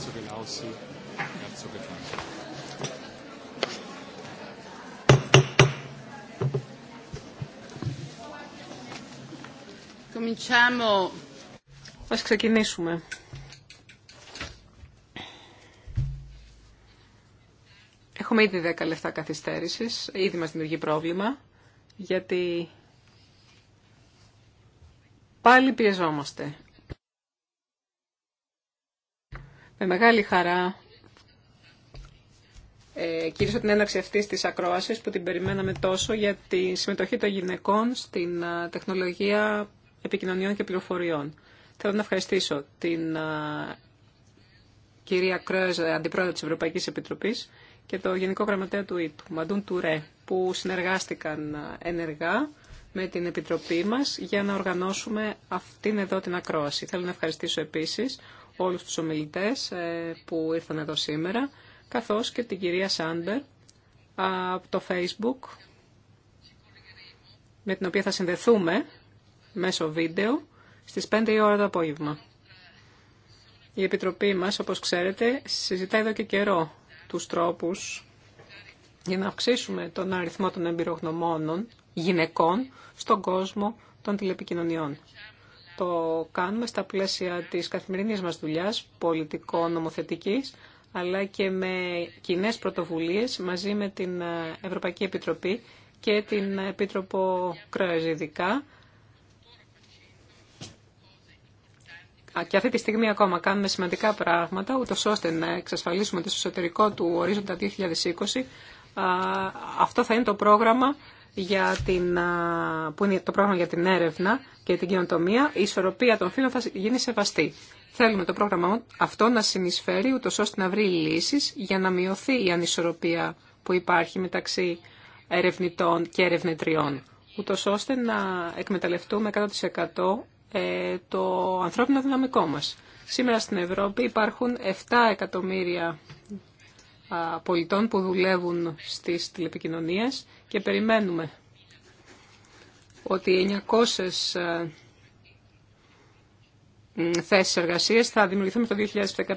so genau sieht. Ganz so getan. Cominciamo. Ας ξεκινήσουμε. Έχουμε ήδη 10 λεφτά καθυστέρησης. Ήδη μας δημιουργεί πρόβλημα, γιατί πάλι πιεζόμαστε. Με μεγάλη χαρά ε, κυρίσω την έναρξη αυτή τη ακρόαση που την περιμέναμε τόσο για τη συμμετοχή των γυναικών στην τεχνολογία επικοινωνιών και πληροφοριών. Θέλω να ευχαριστήσω την κυρία Κρόεζα, αντιπρόεδρο τη Ευρωπαϊκή Επιτροπή, και το Γενικό Γραμματέα του ΙΤΟΥ, Μαντούν Τουρέ, που συνεργάστηκαν ενεργά με την Επιτροπή μας για να οργανώσουμε αυτήν εδώ την ακρόαση. Θέλω να ευχαριστήσω επίσης όλους τους ομιλητές ε, που ήρθαν εδώ σήμερα, καθώς και την κυρία Σάντερ από το Facebook, με την οποία θα συνδεθούμε μέσω βίντεο στις 5 η ώρα το απόγευμα. Η Επιτροπή μας, όπως ξέρετε, συζητάει εδώ και καιρό τους τρόπους για να αυξήσουμε τον αριθμό των εμπειρογνωμόνων γυναικών στον κόσμο των τηλεπικοινωνιών. Το κάνουμε στα πλαίσια της καθημερινής μας δουλειάς, πολιτικό-νομοθετικής, αλλά και με κοινέ πρωτοβουλίες μαζί με την Ευρωπαϊκή Επιτροπή και την Επίτροπο ειδικά. Και αυτή τη στιγμή ακόμα κάνουμε σημαντικά πράγματα, ούτως ώστε να εξασφαλίσουμε το εσωτερικό του ορίζοντα 2020. Αυτό θα είναι το πρόγραμμα για την, που είναι το πρόγραμμα για την έρευνα και την κοινοτομία, η ισορροπία των φύλων θα γίνει σεβαστή. Θέλουμε το πρόγραμμα αυτό να συνεισφέρει ούτω ώστε να βρει λύσει για να μειωθεί η ανισορροπία που υπάρχει μεταξύ ερευνητών και ερευνητριών, ούτω ώστε να εκμεταλλευτούμε 100% ε, το ανθρώπινο δυναμικό μα. Σήμερα στην Ευρώπη υπάρχουν 7 εκατομμύρια πολιτών που δουλεύουν στις τηλεπικοινωνίες και περιμένουμε ότι 900 ε, θέσεις εργασίας θα δημιουργηθούν το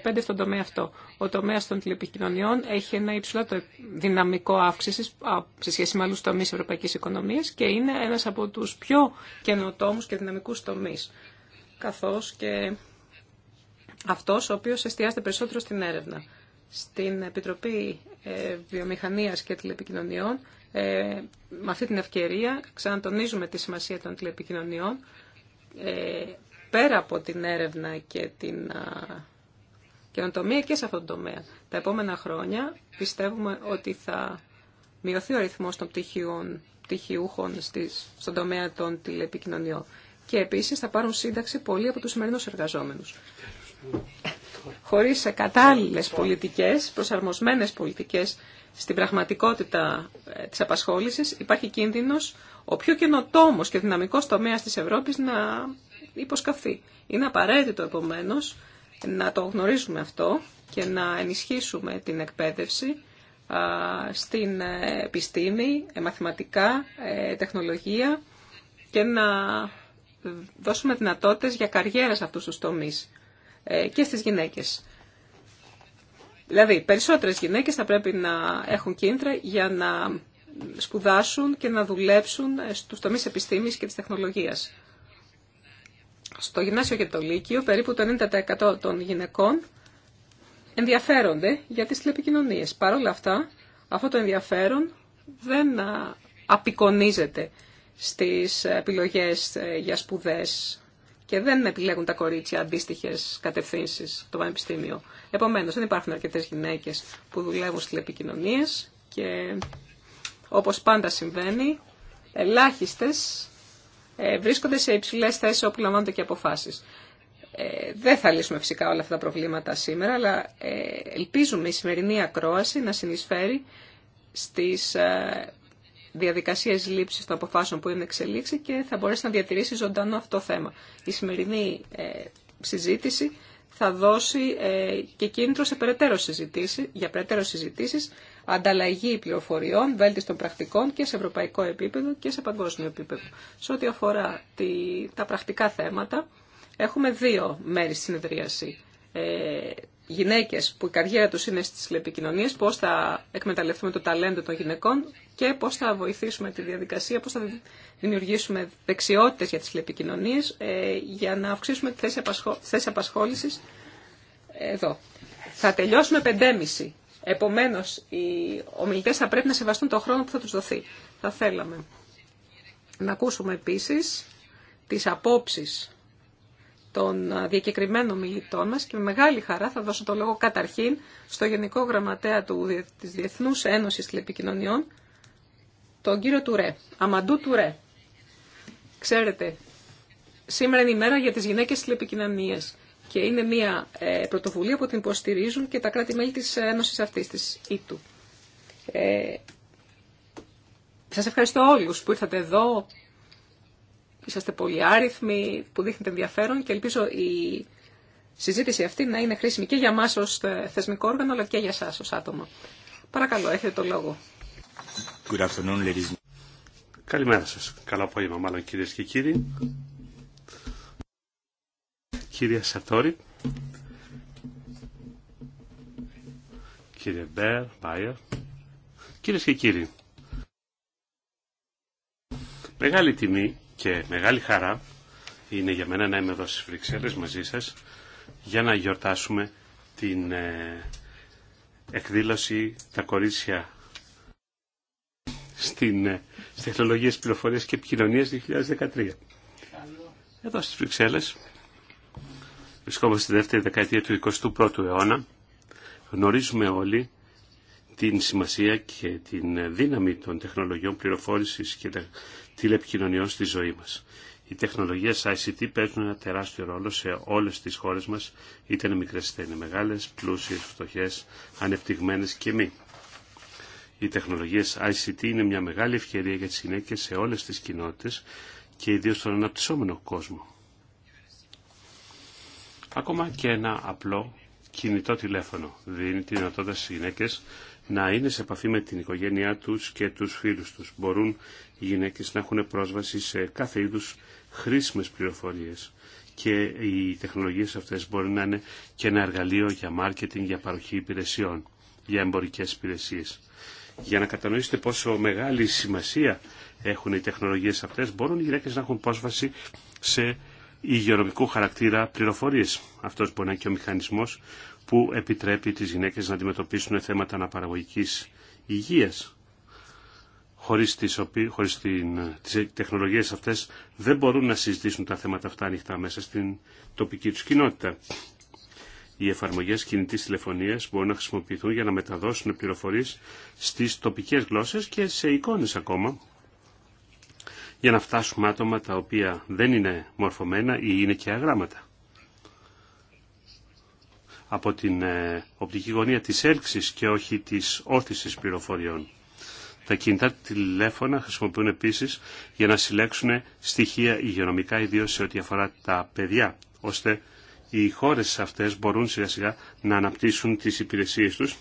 2015 στον τομέα αυτό. Ο τομέας των τηλεπικοινωνιών έχει ένα υψηλό δυναμικό αύξηση σε σχέση με άλλους τομείς ευρωπαϊκής οικονομίας και είναι ένας από τους πιο καινοτόμους και δυναμικούς τομείς. Καθώς και αυτός ο οποίος εστιάζεται περισσότερο στην έρευνα. Στην Επιτροπή ε, Βιομηχανίας και Τηλεπικοινωνιών ε, με αυτή την ευκαιρία ξανατονίζουμε τη σημασία των τηλεπικοινωνιών ε, πέρα από την έρευνα και την καινοτομία και σε αυτόν τον τομέα. Τα επόμενα χρόνια πιστεύουμε ότι θα μειωθεί ο αριθμός των πτυχιών, πτυχιούχων στις, στον τομέα των τηλεπικοινωνιών. Και επίσης θα πάρουν σύνταξη πολλοί από τους σημερινούς εργαζόμενους. Χωρίς κατάλληλες πολιτικές, προσαρμοσμένες πολιτικές στην πραγματικότητα ε, της απασχόλησης υπάρχει κίνδυνος ο πιο καινοτόμο και δυναμικός τομέας της Ευρώπης να υποσκαφθεί. Είναι απαραίτητο επομένως να το γνωρίζουμε αυτό και να ενισχύσουμε την εκπαίδευση στην ε, επιστήμη, ε, μαθηματικά, τεχνολογία και να δώσουμε δυνατότητες για καριέρα σε αυτούς τους τομείς και στις γυναίκες. Δηλαδή, περισσότερε γυναίκε θα πρέπει να έχουν κίνητρα για να σπουδάσουν και να δουλέψουν στους τομείς επιστήμης και της τεχνολογίας. Στο γυμνάσιο και το λύκειο, περίπου το 90% των γυναικών ενδιαφέρονται για τις τηλεπικοινωνίες. Παρ' όλα αυτά, αυτό το ενδιαφέρον δεν απεικονίζεται στις ε, επιλογές ε, για σπουδές και δεν επιλέγουν τα κορίτσια αντίστοιχε κατευθύνσει στο πανεπιστήμιο. Επομένω, δεν υπάρχουν αρκετέ γυναίκε που δουλεύουν στι τηλεπικοινωνίε και όπω πάντα συμβαίνει, ελάχιστε ε, βρίσκονται σε υψηλέ θέσει όπου λαμβάνονται και αποφάσει. Ε, δεν θα λύσουμε φυσικά όλα αυτά τα προβλήματα σήμερα, αλλά ε, ελπίζουμε η σημερινή ακρόαση να συνεισφέρει στις ε, Διαδικασίε λήψη των αποφάσεων που είναι εξελίξει και θα μπορέσει να διατηρήσει ζωντανό αυτό το θέμα. Η σημερινή ε, συζήτηση θα δώσει ε, και κίνητρο σε περαιτέρω συζητήσει, για περαιτέρω συζητήσεις, ανταλλαγή πληροφοριών, βέλτιστων πρακτικών και σε ευρωπαϊκό επίπεδο και σε παγκόσμιο επίπεδο. Σε ό,τι αφορά τη, τα πρακτικά θέματα, έχουμε δύο μέρη συνεδρίαση. Ε, γυναίκες που η καριέρα τους είναι στις τηλεπικοινωνίες, πώς θα εκμεταλλευτούμε το ταλέντο των γυναικών, και πώς θα βοηθήσουμε τη διαδικασία, πώς θα δημιουργήσουμε δεξιότητες για τις τηλεπικοινωνίες ε, για να αυξήσουμε τη θέση απασχόλησης εδώ. Θα τελειώσουμε 5.30. Επομένως, οι ομιλητές θα πρέπει να σεβαστούν τον χρόνο που θα τους δοθεί. Θα θέλαμε να ακούσουμε επίσης τις απόψεις των διακεκριμένων μιλητών μας και με μεγάλη χαρά θα δώσω το λόγο καταρχήν στο Γενικό Γραμματέα του, της Διεθνούς Ένωσης Τηλεπικοινωνιών, τον κύριο Τουρέ, Αμαντού Τουρέ. Ξέρετε, σήμερα είναι η μέρα για τις γυναίκες τηλεπικοινωνίες και είναι μια ε, πρωτοβουλία που την υποστηρίζουν και τα κράτη-μέλη της Ένωσης αυτής της ΙΤΟΥ. Ε, σας ευχαριστώ όλους που ήρθατε εδώ, είσαστε πολύ άριθμοι, που δείχνετε ενδιαφέρον και ελπίζω η συζήτηση αυτή να είναι χρήσιμη και για μας ως θεσμικό όργανο αλλά και για εσάς ως άτομα. Παρακαλώ, έχετε το λόγο. Καλημέρα σας. Καλό απόγευμα μάλλον κυρίες και κύριοι. Κύριε Σατόρι. Κύριε Μπέρ, Μπάιερ. Κυρίες και κύριοι. Μεγάλη τιμή και μεγάλη χαρά είναι για μένα να είμαι εδώ στις Βρυξέλλες μαζί σας για να γιορτάσουμε την ε, εκδήλωση «Τα κορίτσια στην, ε, στις τεχνολογίες πληροφορίας και επικοινωνίας 2013. Εδώ στις Βρυξέλλες βρισκόμαστε στη δεύτερη δεκαετία του 21ου αιώνα. Γνωρίζουμε όλοι την σημασία και την δύναμη των τεχνολογιών πληροφόρησης και τηλεπικοινωνιών στη ζωή μας. Οι τεχνολογίες ICT παίζουν ένα τεράστιο ρόλο σε όλες τις χώρες μας, είτε είναι μικρές είτε είναι μεγάλες, πλούσιες, φτωχές, ανεπτυγμένες και μη. Οι τεχνολογίες ICT είναι μια μεγάλη ευκαιρία για τις γυναίκες σε όλες τις κοινότητες και ιδίως στον αναπτυσσόμενο κόσμο. Ακόμα και ένα απλό κινητό τηλέφωνο δίνει τη δυνατότητα στις γυναίκες να είναι σε επαφή με την οικογένειά τους και τους φίλους τους. Μπορούν οι γυναίκες να έχουν πρόσβαση σε κάθε είδους χρήσιμες πληροφορίες και οι τεχνολογίες αυτές μπορεί να είναι και ένα εργαλείο για μάρκετινγκ, για παροχή υπηρεσιών, για εμπορικές υπηρεσίες. Για να κατανοήσετε πόσο μεγάλη σημασία έχουν οι τεχνολογίες αυτές, μπορούν οι γυναίκες να έχουν πρόσβαση σε υγειονομικού χαρακτήρα πληροφορίες. Αυτός μπορεί να είναι και ο μηχανισμός που επιτρέπει τις γυναίκες να αντιμετωπίσουν θέματα αναπαραγωγικής υγείας. Χωρίς τις, χωρίς την, τις τεχνολογίες αυτές δεν μπορούν να συζητήσουν τα θέματα αυτά ανοιχτά μέσα στην τοπική τους κοινότητα οι εφαρμογές κινητής τηλεφωνίας μπορούν να χρησιμοποιηθούν για να μεταδώσουν πληροφορίε στις τοπικές γλώσσες και σε εικόνες ακόμα για να φτάσουμε άτομα τα οποία δεν είναι μορφωμένα ή είναι και αγράμματα. Από την ε, οπτική γωνία της έλξης και όχι της όρθισης πληροφοριών. Τα κινητά τηλέφωνα χρησιμοποιούν επίσης για να συλλέξουν στοιχεία υγειονομικά, ιδίως σε ό,τι αφορά τα παιδιά, ώστε οι χώρες αυτές μπορούν σιγά σιγά να αναπτύσσουν τις υπηρεσίες τους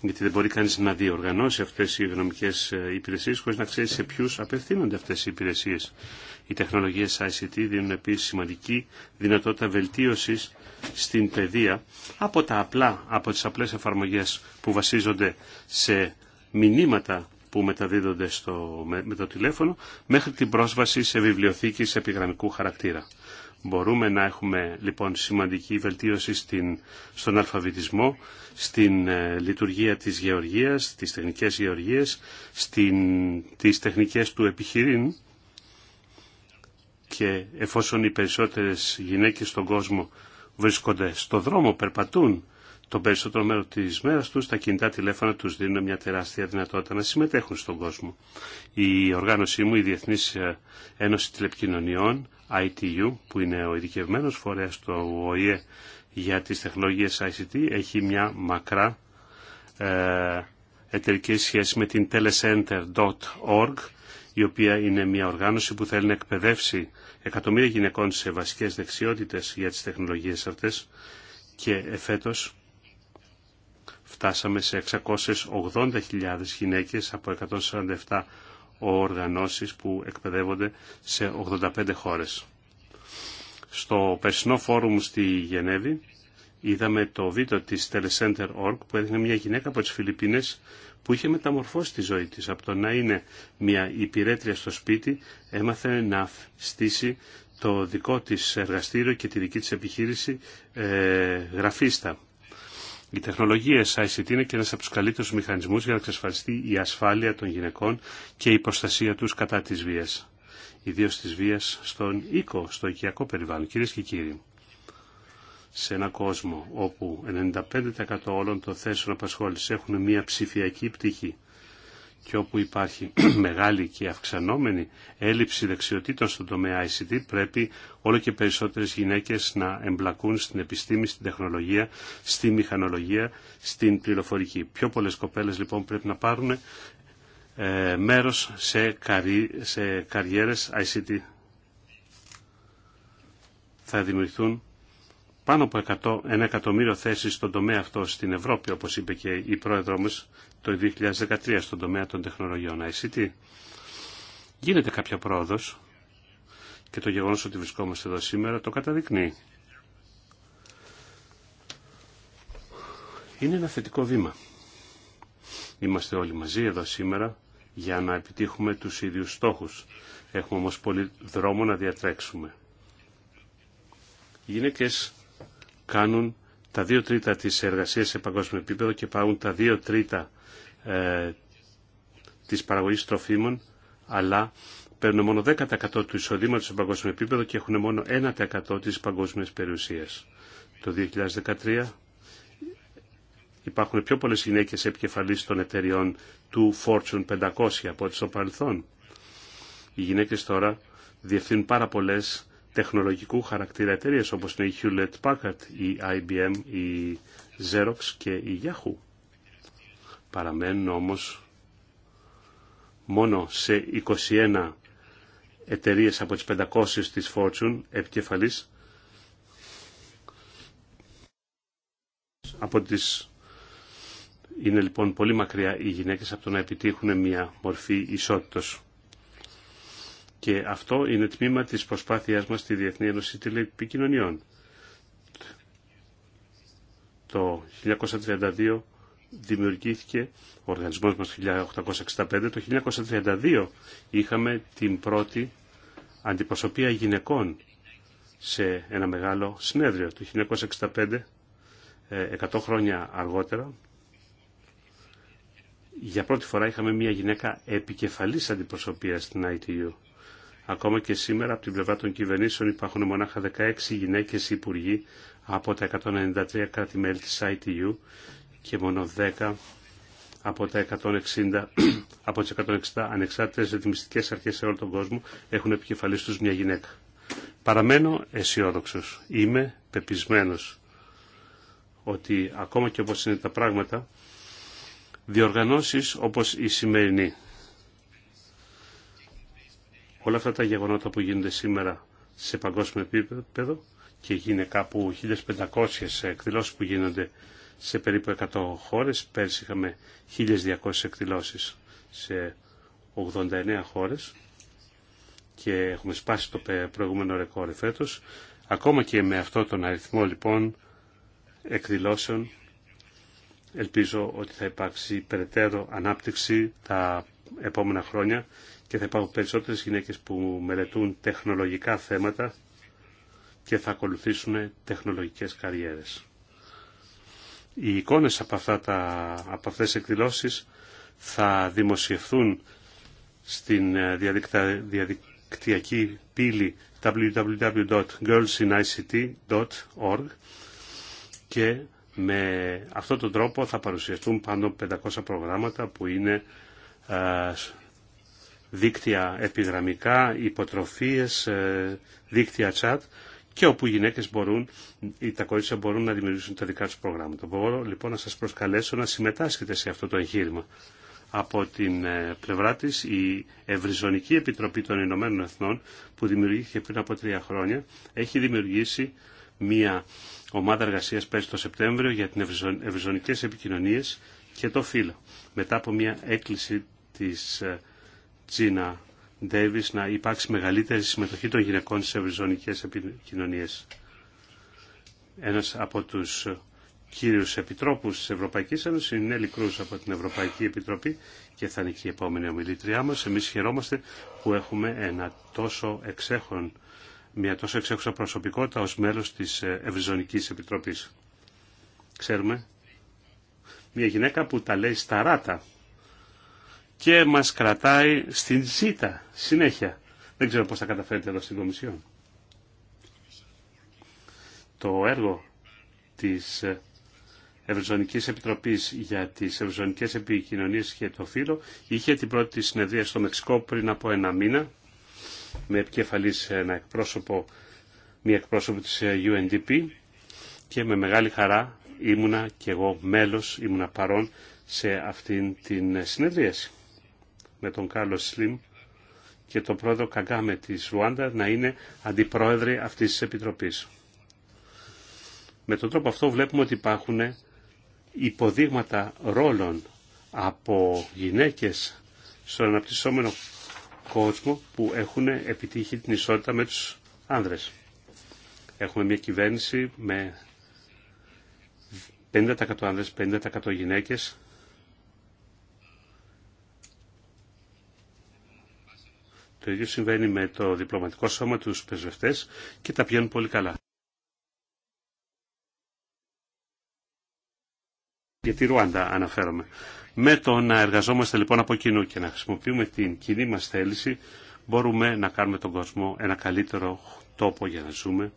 γιατί δεν μπορεί κανείς να διοργανώσει αυτές οι υγειονομικές ε, υπηρεσίες χωρίς να ξέρει σε ποιους απευθύνονται αυτές οι υπηρεσίες. Οι τεχνολογίες ICT δίνουν επίσης σημαντική δυνατότητα βελτίωσης στην παιδεία από, τα απλά, από τις απλές εφαρμογές που βασίζονται σε μηνύματα που μεταδίδονται στο, με, το τηλέφωνο μέχρι την πρόσβαση σε βιβλιοθήκη σε επιγραμμικού χαρακτήρα. Μπορούμε να έχουμε λοιπόν σημαντική βελτίωση στον αλφαβητισμό, στην ε, λειτουργία της γεωργίας, τις τεχνικές γεωργίες, στην, τις τεχνικές του επιχειρήν και εφόσον οι περισσότερες γυναίκες στον κόσμο βρίσκονται στο δρόμο, περπατούν το περισσότερο μέρο της μέρας τους, τα κινητά τηλέφωνα τους δίνουν μια τεράστια δυνατότητα να συμμετέχουν στον κόσμο. Η οργάνωσή μου, η Διεθνής ε, Ένωση Τηλεπικοινωνιών, ITU, που είναι ο ειδικευμένος φορέας του ΟΗΕ για τις τεχνολογίες ICT, έχει μια μακρά ε, εταιρική σχέση με την telecenter.org, η οποία είναι μια οργάνωση που θέλει να εκπαιδεύσει εκατομμύρια γυναικών σε βασικές δεξιότητες για τις τεχνολογίες αυτές και εφέτος φτάσαμε σε 680.000 γυναίκες από 147 οργανώσεις που εκπαιδεύονται σε 85 χώρες. Στο περσινό φόρουμ στη Γενέβη είδαμε το βίντεο της Telecenter.org που έδειχνε μια γυναίκα από τις Φιλιππίνες που είχε μεταμορφώσει τη ζωή της. Από το να είναι μια υπηρέτρια στο σπίτι έμαθε να στήσει το δικό της εργαστήριο και τη δική της επιχείρηση ε, γραφίστα. Οι τεχνολογίε ICT είναι και ένα από του καλύτερου μηχανισμού για να εξασφαλιστεί η ασφάλεια των γυναικών και η προστασία του κατά τη βία. Ιδίω τη βία στον οίκο, στο οικιακό περιβάλλον. Κυρίε και κύριοι, σε ένα κόσμο όπου 95% όλων των θέσεων απασχόληση έχουν μια ψηφιακή πτυχή, και όπου υπάρχει μεγάλη και αυξανόμενη έλλειψη δεξιοτήτων στον τομέα ICT, πρέπει όλο και περισσότερες γυναίκες να εμπλακούν στην επιστήμη, στην τεχνολογία, στη μηχανολογία, στην πληροφορική. Πιο πολλές κοπέλες λοιπόν πρέπει να πάρουν ε, μέρος σε, καρι, σε καριέρες ICT. Θα δημιουργηθούν πάνω από 100, ένα εκατομμύριο θέσεις στον τομέα αυτό στην Ευρώπη, όπως είπε και η πρόεδρο μας το 2013 στον τομέα των τεχνολογιών ICT. Γίνεται κάποια πρόοδος και το γεγονός ότι βρισκόμαστε εδώ σήμερα το καταδεικνύει. Είναι ένα θετικό βήμα. Είμαστε όλοι μαζί εδώ σήμερα για να επιτύχουμε τους ίδιους στόχους. Έχουμε όμως πολύ δρόμο να διατρέξουμε. Οι γυναίκες κάνουν τα δύο τρίτα της εργασίας σε παγκόσμιο επίπεδο και πάγουν τα δύο τρίτα ε, της παραγωγής τροφίμων, αλλά παίρνουν μόνο 10% του εισοδήματος σε παγκόσμιο επίπεδο και έχουν μόνο 1% της παγκόσμιας περιουσίας. Το 2013 υπάρχουν πιο πολλές γυναίκες επικεφαλής των εταιριών του Fortune 500 από ό,τι στο παρελθόν. Οι γυναίκες τώρα διευθύνουν πάρα πολλές τεχνολογικού χαρακτήρα εταιρείε όπως είναι η Hewlett Packard, η IBM, η Xerox και η Yahoo. Παραμένουν όμως μόνο σε 21 εταιρείε από τις 500 της Fortune επικεφαλής από τις είναι λοιπόν πολύ μακριά οι γυναίκες από το να επιτύχουν μια μορφή ισότητος. Και αυτό είναι τμήμα της προσπάθειάς μας στη Διεθνή Ένωση Τηλεπικοινωνιών. Το 1932 δημιουργήθηκε ο οργανισμός μας το 1865. Το 1932 είχαμε την πρώτη αντιπροσωπεία γυναικών σε ένα μεγάλο συνέδριο. Το 1965, 100 ε, χρόνια αργότερα, για πρώτη φορά είχαμε μια γυναίκα επικεφαλής αντιπροσωπείας στην ITU. Ακόμα και σήμερα από την πλευρά των κυβερνήσεων υπάρχουν μονάχα 16 γυναίκες υπουργοί από τα 193 κράτη-μέλη της ITU και μόνο 10 από, τα 160, από τις 160 ανεξάρτητες ρυθμιστικές αρχές σε όλο τον κόσμο έχουν επικεφαλής τους μια γυναίκα. Παραμένω αισιόδοξο. Είμαι πεπισμένος ότι ακόμα και όπως είναι τα πράγματα, διοργανώσεις όπως η σημερινή όλα αυτά τα γεγονότα που γίνονται σήμερα σε παγκόσμιο επίπεδο και γίνει κάπου 1.500 εκδηλώσεις που γίνονται σε περίπου 100 χώρες. Πέρσι είχαμε 1.200 εκδηλώσεις σε 89 χώρες και έχουμε σπάσει το προηγούμενο ρεκόρ φέτο, Ακόμα και με αυτό τον αριθμό λοιπόν εκδηλώσεων ελπίζω ότι θα υπάρξει περαιτέρω ανάπτυξη τα επόμενα χρόνια και θα υπάρχουν περισσότερες γυναίκες που μελετούν τεχνολογικά θέματα και θα ακολουθήσουν τεχνολογικές καριέρες. Οι εικόνες από, αυτά τα, από αυτές τις εκδηλώσεις θα δημοσιευθούν στην ε, διαδικτυακή πύλη www.girlsinict.org και με αυτόν τον τρόπο θα παρουσιαστούν πάνω 500 προγράμματα που είναι ε, δίκτυα επιγραμμικά, υποτροφίες, ε, δίκτυα chat και όπου οι γυναίκες μπορούν, ή τα κορίτσια μπορούν να δημιουργήσουν τα δικά τους προγράμματα. Μπορώ λοιπόν να σας προσκαλέσω να συμμετάσχετε σε αυτό το εγχείρημα. Από την ε, πλευρά της η Ευρυζωνική Επιτροπή των Ηνωμένων Εθνών που δημιουργήθηκε πριν από τρία χρόνια έχει δημιουργήσει μια ομάδα εργασίας πέρσι το Σεπτέμβριο για την ευρυζωνικές επικοινωνίες και το φύλλο. Μετά από μια έκκληση της ε, Τζίνα Ντέιβις να υπάρξει μεγαλύτερη συμμετοχή των γυναικών σε ευρυζωνικέ επικοινωνίες. Ένας από τους κύριους επιτρόπους τη Ευρωπαϊκής Ένωση είναι Νέλη από την Ευρωπαϊκή Επιτροπή και θα είναι και η επόμενη ομιλήτριά μας. Εμείς χαιρόμαστε που έχουμε ένα τόσο εξέχον, μια τόσο εξέχουσα προσωπικότητα ω μέλος τη ε, ευρυζωνική επιτροπή. Ξέρουμε, μια γυναίκα που τα λέει σταράτα και μας κρατάει στην ζήτα συνέχεια. Δεν ξέρω πώς θα καταφέρετε εδώ στην Κομισιόν. Το έργο της Ευρωζωνικής Επιτροπής για τις Ευρωζωνικές Επικοινωνίες και το Φύλλο είχε την πρώτη συνεδρία στο Μεξικό πριν από ένα μήνα με επικεφαλής ένα εκπρόσωπο, μία εκπρόσωπο της ε, UNDP και με μεγάλη χαρά ήμουνα και εγώ μέλος, ήμουνα παρόν σε αυτήν την συνεδρίαση με τον Κάρλο Σλιμ και τον πρόεδρο Καγκάμε της Ρουάντα να είναι αντιπρόεδροι αυτής της Επιτροπής. Με τον τρόπο αυτό βλέπουμε ότι υπάρχουν υποδείγματα ρόλων από γυναίκες στον αναπτυσσόμενο κόσμο που έχουν επιτύχει την ισότητα με τους άνδρες. Έχουμε μια κυβέρνηση με 50% άνδρες, 50% γυναίκες Το ίδιο συμβαίνει με το διπλωματικό σώμα, τους πεζευτέ και τα πηγαίνουν πολύ καλά. Για τη Ρουάντα αναφέρομαι. Με το να εργαζόμαστε λοιπόν από κοινού και να χρησιμοποιούμε την κοινή μας θέληση μπορούμε να κάνουμε τον κόσμο ένα καλύτερο τόπο για να ζούμε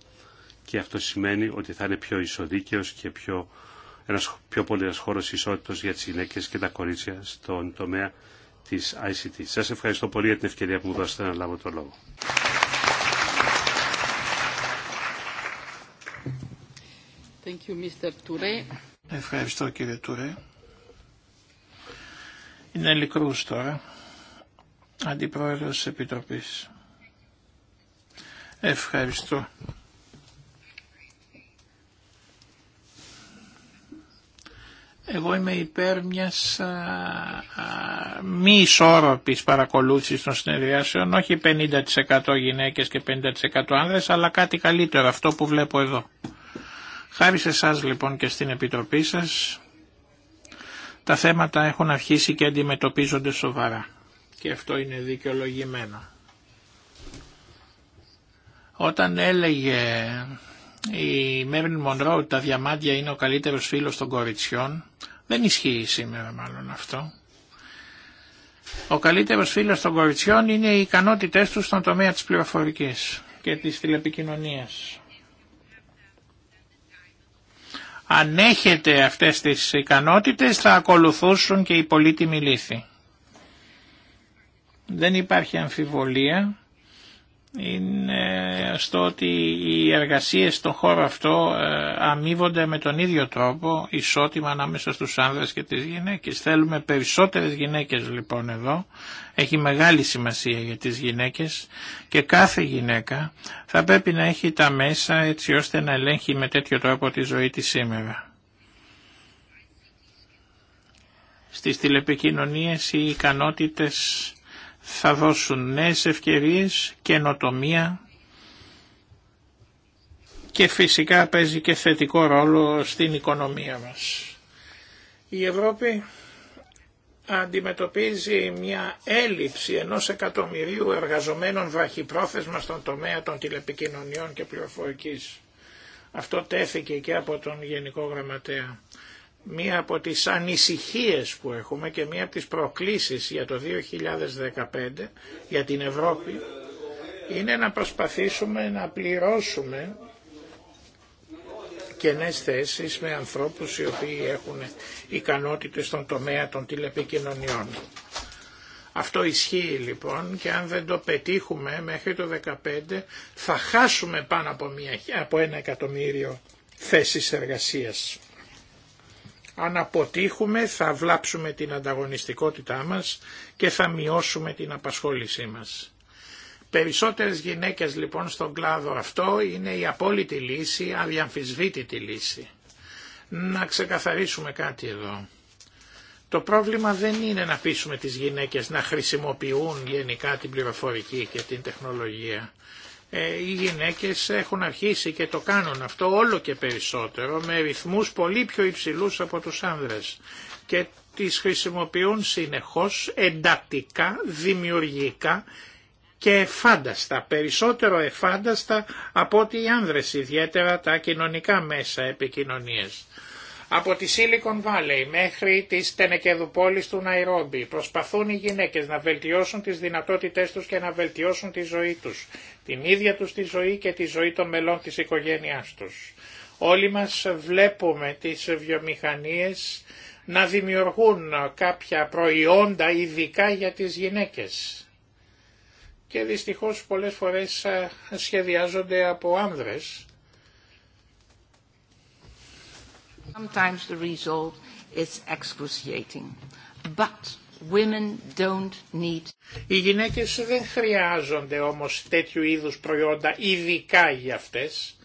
και αυτό σημαίνει ότι θα είναι πιο ισοδίκαιος και πιο, ένας πιο πολύ χώρος ισότητος για τις γυναίκες και τα κορίτσια στον τομέα της ICT. Σας ευχαριστώ πολύ για την ευκαιρία που μου δώσατε να λάβω το λόγο. Ευχαριστώ κύριε Τουρέ. Είναι Ελικρούς τώρα, Αντιπρόεδρος της Επιτροπής. Ευχαριστώ. Εγώ είμαι υπέρ μιας μη ισόρροπης παρακολούθησης των συνεδριάσεων, όχι 50% γυναίκες και 50% άνδρες, αλλά κάτι καλύτερο, αυτό που βλέπω εδώ. Χάρη σε εσά λοιπόν και στην Επιτροπή σας, τα θέματα έχουν αρχίσει και αντιμετωπίζονται σοβαρά. Και αυτό είναι δικαιολογημένο. Όταν έλεγε η μέρνη Μονρό ότι τα διαμάντια είναι ο καλύτερος φίλος των κοριτσιών. Δεν ισχύει σήμερα μάλλον αυτό. Ο καλύτερος φίλος των κοριτσιών είναι οι ικανότητές τους στον τομέα της πληροφορικής και της τηλεπικοινωνίας. Αν έχετε αυτές τις ικανότητες θα ακολουθούσουν και οι πολύτιμοι λύθοι. Δεν υπάρχει αμφιβολία είναι στο ότι οι εργασίες στον χώρο αυτό ε, αμείβονται με τον ίδιο τρόπο ισότιμα ανάμεσα στους άνδρες και τις γυναίκες. Θέλουμε περισσότερες γυναίκες λοιπόν εδώ. Έχει μεγάλη σημασία για τις γυναίκες και κάθε γυναίκα θα πρέπει να έχει τα μέσα έτσι ώστε να ελέγχει με τέτοιο τρόπο τη ζωή της σήμερα. Στις τηλεπικοινωνίες οι ικανότητες θα δώσουν νέες ευκαιρίες, καινοτομία και φυσικά παίζει και θετικό ρόλο στην οικονομία μας. Η Ευρώπη αντιμετωπίζει μια έλλειψη ενός εκατομμυρίου εργαζομένων βραχυπρόθεσμα στον τομέα των τηλεπικοινωνιών και πληροφορικής. Αυτό τέθηκε και από τον Γενικό Γραμματέα μία από τις ανησυχίες που έχουμε και μία από τις προκλήσεις για το 2015 για την Ευρώπη είναι να προσπαθήσουμε να πληρώσουμε κενές θέσεις με ανθρώπους οι οποίοι έχουν ικανότητες στον τομέα των τηλεπικοινωνιών. Αυτό ισχύει λοιπόν και αν δεν το πετύχουμε μέχρι το 2015 θα χάσουμε πάνω από, μια, από ένα εκατομμύριο θέσεις εργασίας. Αν αποτύχουμε θα βλάψουμε την ανταγωνιστικότητά μας και θα μειώσουμε την απασχόλησή μας. Περισσότερες γυναίκες λοιπόν στον κλάδο αυτό είναι η απόλυτη λύση, αδιαμφισβήτητη λύση. Να ξεκαθαρίσουμε κάτι εδώ. Το πρόβλημα δεν είναι να πείσουμε τις γυναίκες να χρησιμοποιούν γενικά την πληροφορική και την τεχνολογία. Ε, οι γυναίκες έχουν αρχίσει και το κάνουν αυτό όλο και περισσότερο με ρυθμούς πολύ πιο υψηλούς από τους άνδρες και τις χρησιμοποιούν συνεχώς εντατικά, δημιουργικά και εφάνταστα, περισσότερο εφάνταστα από ότι οι άνδρες, ιδιαίτερα τα κοινωνικά μέσα επικοινωνίες. Από τη Silicon Valley μέχρι τις τενεκεδουπόλεις του Ναϊρόμπι προσπαθούν οι γυναίκες να βελτιώσουν τις δυνατότητές τους και να βελτιώσουν τη ζωή τους, την ίδια τους τη ζωή και τη ζωή των μελών της οικογένειάς τους. Όλοι μας βλέπουμε τις βιομηχανίες να δημιουργούν κάποια προϊόντα ειδικά για τις γυναίκες. Και δυστυχώς πολλές φορές ε, σχεδιάζονται από άνδρες Sometimes the Οι γυναίκες δεν χρειάζονται όμως τέτοιου είδους προϊόντα ειδικά για αυτές.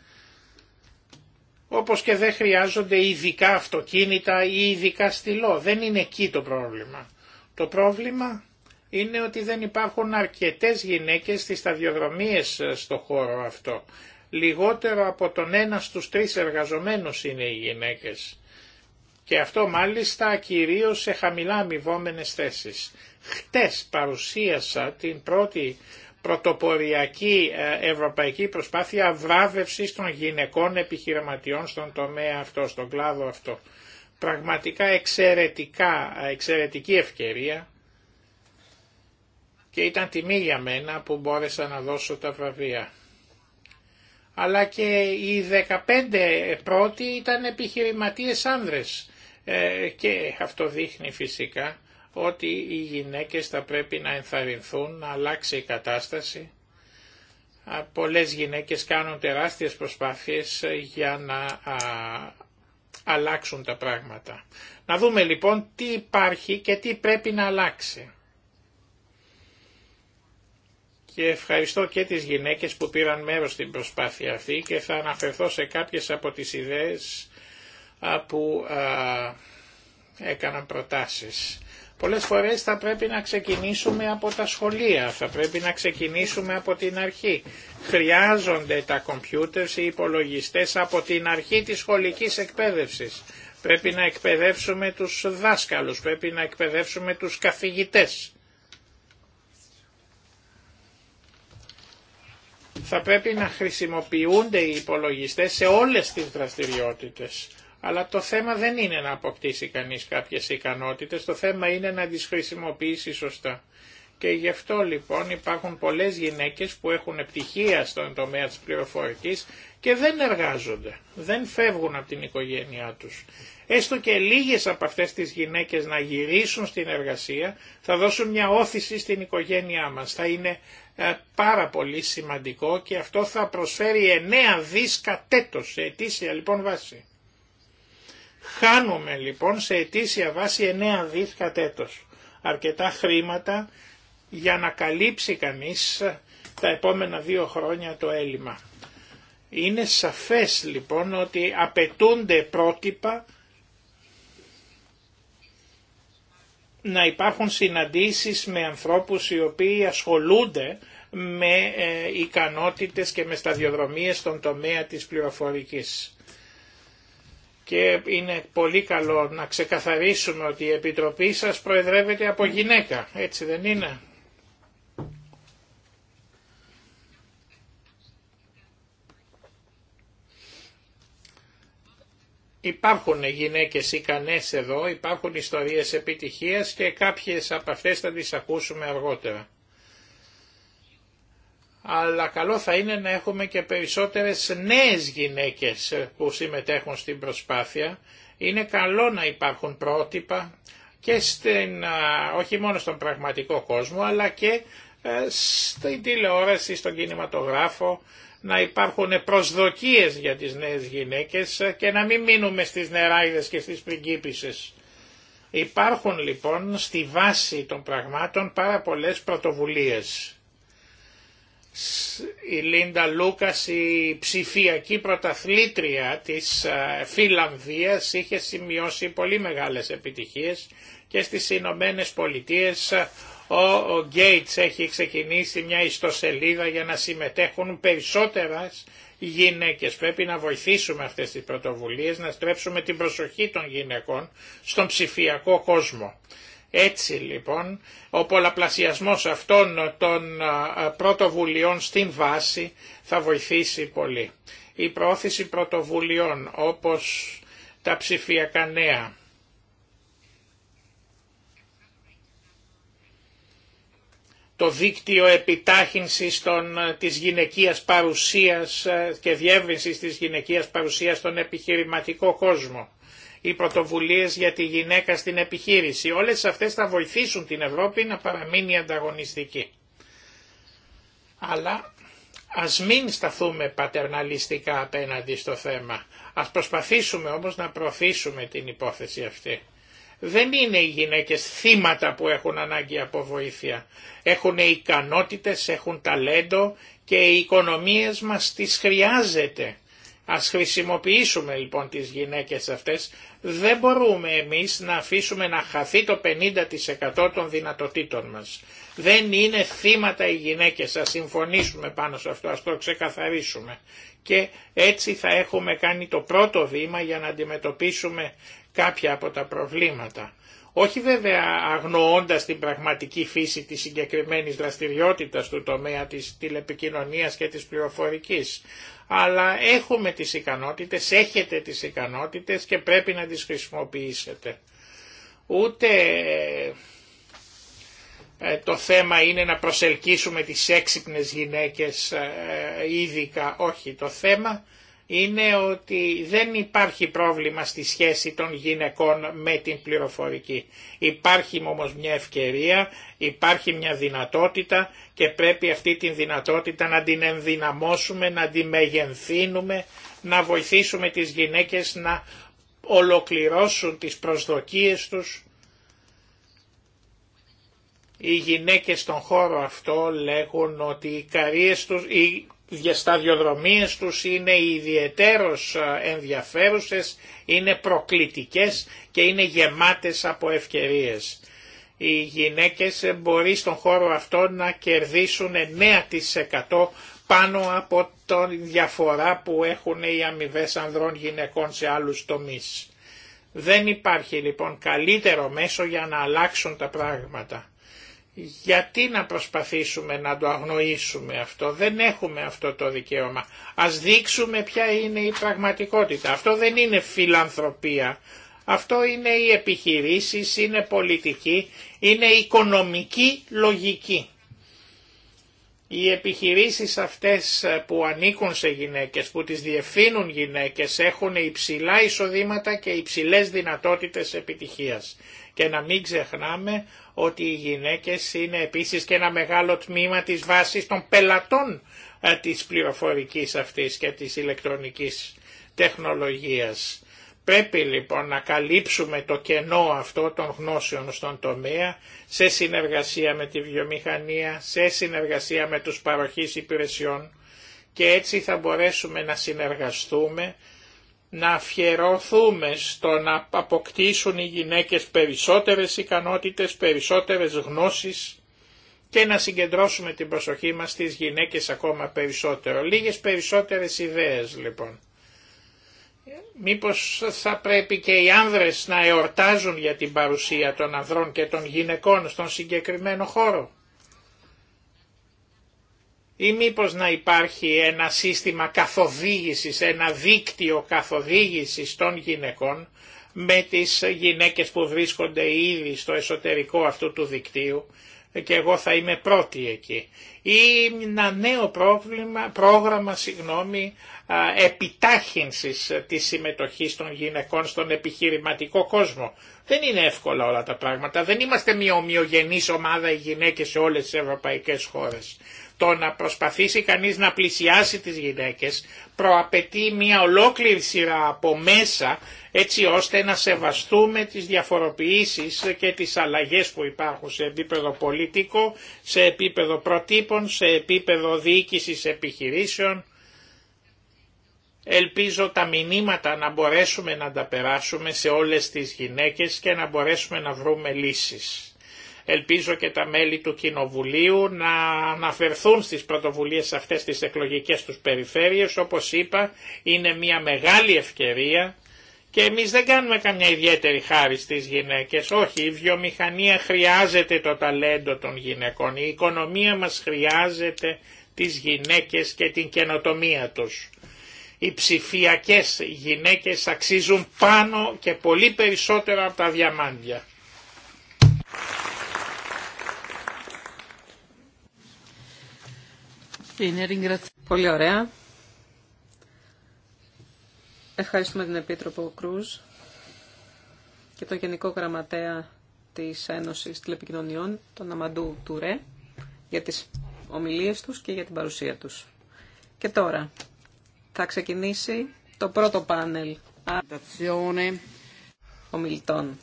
Όπως και δεν χρειάζονται ειδικά αυτοκίνητα ή ειδικά στυλό. Δεν είναι εκεί το πρόβλημα. Το πρόβλημα είναι ότι δεν υπάρχουν αρκετές γυναίκες στις σταδιοδρομίες ε, στο χώρο αυτό λιγότερο από τον ένα στους τρεις εργαζομένους είναι οι γυναίκες. Και αυτό μάλιστα κυρίως σε χαμηλά αμοιβόμενε θέσεις. Χτες παρουσίασα την πρώτη πρωτοποριακή ε, ευρωπαϊκή προσπάθεια βράβευσης των γυναικών επιχειρηματιών στον τομέα αυτό, στον κλάδο αυτό. Πραγματικά εξαιρετικά, ε, εξαιρετική ευκαιρία και ήταν τιμή για μένα που μπόρεσα να δώσω τα βραβεία αλλά και οι 15 πρώτοι ήταν επιχειρηματίες άνδρες. Ε, και αυτό δείχνει φυσικά ότι οι γυναίκες θα πρέπει να ενθαρρυνθούν, να αλλάξει η κατάσταση. Πολλές γυναίκες κάνουν τεράστιες προσπάθειες ε, για να αλλάξουν τα πράγματα. Να δούμε λοιπόν τι υπάρχει και τι πρέπει να αλλάξει και ευχαριστώ και τις γυναίκες που πήραν μέρος στην προσπάθεια αυτή και θα αναφερθώ σε κάποιες από τις ιδέες που έκαναν προτάσεις. Πολλές φορές θα πρέπει να ξεκινήσουμε από τα σχολεία, θα πρέπει να ξεκινήσουμε από την αρχή. Χρειάζονται τα κομπιούτερς ή υπολογιστές από την αρχή της σχολικής εκπαίδευσης. Πρέπει να εκπαιδεύσουμε τους δάσκαλους, πρέπει να εκπαιδεύσουμε τους καθηγητές θα πρέπει να χρησιμοποιούνται οι υπολογιστές σε όλες τις δραστηριότητες. Αλλά το θέμα δεν είναι να αποκτήσει κανείς κάποιες ικανότητες, το θέμα είναι να τις χρησιμοποιήσει σωστά. Και γι' αυτό λοιπόν υπάρχουν πολλές γυναίκες που έχουν επιτυχία στον τομέα της πληροφορικής και δεν εργάζονται, δεν φεύγουν από την οικογένειά τους. Έστω και λίγες από αυτές τις γυναίκες να γυρίσουν στην εργασία θα δώσουν μια όθηση στην οικογένειά μας, θα είναι ε, πάρα πολύ σημαντικό και αυτό θα προσφέρει 9 δις κατέτος σε ετήσια λοιπόν βάση. Χάνουμε λοιπόν σε ετήσια βάση 9 δις κατέτος. Αρκετά χρήματα για να καλύψει κανείς τα επόμενα δύο χρόνια το έλλειμμα. Είναι σαφές λοιπόν ότι απαιτούνται πρότυπα να υπάρχουν συναντήσεις με ανθρώπους οι οποίοι ασχολούνται με ε, ικανότητες και με σταδιοδρομίες στον τομέα της πληροφορικής. Και είναι πολύ καλό να ξεκαθαρίσουμε ότι η Επιτροπή σας προεδρεύεται από γυναίκα, έτσι δεν είναι. Υπάρχουν γυναίκες ικανές εδώ, υπάρχουν ιστορίες επιτυχίας και κάποιες από αυτές θα τις ακούσουμε αργότερα. Αλλά καλό θα είναι να έχουμε και περισσότερες νέες γυναίκες που συμμετέχουν στην προσπάθεια. Είναι καλό να υπάρχουν πρότυπα και στην, όχι μόνο στον πραγματικό κόσμο αλλά και ε, στην τηλεόραση, στον κινηματογράφο, να υπάρχουν προσδοκίες για τις νέες γυναίκες και να μην μείνουμε στις νεράιδες και στις πριγκίπισσες. Υπάρχουν λοιπόν στη βάση των πραγμάτων πάρα πολλές πρωτοβουλίες. Η Λίντα Λούκας, η ψηφιακή πρωταθλήτρια της ε, Φιλανδίας, είχε σημειώσει πολύ μεγάλες επιτυχίες και στις Ηνωμένε Πολιτείες ε, ο Gates έχει ξεκινήσει μια ιστοσελίδα για να συμμετέχουν περισσότερα γυναίκες. Πρέπει να βοηθήσουμε αυτές τις πρωτοβουλίες, να στρέψουμε την προσοχή των γυναικών στον ψηφιακό κόσμο. Έτσι λοιπόν ο πολλαπλασιασμός αυτών των πρωτοβουλειών στην βάση θα βοηθήσει πολύ. Η πρόθεση πρωτοβουλειών όπως τα ψηφιακά νέα το δίκτυο επιτάχυνσης των, ε, της γυναικείας παρουσίας ε, και διεύρυνσης της γυναικείας παρουσίας στον επιχειρηματικό κόσμο. Οι πρωτοβουλίες για τη γυναίκα στην επιχείρηση. Όλες αυτές θα βοηθήσουν την Ευρώπη να παραμείνει ανταγωνιστική. Αλλά ας μην σταθούμε πατερναλιστικά απέναντι στο θέμα. Ας προσπαθήσουμε όμως να προωθήσουμε την υπόθεση αυτή δεν είναι οι γυναίκες θύματα που έχουν ανάγκη από βοήθεια. Έχουν ικανότητες, έχουν ταλέντο και οι οικονομίες μας τις χρειάζεται. Ας χρησιμοποιήσουμε λοιπόν τις γυναίκες αυτές. Δεν μπορούμε εμείς να αφήσουμε να χαθεί το 50% των δυνατοτήτων μας. Δεν είναι θύματα οι γυναίκες, ας συμφωνήσουμε πάνω σε αυτό, ας το ξεκαθαρίσουμε. Και έτσι θα έχουμε κάνει το πρώτο βήμα για να αντιμετωπίσουμε κάποια από τα προβλήματα. Όχι βέβαια αγνοώντας την πραγματική φύση της συγκεκριμένης δραστηριότητας του τομέα της τηλεπικοινωνίας και της πληροφορικής, αλλά έχουμε τις ικανότητες, έχετε τις ικανότητες και πρέπει να τις χρησιμοποιήσετε. Ούτε ε, το θέμα είναι να προσελκύσουμε τις έξυπνες γυναίκες ε, ε, ειδικά, όχι το θέμα είναι ότι δεν υπάρχει πρόβλημα στη σχέση των γυναικών με την πληροφορική. Υπάρχει όμως μια ευκαιρία, υπάρχει μια δυνατότητα και πρέπει αυτή τη δυνατότητα να την ενδυναμώσουμε, να την μεγενθύνουμε, να βοηθήσουμε τις γυναίκες να ολοκληρώσουν τις προσδοκίες τους. Οι γυναίκες στον χώρο αυτό λέγουν ότι οι, τους, οι σταδιοδρομίες τους είναι ιδιαιτέρως ε, ενδιαφέρουσες, είναι προκλητικές και είναι γεμάτες από ευκαιρίες. Οι γυναίκες μπορεί στον χώρο αυτό να κερδίσουν 9% πάνω από τον διαφορά που έχουν οι αμοιβέ ανδρών γυναικών σε άλλους τομείς. Δεν υπάρχει λοιπόν καλύτερο μέσο για να αλλάξουν τα πράγματα γιατί να προσπαθήσουμε να το αγνοήσουμε αυτό, δεν έχουμε αυτό το δικαίωμα. Ας δείξουμε ποια είναι η πραγματικότητα. Αυτό δεν είναι φιλανθρωπία. Αυτό είναι οι επιχειρήσεις, είναι πολιτική, είναι οικονομική λογική. Οι επιχειρήσεις αυτές που ανήκουν σε γυναίκες, που τις διευθύνουν γυναίκες, έχουν υψηλά εισοδήματα και υψηλές δυνατότητες επιτυχίας και να μην ξεχνάμε ότι οι γυναίκες είναι επίσης και ένα μεγάλο τμήμα της βάσης των πελατών ε, της πληροφορικής αυτής και της ηλεκτρονικής τεχνολογίας. Πρέπει λοιπόν να καλύψουμε το κενό αυτό των γνώσεων στον τομέα σε συνεργασία με τη βιομηχανία, σε συνεργασία με τους παροχείς υπηρεσιών και έτσι θα μπορέσουμε να συνεργαστούμε να αφιερωθούμε στο να αποκτήσουν οι γυναίκες περισσότερες ικανότητες, περισσότερες γνώσεις και να συγκεντρώσουμε την προσοχή μας στις γυναίκες ακόμα περισσότερο. Λίγες περισσότερες ιδέες λοιπόν. Μήπως θα πρέπει και οι άνδρες να εορτάζουν για την παρουσία των ανδρών και των γυναικών στον συγκεκριμένο χώρο ή μήπως να υπάρχει ένα σύστημα καθοδήγησης, ένα δίκτυο καθοδήγησης των γυναικών με τις γυναίκες που βρίσκονται ήδη στο εσωτερικό αυτού του δικτύου και εγώ θα είμαι πρώτη εκεί. Ή ένα νέο πρόβλημα, πρόγραμμα συγγνώμη, επιτάχυνσης της συμμετοχής των γυναικών στον επιχειρηματικό κόσμο. Δεν είναι εύκολα όλα τα πράγματα. Δεν είμαστε μια ομοιογενής ομάδα οι γυναίκες σε όλες τις ευρωπαϊκές χώρες το να προσπαθήσει κανείς να πλησιάσει τις γυναίκες προαπαιτεί μια ολόκληρη σειρά από μέσα έτσι ώστε να σεβαστούμε τις διαφοροποιήσεις και τις αλλαγές που υπάρχουν σε επίπεδο πολιτικό, σε επίπεδο προτύπων, σε επίπεδο διοίκησης επιχειρήσεων. Ελπίζω τα μηνύματα να μπορέσουμε να τα περάσουμε σε όλες τις γυναίκες και να μπορέσουμε να βρούμε λύσεις. Ελπίζω και τα μέλη του Κοινοβουλίου να αναφερθούν στις πρωτοβουλίες αυτές τις εκλογικές τους περιφέρειες. Όπως είπα είναι μια μεγάλη ευκαιρία και εμείς δεν κάνουμε καμιά ιδιαίτερη χάρη στις γυναίκες. Όχι, η βιομηχανία χρειάζεται το ταλέντο των γυναικών. Η οικονομία μας χρειάζεται τις γυναίκες και την καινοτομία τους. Οι ψηφιακές γυναίκες αξίζουν πάνω και πολύ περισσότερο από τα διαμάντια. Πολύ ωραία. Ευχαριστούμε την Επίτροπο Κρούζ και τον Γενικό Γραμματέα της Ένωσης Τηλεπικοινωνιών, τον Αμαντού Τουρέ, για τις ομιλίες τους και για την παρουσία τους. Και τώρα θα ξεκινήσει το πρώτο πάνελ ομιλητών.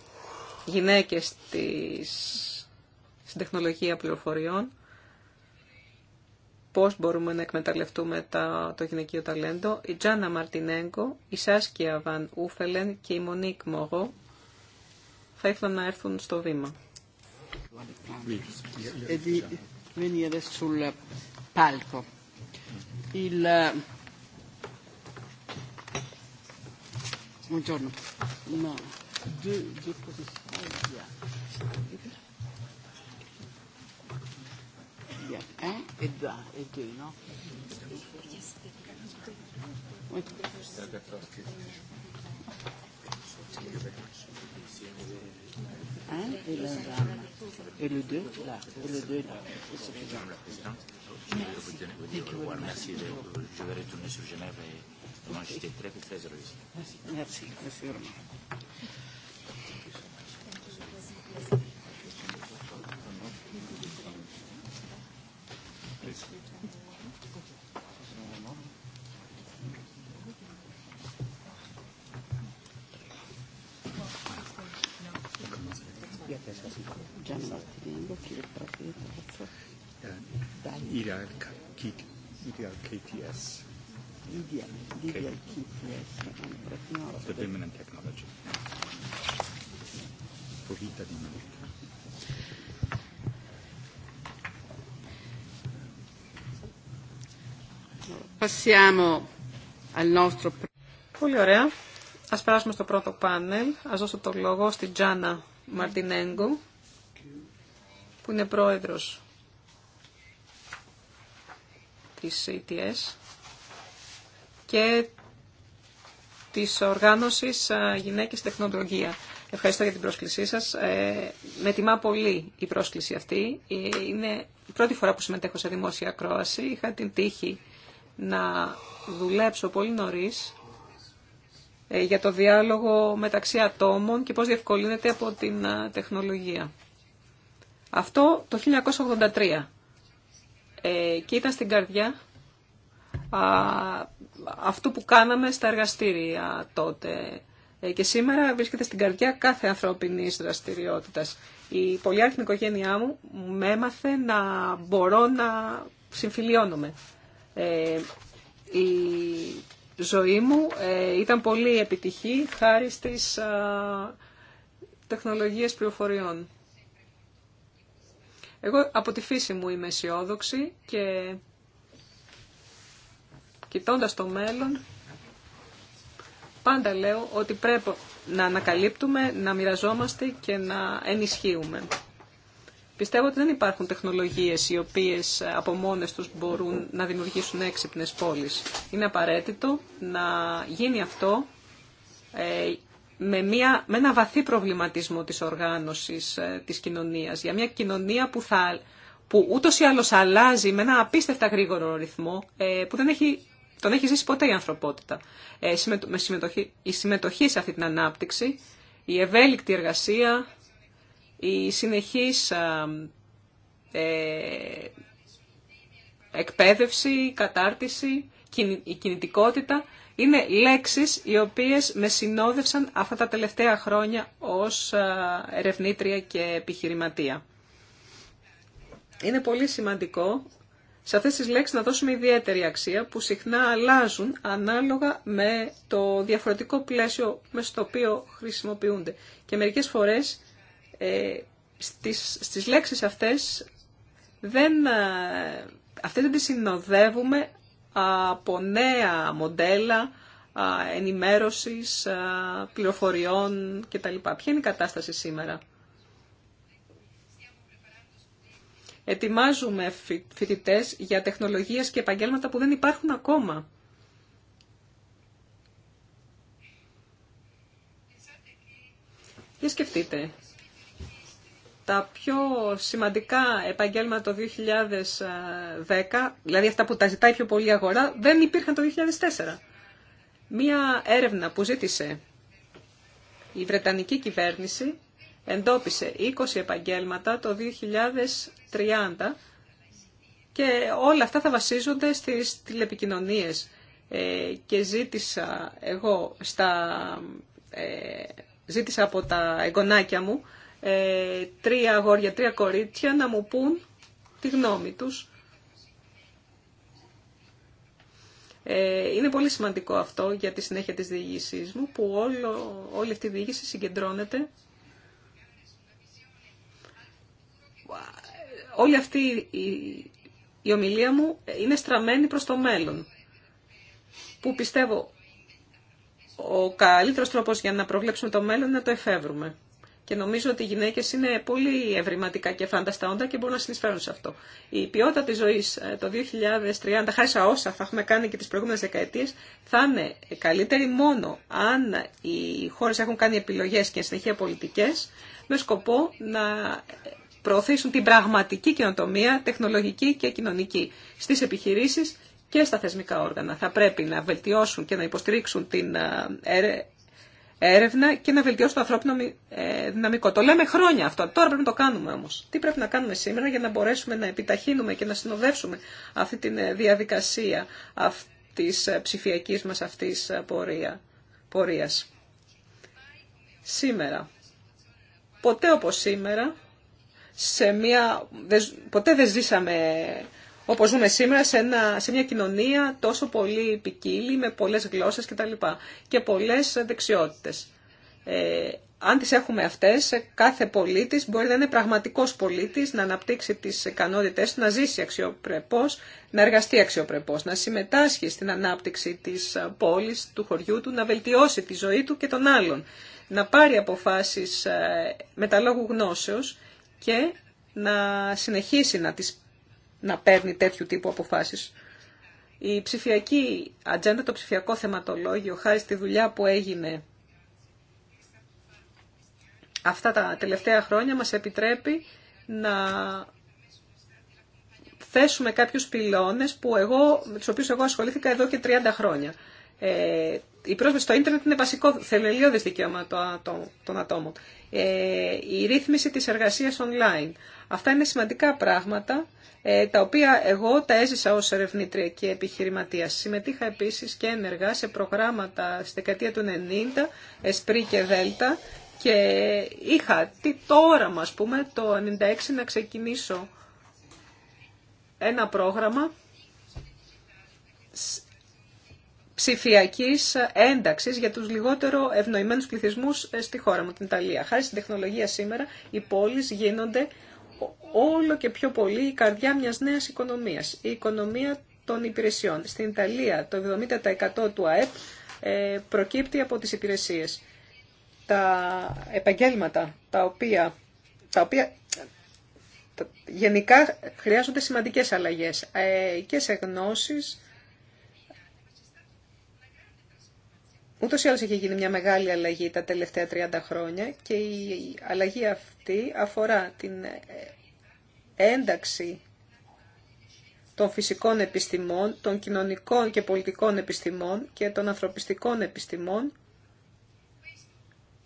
Γυναίκες της... στην τεχνολογία πληροφοριών πώς μπορούμε να εκμεταλλευτούμε το γυναικείο ταλέντο. Η Τζάνα Μαρτινέγκο, η Σάσκια Βαν Ούφελεν και η Μονίκ Μογό θα ήθελαν να έρθουν στο βήμα. Ε, ε, Buongiorno. 1 e 2, et 2 non no? Un et le, et le 2 là, et le 2 là. Madame la Présidente, je vais vous dire au revoir. Merci. Je vais retourner sur Genève et moi j'étais très, très heureuse. Merci, merci vraiment. Ideal KTS. Ideal KTS. the Passiamo al nostro... Πολύ ωραία. Ας περάσουμε στο πρώτο πάνελ. Ας δώσω το λόγο στην Τζάνα Μαρτινέγκο, που είναι πρόεδρος της και της οργάνωσης Γυναίκες Τεχνολογία. Ευχαριστώ για την πρόσκλησή σας. Ε, με τιμά πολύ η πρόσκληση αυτή. Ε, είναι η πρώτη φορά που συμμετέχω σε δημόσια ακρόαση. Είχα την τύχη να δουλέψω πολύ νωρίς ε, για το διάλογο μεταξύ ατόμων και πώς διευκολύνεται από την τεχνολογία. Αυτό το 1983 ε, και ήταν στην καρδιά αυτού που κάναμε στα εργαστήρια τότε. Ε, και σήμερα βρίσκεται στην καρδιά κάθε ανθρώπινη δραστηριότητας. Η πολυάριθμη οικογένειά μου με έμαθε να μπορώ να συμφιλιώνομαι. Ε, η ζωή μου ήταν πολύ επιτυχή χάρη στις τεχνολογίες πληροφοριών. Εγώ από τη φύση μου είμαι αισιόδοξη και κοιτώντας το μέλλον πάντα λέω ότι πρέπει να ανακαλύπτουμε, να μοιραζόμαστε και να ενισχύουμε. Πιστεύω ότι δεν υπάρχουν τεχνολογίες οι οποίες από μόνες τους μπορούν να δημιουργήσουν έξυπνες πόλεις. Είναι απαραίτητο να γίνει αυτό ε, με, μια, με ένα βαθύ προβληματισμό της οργάνωσης ε, της κοινωνίας, για μια κοινωνία που, θα, που ούτως ή άλλως αλλάζει με ένα απίστευτα γρήγορο ρυθμό ε, που δεν έχει, τον έχει ζήσει ποτέ η ανθρωπότητα. Ε, με συμμετοχή, η συμμετοχή σε αυτή την ανάπτυξη, η ευέλικτη εργασία, η συνεχής ε, εκπαίδευση, κατάρτιση, η κινητικότητα είναι λέξεις οι οποίες με συνόδευσαν αυτά τα τελευταία χρόνια ως ε, ερευνήτρια και επιχειρηματία. Είναι πολύ σημαντικό σε αυτές τις λέξεις να δώσουμε ιδιαίτερη αξία που συχνά αλλάζουν ανάλογα με το διαφορετικό πλαίσιο με στο οποίο χρησιμοποιούνται. Και μερικές φορές ε, στις, στις λέξεις αυτές δεν, ε, αυτές δεν τις συνοδεύουμε από νέα μοντέλα ενημέρωσης, πληροφοριών κτλ. Ποια είναι η κατάσταση σήμερα. Ετοιμάζουμε φοιτητές για τεχνολογίες και επαγγέλματα που δεν υπάρχουν ακόμα. Και σκεφτείτε, τα πιο σημαντικά επαγγέλματα το 2010, δηλαδή αυτά που τα ζητάει πιο πολύ η αγορά, δεν υπήρχαν το 2004. Μία έρευνα που ζήτησε η Βρετανική κυβέρνηση εντόπισε 20 επαγγέλματα το 2030 και όλα αυτά θα βασίζονται στις τηλεπικοινωνίες. Ε, και ζήτησα εγώ στα, ε, ζήτησα από τα εγγονάκια μου ε, τρία αγόρια, τρία κορίτσια να μου πούν τη γνώμη τους. Ε, είναι πολύ σημαντικό αυτό για τη συνέχεια της διηγήσής μου, που όλο, όλη αυτή η διήγηση συγκεντρώνεται. Όλη αυτή η, η ομιλία μου είναι στραμμένη προς το μέλλον, που πιστεύω ο καλύτερος τρόπος για να προβλέψουμε το μέλλον είναι να το εφεύρουμε. Και νομίζω ότι οι γυναίκε είναι πολύ ευρηματικά και όντα και μπορούν να συνεισφέρουν σε αυτό. Η ποιότητα τη ζωή ε, το 2030, χάρη σε όσα θα έχουμε κάνει και τι προηγούμενε δεκαετίε, θα είναι καλύτερη μόνο αν οι χώρε έχουν κάνει επιλογέ και συνεχεία πολιτικέ με σκοπό να προωθήσουν την πραγματική καινοτομία, τεχνολογική και κοινωνική, στι επιχειρήσει και στα θεσμικά όργανα. Θα πρέπει να βελτιώσουν και να υποστηρίξουν την ε, ε, έρευνα και να βελτιώσει το ανθρώπινο ε, δυναμικό. Το λέμε χρόνια αυτό. Τώρα πρέπει να το κάνουμε όμω. Τι πρέπει να κάνουμε σήμερα για να μπορέσουμε να επιταχύνουμε και να συνοδεύσουμε αυτή τη ε, διαδικασία τη της ε, ψηφιακής μας αυτής πορεία, πορείας. Σήμερα. Ποτέ όπως σήμερα, σε μια, ποτέ δεν ζήσαμε όπως ζούμε σήμερα σε, σε μια κοινωνία τόσο πολύ ποικίλη, με πολλές γλώσσες κτλ. και πολλές δεξιότητες. Ε, αν τις έχουμε αυτές, κάθε πολίτης μπορεί να είναι πραγματικός πολίτης, να αναπτύξει τις ικανότητες του, να ζήσει αξιοπρεπώς, να εργαστεί αξιοπρεπώς, να συμμετάσχει στην ανάπτυξη της πόλης, του χωριού του, να βελτιώσει τη ζωή του και των άλλων, να πάρει αποφάσεις ε, με τα λόγου γνώσεως και να συνεχίσει να τις να παίρνει τέτοιου τύπου αποφάσεις. Η ψηφιακή ατζέντα, το ψηφιακό θεματολόγιο, χάρη στη δουλειά που έγινε αυτά τα τελευταία χρόνια, μας επιτρέπει να θέσουμε κάποιους πυλώνες που εγώ, με τους οποίους εγώ ασχολήθηκα εδώ και 30 χρόνια. Ε, η πρόσβαση στο ίντερνετ είναι βασικό το δικαίωμα των ατόμων. Ε, η ρύθμιση της εργασίας online. Αυτά είναι σημαντικά πράγματα ε, τα οποία εγώ τα έζησα ως ερευνήτρια και επιχειρηματία. Συμμετείχα επίσης και ενεργά σε προγράμματα στη δεκαετία του 90, ΕΣΠΡΙ και ΔΕΛΤΑ και είχα τι τώρα ας πούμε το 96 να ξεκινήσω ένα πρόγραμμα ψηφιακή ένταξης για τους λιγότερο ευνοημένους πληθυσμού ε, στη χώρα μου, την Ιταλία. Χάρη στην τεχνολογία σήμερα, οι πόλεις γίνονται όλο και πιο πολύ η καρδιά μια νέας οικονομίας, η οικονομία των υπηρεσιών. Στην Ιταλία το 70% του ΑΕΠ ε, προκύπτει από τις υπηρεσίες. Τα επαγγέλματα τα οποία, τα οποία γενικά χρειάζονται σημαντικές αλλαγές ε, και σε γνώσεις Ούτω ή άλλω έχει γίνει μια μεγάλη αλλαγή τα τελευταία 30 χρόνια και η αλλαγή αυτή αφορά την ε, ένταξη των φυσικών επιστημών, των κοινωνικών και πολιτικών επιστημών και των ανθρωπιστικών επιστημών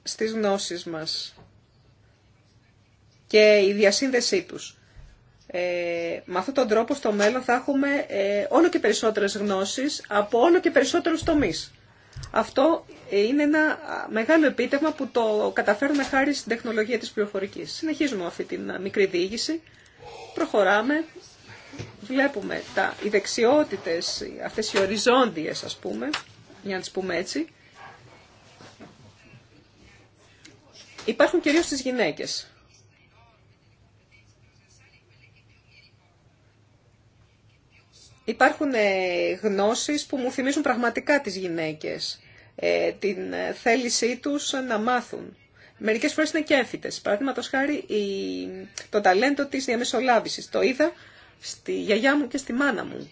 στις γνώσεις μας και η διασύνδεσή τους. Ε, με αυτόν τον τρόπο στο μέλλον θα έχουμε ε, όλο και περισσότερες γνώσεις από όλο και περισσότερους τομείς. Αυτό είναι ένα μεγάλο επίτευγμα που το καταφέρουμε χάρη στην τεχνολογία της πληροφορικής. Συνεχίζουμε αυτή την μικρή διήγηση, προχωράμε, βλέπουμε τα, οι αυτές οι οριζόντιες ας πούμε, για να τις πούμε έτσι, υπάρχουν κυρίως στις γυναίκες. Υπάρχουν ε, γνώσεις που μου θυμίζουν πραγματικά τις γυναίκες, ε, την ε, θέλησή τους να μάθουν. Μερικές φορές είναι και το Παραδείγματο χάρη το ταλέντο της διαμεσολάβησης. Το είδα στη γιαγιά μου και στη μάνα μου.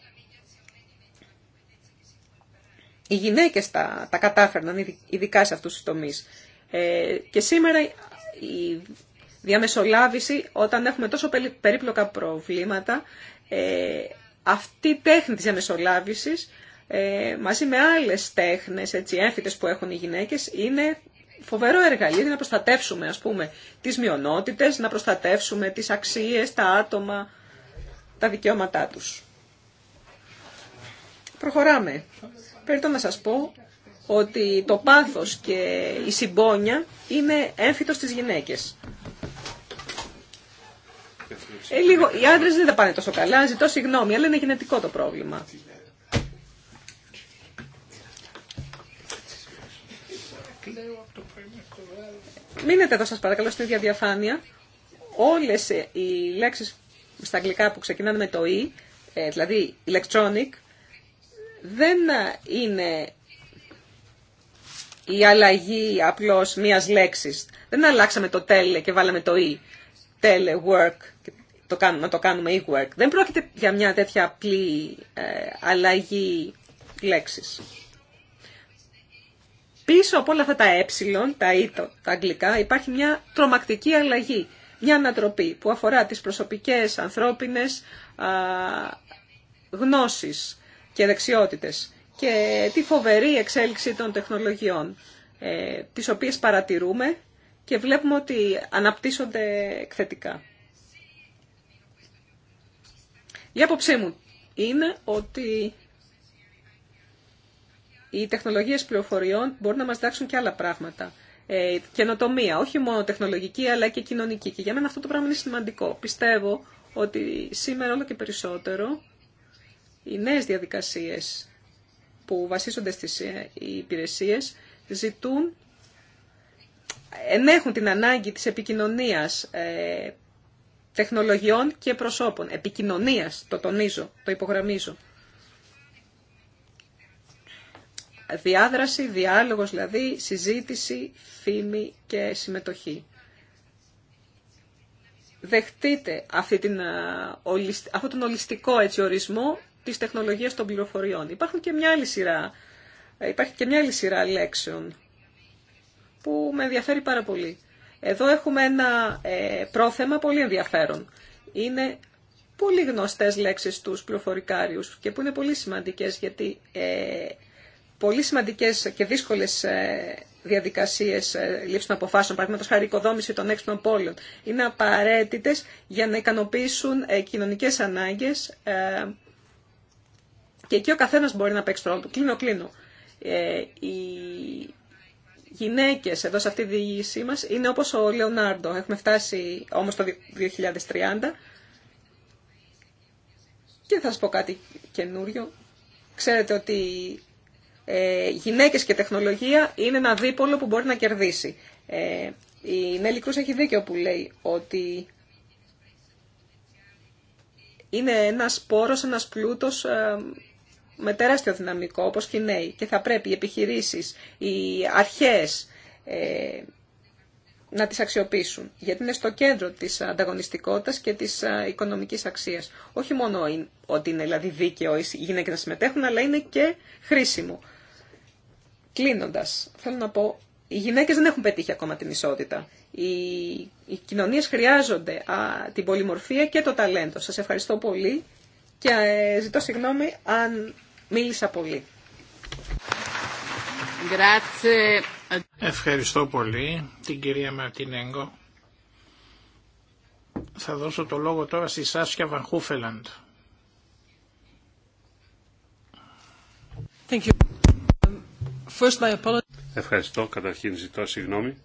Οι γυναίκες τα, τα κατάφερναν, ειδικά σε αυτούς τους τομείς. και σήμερα η διαμεσολάβηση, όταν έχουμε τόσο περίπλοκα προβλήματα, αυτή η τέχνη της ανεσολάβησης ε, μαζί με άλλες τέχνες έτσι, έμφυτες που έχουν οι γυναίκες είναι φοβερό εργαλείο για να προστατεύσουμε ας πούμε τις μειονότητες, να προστατεύσουμε τις αξίες, τα άτομα, τα δικαιώματά τους. Προχωράμε. Πρέπει να σας πω ότι το πάθος και η συμπόνια είναι έμφυτο στις γυναίκες. Ε, λίγο, οι άντρε δεν τα πάνε τόσο καλά, ζητώ συγγνώμη, αλλά είναι γενετικό το πρόβλημα. Μείνετε εδώ σας παρακαλώ στην ίδια διαφάνεια. Όλες ε, οι λέξεις στα αγγλικά που ξεκινάνε με το E, δηλαδή electronic, δεν είναι η αλλαγή απλώς μίας λέξης. Δεν αλλάξαμε το tele και βάλαμε το E. Telework, το, να το κάνουμε e-work. Δεν πρόκειται για μια τέτοια απλή ε, αλλαγή λέξης. Πίσω από όλα αυτά τα ε, τα ε, τα αγγλικά, υπάρχει μια τρομακτική αλλαγή, μια ανατροπή που αφορά τις προσωπικές, ανθρώπινες α, γνώσεις και δεξιότητες και τη φοβερή εξέλιξη των τεχνολογιών, ε, τις οποίες παρατηρούμε και βλέπουμε ότι αναπτύσσονται εκθετικά. Η άποψή μου είναι ότι οι τεχνολογίες πληροφοριών μπορούν να μας δάξουν και άλλα πράγματα. Ε, καινοτομία, όχι μόνο τεχνολογική αλλά και κοινωνική. Και για μένα αυτό το πράγμα είναι σημαντικό. Πιστεύω ότι σήμερα όλο και περισσότερο οι νέες διαδικασίες που βασίζονται στις ε, υπηρεσίες ζητούν, ενέχουν την ανάγκη της επικοινωνίας ε, τεχνολογιών και προσώπων, επικοινωνίας, το τονίζω, το υπογραμμίζω. Διάδραση, διάλογος δηλαδή, συζήτηση, φήμη και συμμετοχή. Δεχτείτε αυτή την, αυτόν τον ολιστικό έτσι, ορισμό της τεχνολογίας των πληροφοριών. Υπάρχουν και μια άλλη σειρά, ε, υπάρχει και μια άλλη σειρά λέξεων που με ενδιαφέρει πάρα πολύ. Εδώ έχουμε ένα ε, πρόθεμα πολύ ενδιαφέρον. Είναι πολύ γνωστές λέξεις τους πληροφορικάριους και που είναι πολύ σημαντικές γιατί ε, πολύ σημαντικές και δύσκολες ε, διαδικασίες ε, λήψης των αποφάσεων, παραδείγματος χάρη οικοδόμηση των έξυπνων πόλεων, είναι απαραίτητες για να ικανοποιήσουν ε, κοινωνικές ανάγκες και εκεί ο καθένας μπορεί να παίξει το ρόλο του. Κλείνω, κλείνω. Ε, γυναίκες εδώ σε αυτή τη διήγησή μα, είναι όπως ο Λεωνάρντο. Έχουμε φτάσει όμως το 2030 και θα σα πω κάτι καινούριο. Ξέρετε ότι ε, γυναίκες και τεχνολογία είναι ένα δίπολο που μπορεί να κερδίσει. Ε, η Νέλη Κρούς έχει δίκιο που λέει ότι είναι ένας πόρος, ένας πλούτος ε, με τεράστιο δυναμικό, όπως και οι νέοι. Και θα πρέπει οι επιχειρήσεις, οι αρχές ε, να τις αξιοποιήσουν. Γιατί είναι στο κέντρο της ανταγωνιστικότητας και της οικονομικής αξίας. Όχι μόνο ότι είναι δηλαδή δίκαιο οι γυναίκες να συμμετέχουν, αλλά είναι και χρήσιμο. Κλείνοντας, θέλω να πω, οι γυναίκες δεν έχουν πετύχει ακόμα την ισότητα. Οι, οι κοινωνίες χρειάζονται α, την πολυμορφία και το ταλέντο. Σας ευχαριστώ πολύ και ε, ζητώ συγγνώμη αν μίλησα πολύ. Ευχαριστώ πολύ την κυρία Μαρτινέγκο. Θα δώσω το λόγο τώρα στη Σάσια Βανχούφελαντ. Um, Ευχαριστώ. Καταρχήν ζητώ συγγνώμη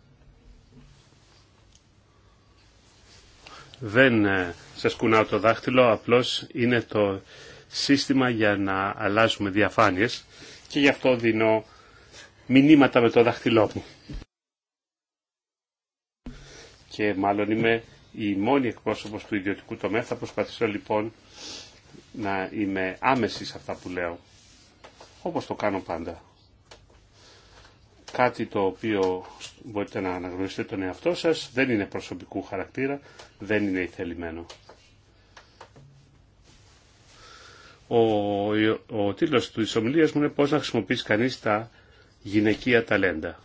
δεν ε, σας κουνάω το δάχτυλο, απλώς είναι το σύστημα για να αλλάζουμε διαφάνειες και γι' αυτό δίνω μηνύματα με το δάχτυλό μου. Και μάλλον είμαι η μόνη εκπρόσωπος του ιδιωτικού τομέα. Θα προσπαθήσω λοιπόν να είμαι άμεση σε αυτά που λέω, όπως το κάνω πάντα κάτι το οποίο μπορείτε να αναγνωρίσετε τον εαυτό σας, δεν είναι προσωπικού χαρακτήρα, δεν είναι ηθελημένο. Ο, ο, ο τίτλος του ομιλίας μου είναι πώς να χρησιμοποιήσει κανείς τα γυναικεία ταλέντα.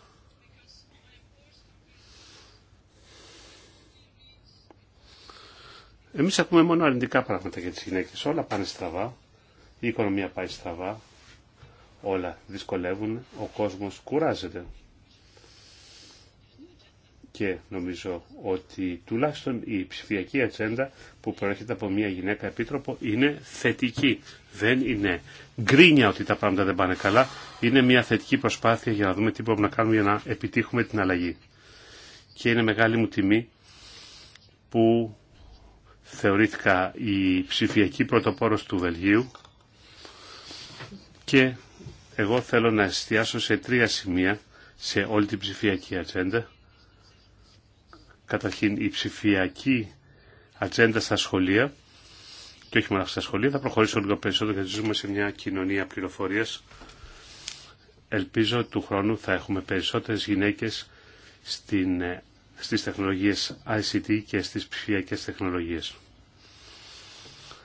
Εμείς ακούμε μόνο αρνητικά πράγματα για τις γυναίκες. Όλα πάνε στραβά, η οικονομία πάει στραβά, όλα δυσκολεύουν, ο κόσμος κουράζεται. Και νομίζω ότι τουλάχιστον η ψηφιακή ατζέντα που προέρχεται από μια γυναίκα επίτροπο είναι θετική. Δεν είναι γκρίνια ότι τα πράγματα δεν πάνε καλά. Είναι μια θετική προσπάθεια για να δούμε τι μπορούμε να κάνουμε για να επιτύχουμε την αλλαγή. Και είναι μεγάλη μου τιμή που θεωρήθηκα η ψηφιακή πρωτοπόρος του Βελγίου και εγώ θέλω να εστιάσω σε τρία σημεία σε όλη την ψηφιακή ατζέντα. Καταρχήν η ψηφιακή ατζέντα στα σχολεία και όχι μόνο στα σχολεία, θα προχωρήσω λίγο περισσότερο γιατί ζούμε σε μια κοινωνία πληροφορίας. Ελπίζω του χρόνου θα έχουμε περισσότερες γυναίκες στην, ε, στις τεχνολογίες ICT και στις ψηφιακές τεχνολογίες.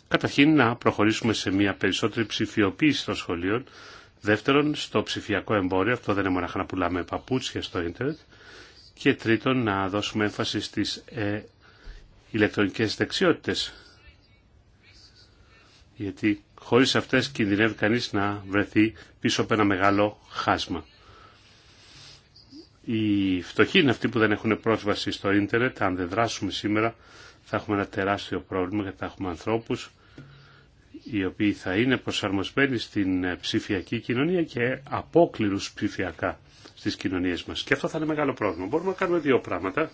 Καταρχήν να προχωρήσουμε σε μια περισσότερη ψηφιοποίηση των σχολείων, Δεύτερον, στο ψηφιακό εμπόριο, αυτό δεν είναι μόνο να πουλάμε παπούτσια στο ίντερνετ. Και τρίτον, να δώσουμε έμφαση στις ε, ηλεκτρονικές δεξιότητες. Γιατί χωρίς αυτές κινδυνεύει κανείς να βρεθεί πίσω από ένα μεγάλο χάσμα. Οι φτωχοί είναι αυτοί που δεν έχουν πρόσβαση στο ίντερνετ. Αν δεν δράσουμε σήμερα θα έχουμε ένα τεράστιο πρόβλημα γιατί θα έχουμε ανθρώπους οι οποίοι θα είναι προσαρμοσμένοι στην ψηφιακή κοινωνία και απόκληρους ψηφιακά στις κοινωνίες μας. Και αυτό θα είναι μεγάλο πρόβλημα. Μπορούμε να κάνουμε δύο πράγματα.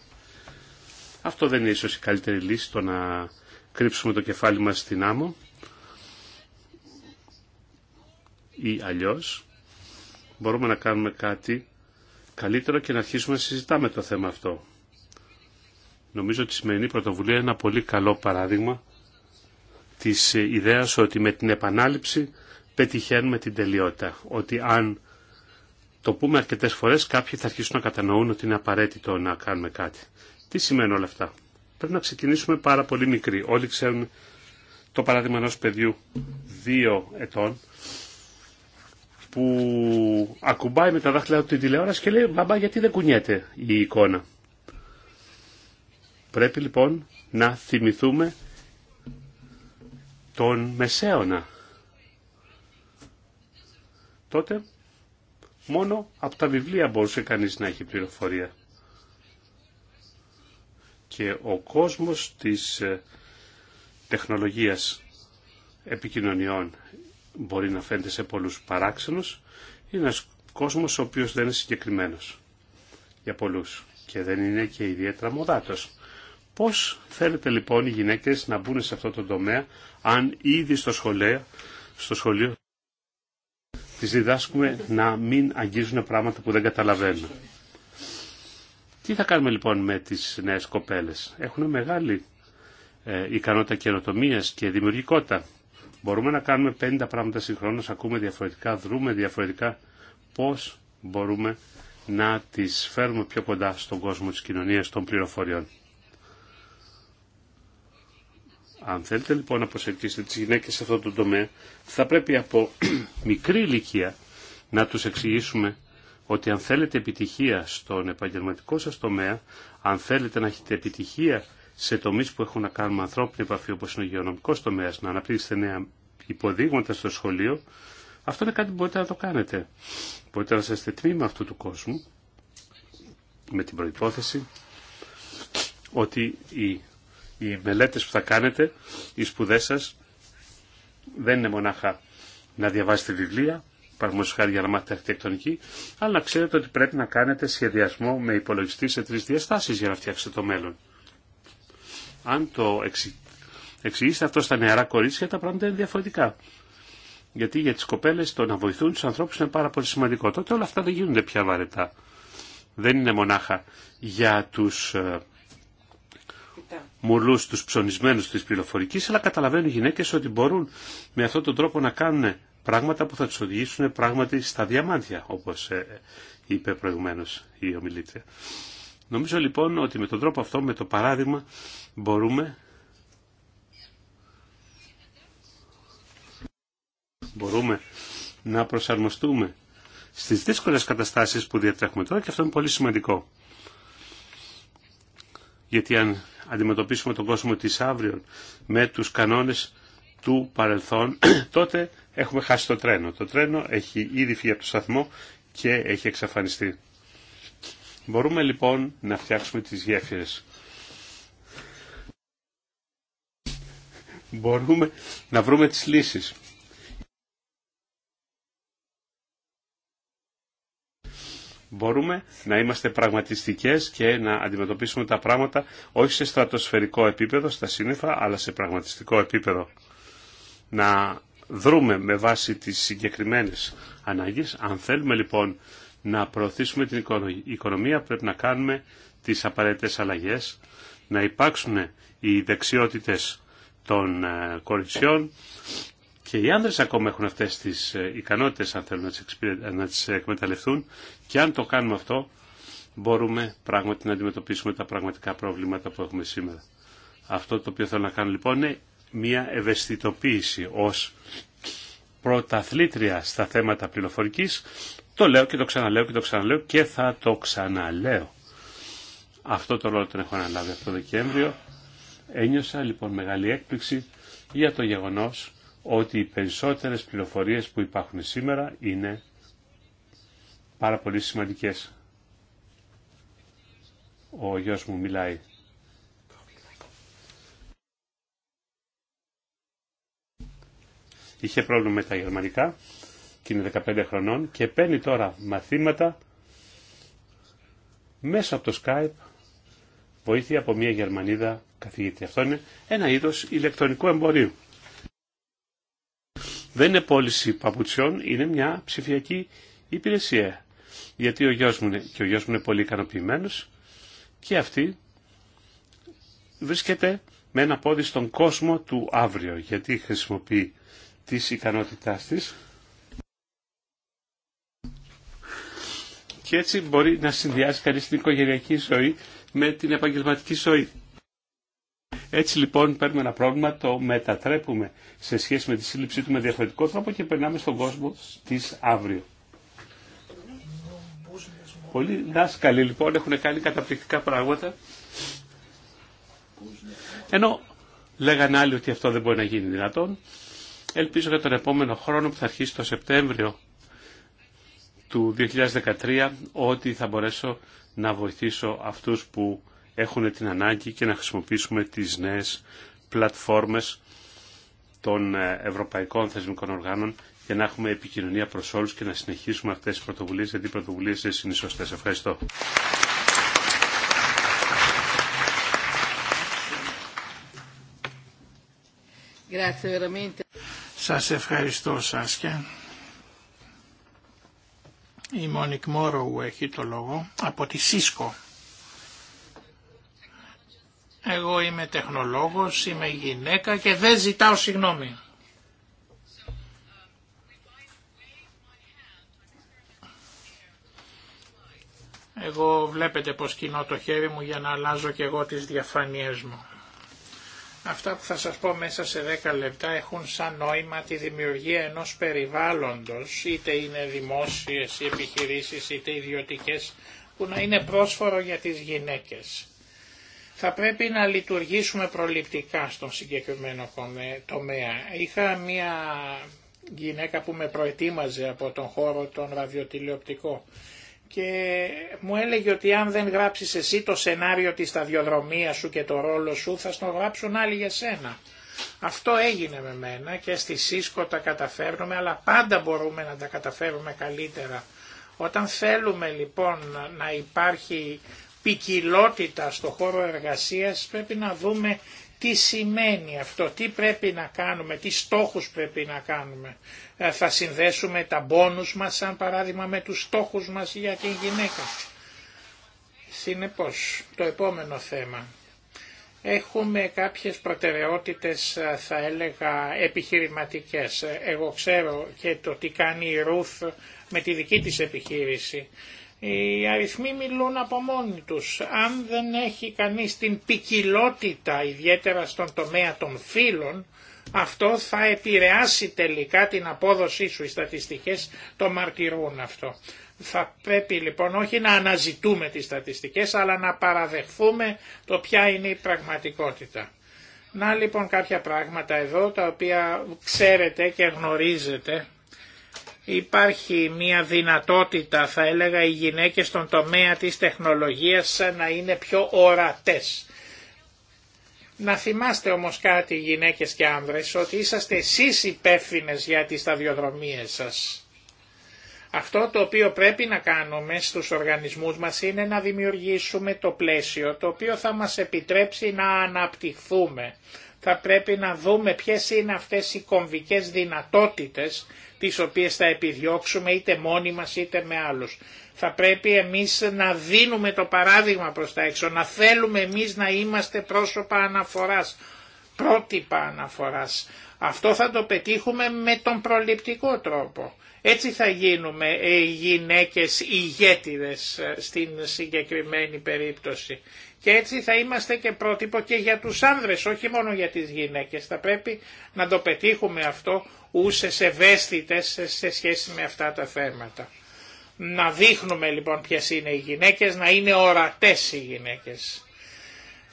Αυτό δεν είναι ίσως η καλύτερη λύση το να κρύψουμε το κεφάλι μας στην άμμο ή αλλιώς μπορούμε να κάνουμε κάτι καλύτερο και να αρχίσουμε να συζητάμε το θέμα αυτό. Νομίζω ότι η σημερινή πρωτοβουλία είναι ένα πολύ καλό παράδειγμα της ιδέας ότι με την επανάληψη πετυχαίνουμε την τελειότητα. Ότι αν το πούμε αρκετές φορές κάποιοι θα αρχίσουν να κατανοούν ότι είναι απαραίτητο να κάνουμε κάτι. Τι σημαίνουν όλα αυτά. Πρέπει να ξεκινήσουμε πάρα πολύ μικροί. Όλοι ξέρουν το παράδειγμα ενός παιδιού δύο ετών που ακουμπάει με τα δάχτυλα του την τηλεόραση και λέει «Μπαμπά γιατί δεν κουνιέται η εικόνα». Πρέπει λοιπόν να θυμηθούμε τον Μεσαίωνα. Τότε μόνο από τα βιβλία μπορούσε κανείς να έχει πληροφορία. Και ο κόσμος της ε, τεχνολογίας επικοινωνιών μπορεί να φαίνεται σε πολλούς παράξενους, είναι ένας κόσμος ο οποίος δεν είναι συγκεκριμένος για πολλούς και δεν είναι και ιδιαίτερα μοδάτος. Πώς θέλετε λοιπόν οι γυναίκες να μπουν σε αυτό το τομέα αν ήδη στο σχολείο, στο σχολείο τις διδάσκουμε να μην αγγίζουν πράγματα που δεν καταλαβαίνουν. Τι θα κάνουμε λοιπόν με τις νέες κοπέλες. Έχουν μεγάλη ε, ικανότητα καινοτομία και δημιουργικότητα. Μπορούμε να κάνουμε 50 πράγματα συγχρόνως, ακούμε διαφορετικά, δρούμε διαφορετικά. Πώς μπορούμε να τις φέρουμε πιο κοντά στον κόσμο της κοινωνίας των πληροφοριών. Αν θέλετε λοιπόν να προσελκύσετε τις γυναίκες σε αυτό το τομέα, θα πρέπει από μικρή ηλικία να τους εξηγήσουμε ότι αν θέλετε επιτυχία στον επαγγελματικό σας τομέα, αν θέλετε να έχετε επιτυχία σε τομείς που έχουν να κάνουν με ανθρώπινη επαφή όπως είναι ο υγειονομικός τομέας, να αναπτύξετε νέα υποδείγματα στο σχολείο, αυτό είναι κάτι που μπορείτε να το κάνετε. Μπορείτε να είστε τμήμα αυτού του κόσμου με την προϋπόθεση ότι η οι μελέτες που θα κάνετε, οι σπουδές σας, δεν είναι μονάχα να διαβάσετε βιβλία, παραδείγματος χάρη για να μάθετε αρχιτεκτονική, αλλά να ξέρετε ότι πρέπει να κάνετε σχεδιασμό με υπολογιστή σε τρεις διαστάσεις για να φτιάξετε το μέλλον. Αν το εξη... εξηγήσετε αυτό στα νεαρά κορίτσια, τα πράγματα είναι διαφορετικά. Γιατί για τις κοπέλες το να βοηθούν τους ανθρώπους είναι πάρα πολύ σημαντικό. Τότε όλα αυτά δεν γίνονται πια βαρετά. Δεν είναι μονάχα για τους ε, μουλούς τους ψωνισμένους της πληροφορικής, αλλά καταλαβαίνουν οι γυναίκες ότι μπορούν με αυτόν τον τρόπο να κάνουν πράγματα που θα τους οδηγήσουν πράγματι στα διαμάντια, όπως ε, είπε προηγουμένως η ομιλήτρια. Νομίζω λοιπόν ότι με τον τρόπο αυτό, με το παράδειγμα, μπορούμε μπορούμε να προσαρμοστούμε στις δύσκολες καταστάσεις που διατρέχουμε τώρα και αυτό είναι πολύ σημαντικό γιατί αν αντιμετωπίσουμε τον κόσμο της αύριο με τους κανόνες του παρελθόν, τότε έχουμε χάσει το τρένο. Το τρένο έχει ήδη φύγει από το σταθμό και έχει εξαφανιστεί. Μπορούμε λοιπόν να φτιάξουμε τις γέφυρες. Μπορούμε να βρούμε τις λύσεις. μπορούμε να είμαστε πραγματιστικές και να αντιμετωπίσουμε τα πράγματα όχι σε στρατοσφαιρικό επίπεδο, στα σύννεφα, αλλά σε πραγματιστικό επίπεδο. Να δρούμε με βάση τις συγκεκριμένες ανάγκες. Αν θέλουμε λοιπόν να προωθήσουμε την οικονομία πρέπει να κάνουμε τις απαραίτητες αλλαγές, να υπάρξουν οι δεξιότητες των ε, κοριτσιών, και οι άνδρες ακόμα έχουν αυτές τις ε, ικανότητες αν θέλουν να τις εκμεταλλευτούν και αν το κάνουμε αυτό μπορούμε πράγματι να αντιμετωπίσουμε τα πραγματικά προβλήματα που έχουμε σήμερα. Αυτό το οποίο θέλω να κάνω λοιπόν είναι μια ευαισθητοποίηση ως πρωταθλήτρια στα θέματα πληροφορικής. Το λέω και το ξαναλέω και το ξαναλέω και θα το ξαναλέω. Αυτό το ρόλο τον έχω αναλάβει αυτό το Δεκέμβριο. Ένιωσα λοιπόν μεγάλη έκπληξη για το γεγονός ότι οι περισσότερες πληροφορίες που υπάρχουν σήμερα είναι πάρα πολύ σημαντικές. Ο γιος μου μιλάει. Είχε πρόβλημα με τα γερμανικά και είναι 15 χρονών και παίρνει τώρα μαθήματα μέσα από το Skype βοήθεια από μια Γερμανίδα καθηγητή. Αυτό είναι ένα είδος ηλεκτρονικού εμπορίου δεν είναι πώληση παπουτσιών, είναι μια ψηφιακή υπηρεσία. Γιατί ο γιος μου είναι, και ο γιος μου είναι πολύ ικανοποιημένο και αυτή βρίσκεται με ένα πόδι στον κόσμο του αύριο, γιατί χρησιμοποιεί τις ικανότητάς της και έτσι μπορεί να συνδυάσει κανείς την οικογενειακή ζωή με την επαγγελματική ζωή. Έτσι λοιπόν παίρνουμε ένα πρόβλημα, το μετατρέπουμε σε σχέση με τη σύλληψή του με διαφορετικό τρόπο και περνάμε στον κόσμο της αύριο. Πολλοί δάσκαλοι λοιπόν έχουν κάνει καταπληκτικά πράγματα. Ενώ λέγαν άλλοι ότι αυτό δεν μπορεί να γίνει δυνατόν. Ελπίζω για τον επόμενο χρόνο που θα αρχίσει το Σεπτέμβριο του 2013 ότι θα μπορέσω να βοηθήσω αυτούς που έχουν την ανάγκη και να χρησιμοποιήσουμε τις νέες πλατφόρμες των ε, ευρωπαϊκών θεσμικών οργάνων για να έχουμε επικοινωνία προς όλους και να συνεχίσουμε αυτές τις πρωτοβουλίες, γιατί οι πρωτοβουλίες είναι σωστές. Ευχαριστώ. Σας ευχαριστώ Σάσκια. Η Μόνικ Μόροου έχει το λόγο από τη ΣΥΣΚΟ. Εγώ είμαι τεχνολόγος, είμαι γυναίκα και δεν ζητάω συγγνώμη. Εγώ βλέπετε πως κινώ το χέρι μου για να αλλάζω και εγώ τις διαφανίες μου. Αυτά που θα σας πω μέσα σε 10 λεπτά έχουν σαν νόημα τη δημιουργία ενός περιβάλλοντος, είτε είναι δημόσιες οι επιχειρήσεις είτε ιδιωτικές, που να είναι πρόσφορο για τις γυναίκες θα πρέπει να λειτουργήσουμε προληπτικά στον συγκεκριμένο τομέα. Είχα μία γυναίκα που με προετοίμαζε από τον χώρο τον ραδιοτηλεοπτικό και μου έλεγε ότι αν δεν γράψεις εσύ το σενάριο της σταδιοδρομίας σου και το ρόλο σου θα στο γράψουν άλλοι για σένα. Αυτό έγινε με μένα και στη ΣΥΣΚΟ τα καταφέρνουμε αλλά πάντα μπορούμε να τα καταφέρουμε καλύτερα. Όταν θέλουμε λοιπόν να υπάρχει ποικιλότητα στο χώρο εργασίας πρέπει να δούμε τι σημαίνει αυτό, τι πρέπει να κάνουμε, τι στόχους πρέπει να κάνουμε. Ε, θα συνδέσουμε τα μπόνους μας σαν παράδειγμα με τους στόχους μας για την γυναίκα. Συνεπώς, το επόμενο θέμα. Έχουμε κάποιες προτεραιότητες ε, θα έλεγα επιχειρηματικές. Ε, εγώ ξέρω και το τι κάνει η Ρουθ με τη δική της επιχείρηση οι αριθμοί μιλούν από μόνοι τους. Αν δεν έχει κανείς την ποικιλότητα, ιδιαίτερα στον τομέα των φύλων, αυτό θα επηρεάσει τελικά την απόδοσή σου. Οι στατιστικές το μαρτυρούν αυτό. Θα πρέπει λοιπόν όχι να αναζητούμε τις στατιστικές, αλλά να παραδεχθούμε το ποια είναι η πραγματικότητα. Να λοιπόν κάποια πράγματα εδώ, τα οποία ξέρετε και γνωρίζετε Υπάρχει μια δυνατότητα θα έλεγα οι γυναίκες στον τομέα της τεχνολογίας να είναι πιο ορατές. Να θυμάστε όμως κάτι γυναίκες και άνδρες ότι είσαστε εσείς υπεύθυνε για τις σταδιοδρομίες σας. Αυτό το οποίο πρέπει να κάνουμε στους οργανισμούς μας είναι να δημιουργήσουμε το πλαίσιο το οποίο θα μας επιτρέψει να αναπτυχθούμε θα πρέπει να δούμε ποιες είναι αυτές οι κομβικές δυνατότητες τις οποίες θα επιδιώξουμε είτε μόνοι μας είτε με άλλους. Θα πρέπει εμείς να δίνουμε το παράδειγμα προς τα έξω, να θέλουμε εμείς να είμαστε πρόσωπα αναφοράς, πρότυπα αναφοράς. Αυτό θα το πετύχουμε με τον προληπτικό τρόπο. Έτσι θα γίνουμε ε, οι γυναίκες ηγέτιδες ε, στην συγκεκριμένη περίπτωση. Και έτσι θα είμαστε και πρότυπο και για τους άνδρες, όχι μόνο για τις γυναίκες. Θα πρέπει να το πετύχουμε αυτό ούσες ευαίσθητες σε σχέση με αυτά τα θέματα. Να δείχνουμε λοιπόν ποιες είναι οι γυναίκες, να είναι ορατές οι γυναίκες.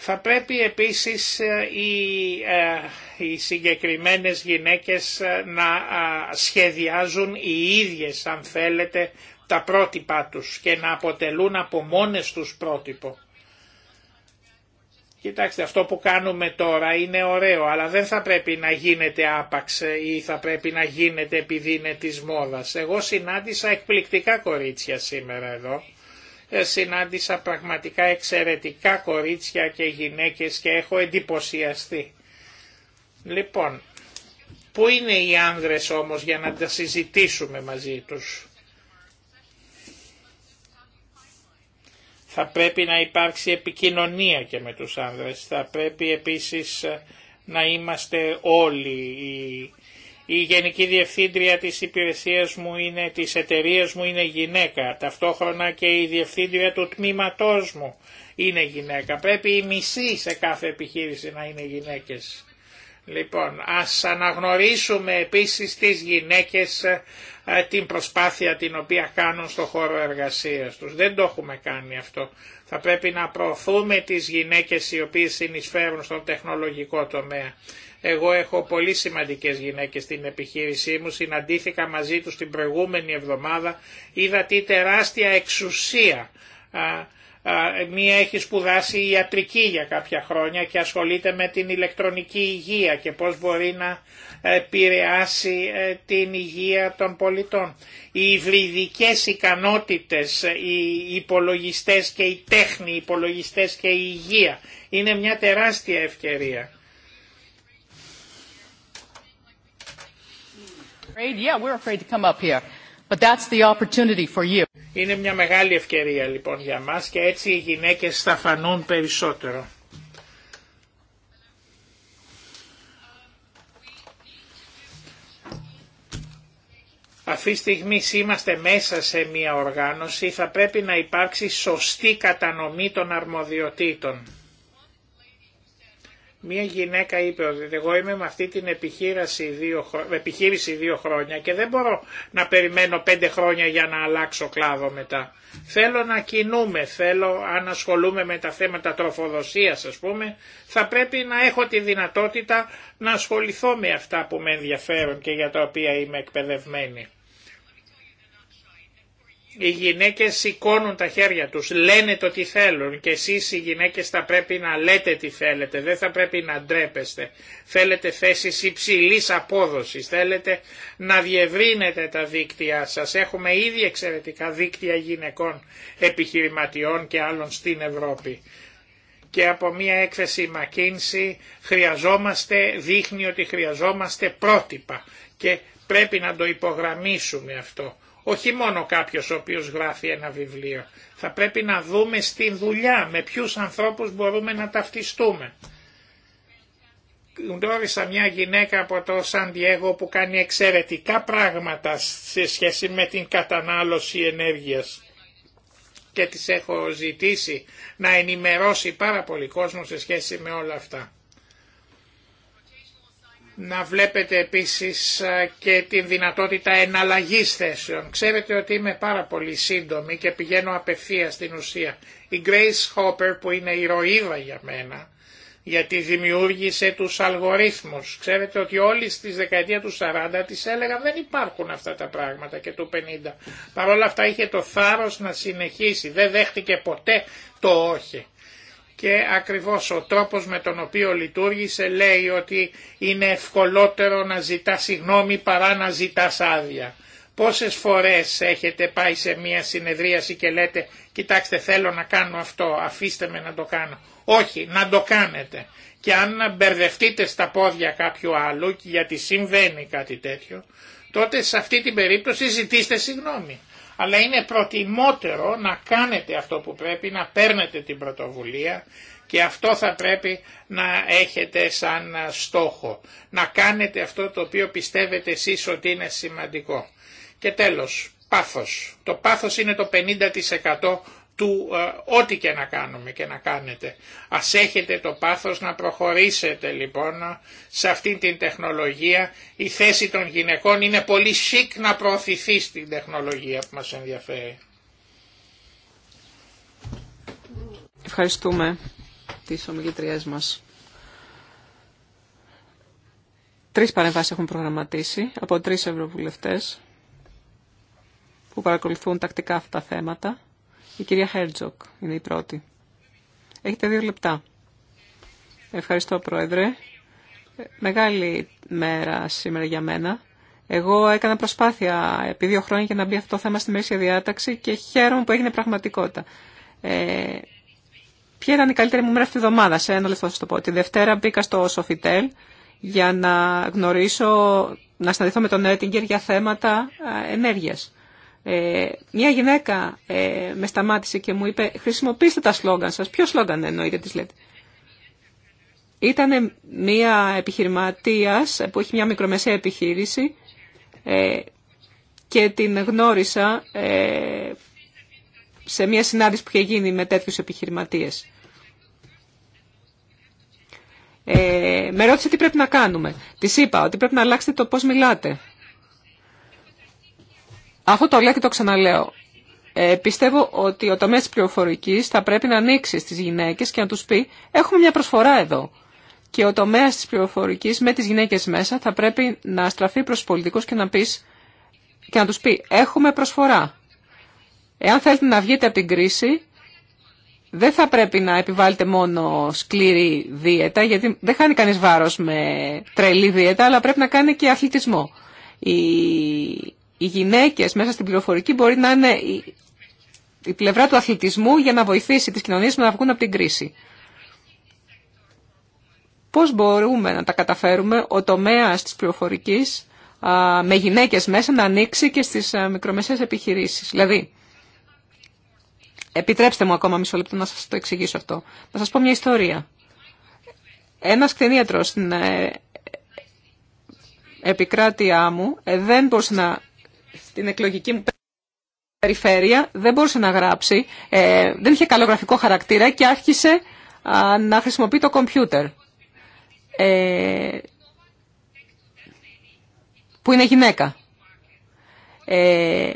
Θα πρέπει επίσης ε, ε, οι συγκεκριμένες γυναίκες ε, να σχεδιάζουν οι ίδιες, αν θέλετε, τα πρότυπά τους και να αποτελούν από μόνες τους πρότυπο. Κοιτάξτε, αυτό που κάνουμε τώρα είναι ωραίο, αλλά δεν θα πρέπει να γίνεται άπαξ ή θα πρέπει να γίνεται επειδή είναι της μόδας. Εγώ συνάντησα εκπληκτικά κορίτσια σήμερα εδώ, συνάντησα πραγματικά εξαιρετικά κορίτσια και γυναίκες και έχω εντυπωσιαστεί. Λοιπόν, πού είναι οι άνδρες όμως για να τα συζητήσουμε μαζί τους. Θα πρέπει να υπάρξει επικοινωνία και με τους άνδρες. Θα πρέπει επίσης να είμαστε όλοι οι η Γενική Διευθύντρια της υπηρεσίας μου είναι, της εταιρείας μου είναι γυναίκα, ταυτόχρονα και η Διευθύντρια του τμήματός μου είναι γυναίκα. Πρέπει η μισή σε κάθε επιχείρηση να είναι γυναίκες. Λοιπόν, ας αναγνωρίσουμε επίσης τις γυναίκες ε, ε, την προσπάθεια την οποία κάνουν στο χώρο εργασίας τους. Δεν το έχουμε κάνει αυτό. Θα πρέπει να προωθούμε τις γυναίκες οι οποίες συνεισφέρουν στον τεχνολογικό τομέα. Εγώ έχω πολύ σημαντικές γυναίκες στην επιχείρησή μου, συναντήθηκα μαζί τους την προηγούμενη εβδομάδα, είδα τι τεράστια εξουσία. Μία έχει σπουδάσει ιατρική για κάποια χρόνια και ασχολείται με την ηλεκτρονική υγεία και πώς μπορεί να επηρεάσει ε, την υγεία των πολιτών. Οι υβριδικές ικανότητες, οι υπολογιστές και η τέχνη, οι υπολογιστές και η υγεία είναι μια τεράστια ευκαιρία. Είναι μια μεγάλη ευκαιρία λοιπόν για μας και έτσι οι γυναίκες θα φανούν περισσότερο. Αυτή τη στιγμή είμαστε μέσα σε μια οργάνωση, θα πρέπει να υπάρξει σωστή κατανομή των αρμοδιοτήτων. Μία γυναίκα είπε ότι εγώ είμαι με αυτή την επιχείρηση δύο, επιχείρηση δύο χρόνια και δεν μπορώ να περιμένω πέντε χρόνια για να αλλάξω κλάδο μετά. Θέλω να κινούμε, θέλω αν ασχολούμαι με τα θέματα τροφοδοσίας ας πούμε, θα πρέπει να έχω τη δυνατότητα να ασχοληθώ με αυτά που με ενδιαφέρουν και για τα οποία είμαι εκπαιδευμένη οι γυναίκες σηκώνουν τα χέρια τους, λένε το τι θέλουν και εσείς οι γυναίκες θα πρέπει να λέτε τι θέλετε, δεν θα πρέπει να ντρέπεστε. Θέλετε θέσεις υψηλής απόδοσης, θέλετε να διευρύνετε τα δίκτυά σας. Έχουμε ήδη εξαιρετικά δίκτυα γυναικών επιχειρηματιών και άλλων στην Ευρώπη. Και από μια έκθεση McKinsey χρειαζόμαστε, δείχνει ότι χρειαζόμαστε πρότυπα και πρέπει να το υπογραμμίσουμε αυτό όχι μόνο κάποιος ο οποίος γράφει ένα βιβλίο. Θα πρέπει να δούμε στην δουλειά με ποιους ανθρώπους μπορούμε να ταυτιστούμε. Γνώρισα μια γυναίκα από το Σαντιέγο που κάνει εξαιρετικά πράγματα σε σχέση με την κατανάλωση ενέργειας και της έχω ζητήσει να ενημερώσει πάρα πολύ κόσμο σε σχέση με όλα αυτά να βλέπετε επίσης και την δυνατότητα εναλλαγής θέσεων. Ξέρετε ότι είμαι πάρα πολύ σύντομη και πηγαίνω απευθεία στην ουσία. Η Grace Hopper που είναι ηρωίδα για μένα, γιατί δημιούργησε τους αλγορίθμους. Ξέρετε ότι όλοι στις δεκαετία του 40 της έλεγα δεν υπάρχουν αυτά τα πράγματα και του 50. Παρ' όλα αυτά είχε το θάρρος να συνεχίσει, δεν δέχτηκε ποτέ το όχι και ακριβώς ο τρόπος με τον οποίο λειτουργήσε λέει ότι είναι ευκολότερο να ζητά συγνώμη παρά να ζητά άδεια. Πόσες φορές έχετε πάει σε μια συνεδρίαση και λέτε κοιτάξτε θέλω να κάνω αυτό, αφήστε με να το κάνω. Όχι, να το κάνετε. Και αν μπερδευτείτε στα πόδια κάποιου άλλου γιατί συμβαίνει κάτι τέτοιο, τότε σε αυτή την περίπτωση ζητήστε συγνώμη αλλά είναι προτιμότερο να κάνετε αυτό που πρέπει, να παίρνετε την πρωτοβουλία και αυτό θα πρέπει να έχετε σαν στόχο. Να κάνετε αυτό το οποίο πιστεύετε εσείς ότι είναι σημαντικό. Και τέλος, πάθος. Το πάθος είναι το 50% του ε, ό,τι και να κάνουμε και να κάνετε. Ας έχετε το πάθος να προχωρήσετε λοιπόν σε αυτήν την τεχνολογία. Η θέση των γυναικών είναι πολύ σικ να προωθηθεί στην τεχνολογία που μας ενδιαφέρει. Ευχαριστούμε τις ομιλητριές μας. Τρεις παρεμβάσεις έχουν προγραμματίσει από τρεις ευρωβουλευτές που παρακολουθούν τακτικά αυτά τα θέματα. Η κυρία Χέρτζοκ είναι η πρώτη. Έχετε δύο λεπτά. Ευχαριστώ, Πρόεδρε. Μεγάλη μέρα σήμερα για μένα. Εγώ έκανα προσπάθεια επί δύο χρόνια για να μπει αυτό το θέμα στη μέση διάταξη και χαίρομαι που έγινε πραγματικότητα. Ε, ποια ήταν η καλύτερη μου μέρα αυτή τη εβδομάδα, σε ένα λεπτό θα το πω. Τη Δευτέρα μπήκα στο Σοφιτέλ για να γνωρίσω, να συναντηθώ με τον Έτιγκερ για θέματα ε, ενέργειας. Ε, μια γυναίκα ε, με σταμάτησε και μου είπε χρησιμοποιήστε τα σλόγγαν σας. Ποιο σλόγγαν εννοείται της λέτε. Ήταν μια επιχειρηματίας που έχει μια μικρομεσαία επιχείρηση ε, και την γνώρισα ε, σε μια συνάντηση που είχε γίνει με τέτοιους επιχειρηματίες. Ε, με ρώτησε τι πρέπει να κάνουμε. Της είπα ότι πρέπει να αλλάξετε το πώς μιλάτε. Αυτό το λέω και το ξαναλέω. Ε, πιστεύω ότι ο τομέας τη πληροφορική θα πρέπει να ανοίξει στι γυναίκε και να τους πει έχουμε μια προσφορά εδώ. Και ο τομέα τη πληροφορική με τι γυναίκε μέσα θα πρέπει να στραφεί προ του πολιτικού και να, πει. και να τους πει έχουμε προσφορά. Εάν θέλετε να βγείτε από την κρίση, δεν θα πρέπει να επιβάλλετε μόνο σκληρή δίαιτα, γιατί δεν χάνει κανείς βάρος με τρελή δίαιτα, αλλά πρέπει να κάνει και αθλητισμό. Η οι γυναίκες μέσα στην πληροφορική μπορεί να είναι η πλευρά του αθλητισμού για να βοηθήσει τις κοινωνίες να βγουν από την κρίση. Πώς μπορούμε να τα καταφέρουμε ο τομέας της πληροφορικής με γυναίκες μέσα να ανοίξει και στις μικρομεσαίες επιχειρήσεις. Δηλαδή, επιτρέψτε μου ακόμα μισό λεπτό να σας το εξηγήσω αυτό. Να σας πω μια ιστορία. Ένας κτηνίατρος στην ε, επικράτειά μου ε, δεν μπορούσε να στην εκλογική μου περιφέρεια δεν μπορούσε να γράψει, ε, δεν είχε καλογραφικό χαρακτήρα και άρχισε να χρησιμοποιεί το κομπιούτερ. Ε, που είναι γυναίκα. Ε,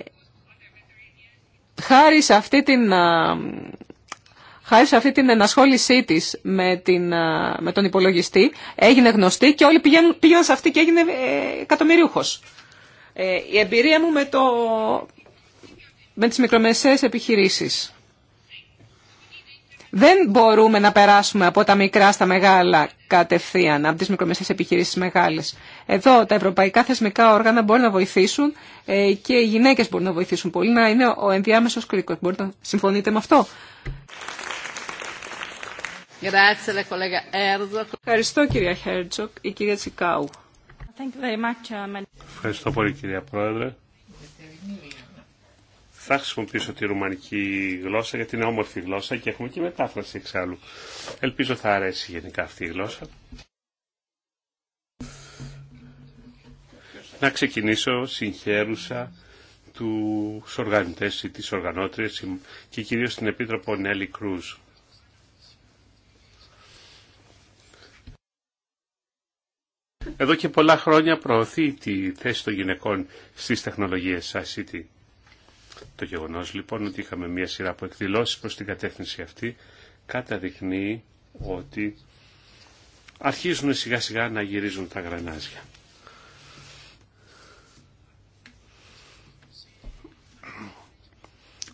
χάρη σε αυτή την... Α, χάρη αυτή την ενασχόλησή της με, την, τον υπολογιστή, έγινε γνωστή και όλοι πήγαιναν σε αυτή και έγινε ε, εκατομμυρίουχος. Ε, η εμπειρία μου με, το, με τις μικρομεσαίες επιχειρήσεις. Δεν μπορούμε να περάσουμε από τα μικρά στα μεγάλα κατευθείαν, από τις μικρομεσαίες επιχειρήσεις μεγάλες. Εδώ τα ευρωπαϊκά θεσμικά όργανα μπορούν να βοηθήσουν ε, και οι γυναίκες μπορούν να βοηθήσουν πολύ, να είναι ο ενδιάμεσος κρίκος. Μπορείτε να συμφωνείτε με αυτό. Ευχαριστώ κυρία Χέρτζοκ, η κυρία Τσικάου. Uh, Ευχαριστώ πολύ κυρία Πρόεδρε. Θα χρησιμοποιήσω τη ρουμανική γλώσσα γιατί είναι όμορφη γλώσσα και έχουμε και μετάφραση εξάλλου. Ελπίζω θα αρέσει γενικά αυτή η γλώσσα. Να ξεκινήσω συγχαίρουσα του οργανωτές ή τις οργανώτριες και κυρίως την Επίτροπο Νέλη Κρούζ εδώ και πολλά χρόνια προωθεί τη θέση των γυναικών στις τεχνολογίες ICT. Το γεγονός λοιπόν ότι είχαμε μια σειρά από εκδηλώσεις προς την κατεύθυνση αυτή καταδεικνύει ότι αρχίζουν σιγά σιγά να γυρίζουν τα γρανάζια.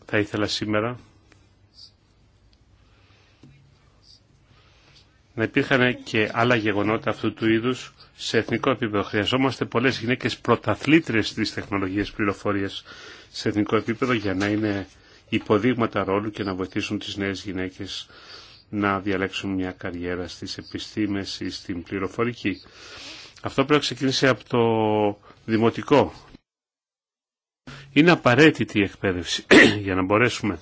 Θα ήθελα σήμερα να υπήρχαν και άλλα γεγονότα αυτού του είδους σε εθνικό επίπεδο. Χρειαζόμαστε πολλές γυναίκες πρωταθλήτρες της τεχνολογίας πληροφορίας σε εθνικό επίπεδο για να είναι υποδείγματα ρόλου και να βοηθήσουν τις νέες γυναίκες να διαλέξουν μια καριέρα στις επιστήμες ή στην πληροφορική. Αυτό πρέπει να ξεκινήσει από το δημοτικό. Είναι απαραίτητη η εκπαίδευση για να μπορέσουμε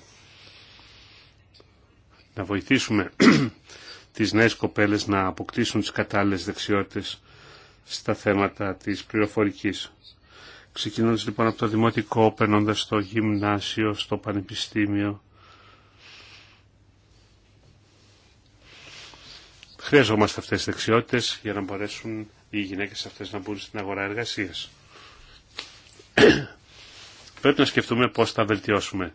να βοηθήσουμε τις νέες κοπέλες να αποκτήσουν τις κατάλληλες δεξιότητες στα θέματα της πληροφορικής. Ξεκινώντας λοιπόν από το δημοτικό, περνώντας στο γυμνάσιο, στο πανεπιστήμιο. Χρειαζόμαστε αυτές τις δεξιότητες για να μπορέσουν οι γυναίκες αυτές να μπουν στην αγορά εργασίας. Πρέπει να σκεφτούμε πώς θα βελτιώσουμε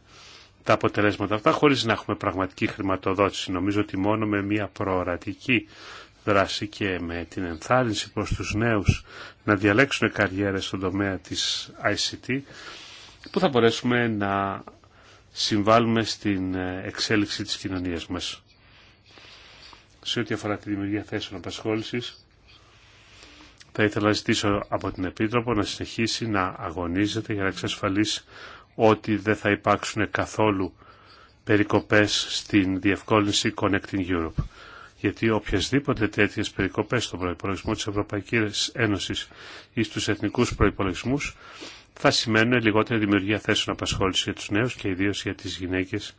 τα αποτελέσματα αυτά χωρίς να έχουμε πραγματική χρηματοδότηση. Νομίζω ότι μόνο με μια προορατική δράση και με την ενθάρρυνση προς τους νέους να διαλέξουν καριέρες στον τομέα της ICT που θα μπορέσουμε να συμβάλλουμε στην ε, εξέλιξη της κοινωνίας μας. Σε ό,τι αφορά τη δημιουργία θέσεων απασχόλησης, θα ήθελα να ζητήσω από την Επίτροπο να συνεχίσει να αγωνίζεται για να εξασφαλίσει ότι δεν θα υπάρξουν καθόλου περικοπές στην διευκόλυνση Connecting Europe γιατί οποιασδήποτε τέτοιες περικοπές στον προϋπολογισμό της Ευρωπαϊκής Ένωσης ή στους εθνικούς προϋπολογισμούς θα σημαίνουν λιγότερη δημιουργία θέσεων απασχόληση για τους νέους και ιδίως για τις γυναίκες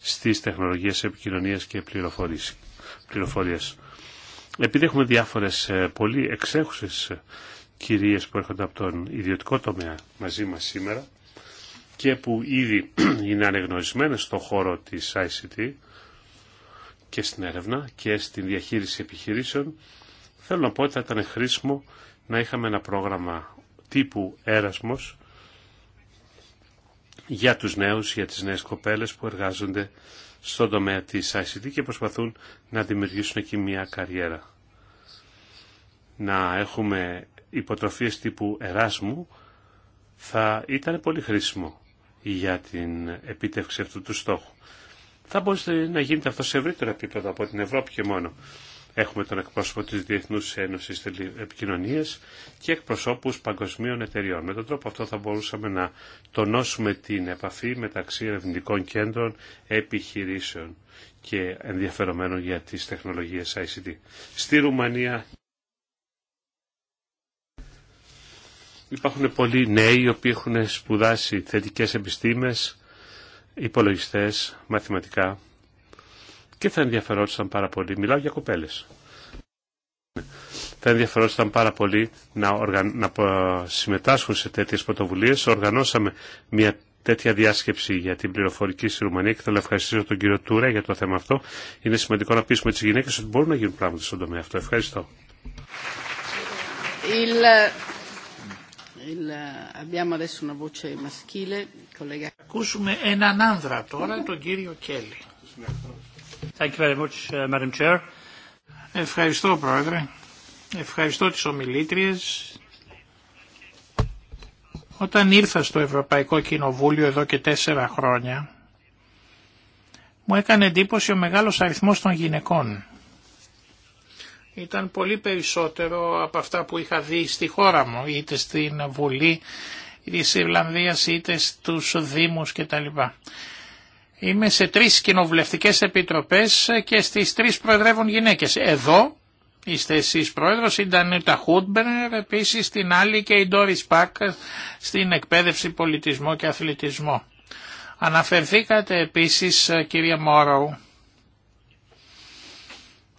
στις τεχνολογίες επικοινωνίας και πληροφορίας. Επειδή έχουμε διάφορες ε, πολύ εξέχουσες ε, κυρίες που έρχονται από τον ιδιωτικό τομέα μαζί μας σήμερα και που ήδη είναι ανεγνωρισμένες στον χώρο της ICT, και στην έρευνα και στην διαχείριση επιχειρήσεων, θέλω να πω ότι θα ήταν χρήσιμο να είχαμε ένα πρόγραμμα τύπου έρασμος για τους νέους, για τις νέες κοπέλες που εργάζονται στον τομέα της ICT και προσπαθούν να δημιουργήσουν εκεί μια καριέρα. Να έχουμε υποτροφίες τύπου Εράσμου θα ήταν πολύ χρήσιμο για την επίτευξη αυτού του στόχου θα μπορούσε να γίνεται αυτό σε ευρύτερο επίπεδο από την Ευρώπη και μόνο. Έχουμε τον εκπρόσωπο της Διεθνούς Ένωσης Επικοινωνίας και εκπροσώπους παγκοσμίων εταιριών. Με τον τρόπο αυτό θα μπορούσαμε να τονώσουμε την επαφή μεταξύ ερευνητικών κέντρων, επιχειρήσεων και ενδιαφερομένων για τις τεχνολογίες ICT. Στη Ρουμανία υπάρχουν πολλοί νέοι οι οποίοι έχουν σπουδάσει θετικές επιστήμες Υπολογιστέ, μαθηματικά και θα ενδιαφερόντουσαν πάρα πολύ. Μιλάω για κοπέλε. Θα ενδιαφερόντουσαν πάρα πολύ να, να συμμετάσχουν σε τέτοιε πρωτοβουλίε. Οργανώσαμε μια τέτοια διάσκεψη για την πληροφορική στη Ρουμανία και θέλω να ευχαριστήσω τον κύριο Τούρα για το θέμα αυτό. Είναι σημαντικό να πείσουμε τις γυναίκες ότι μπορούν να γίνουν πράγματα στον τομέα αυτό. Ευχαριστώ. Il... Ακούσουμε έναν άνδρα τώρα, τον κύριο Κέλλη. Uh, Ευχαριστώ Πρόεδρε. Ευχαριστώ τις ομιλήτριες. Όταν ήρθα στο Ευρωπαϊκό Κοινοβούλιο εδώ και τέσσερα χρόνια, μου έκανε εντύπωση ο μεγάλος αριθμός των γυναικών ήταν πολύ περισσότερο από αυτά που είχα δει στη χώρα μου, είτε στην Βουλή της Ιρλανδίας, είτε στους Δήμους κτλ. Είμαι σε τρεις κοινοβουλευτικές επιτροπές και στις τρεις προεδρεύουν γυναίκες. Εδώ είστε εσείς πρόεδρος, η τα Χούντμπερ, επίσης την άλλη και η Ντόρις Πακ στην εκπαίδευση, πολιτισμό και αθλητισμό. Αναφερθήκατε επίσης ε, κυρία Μόρου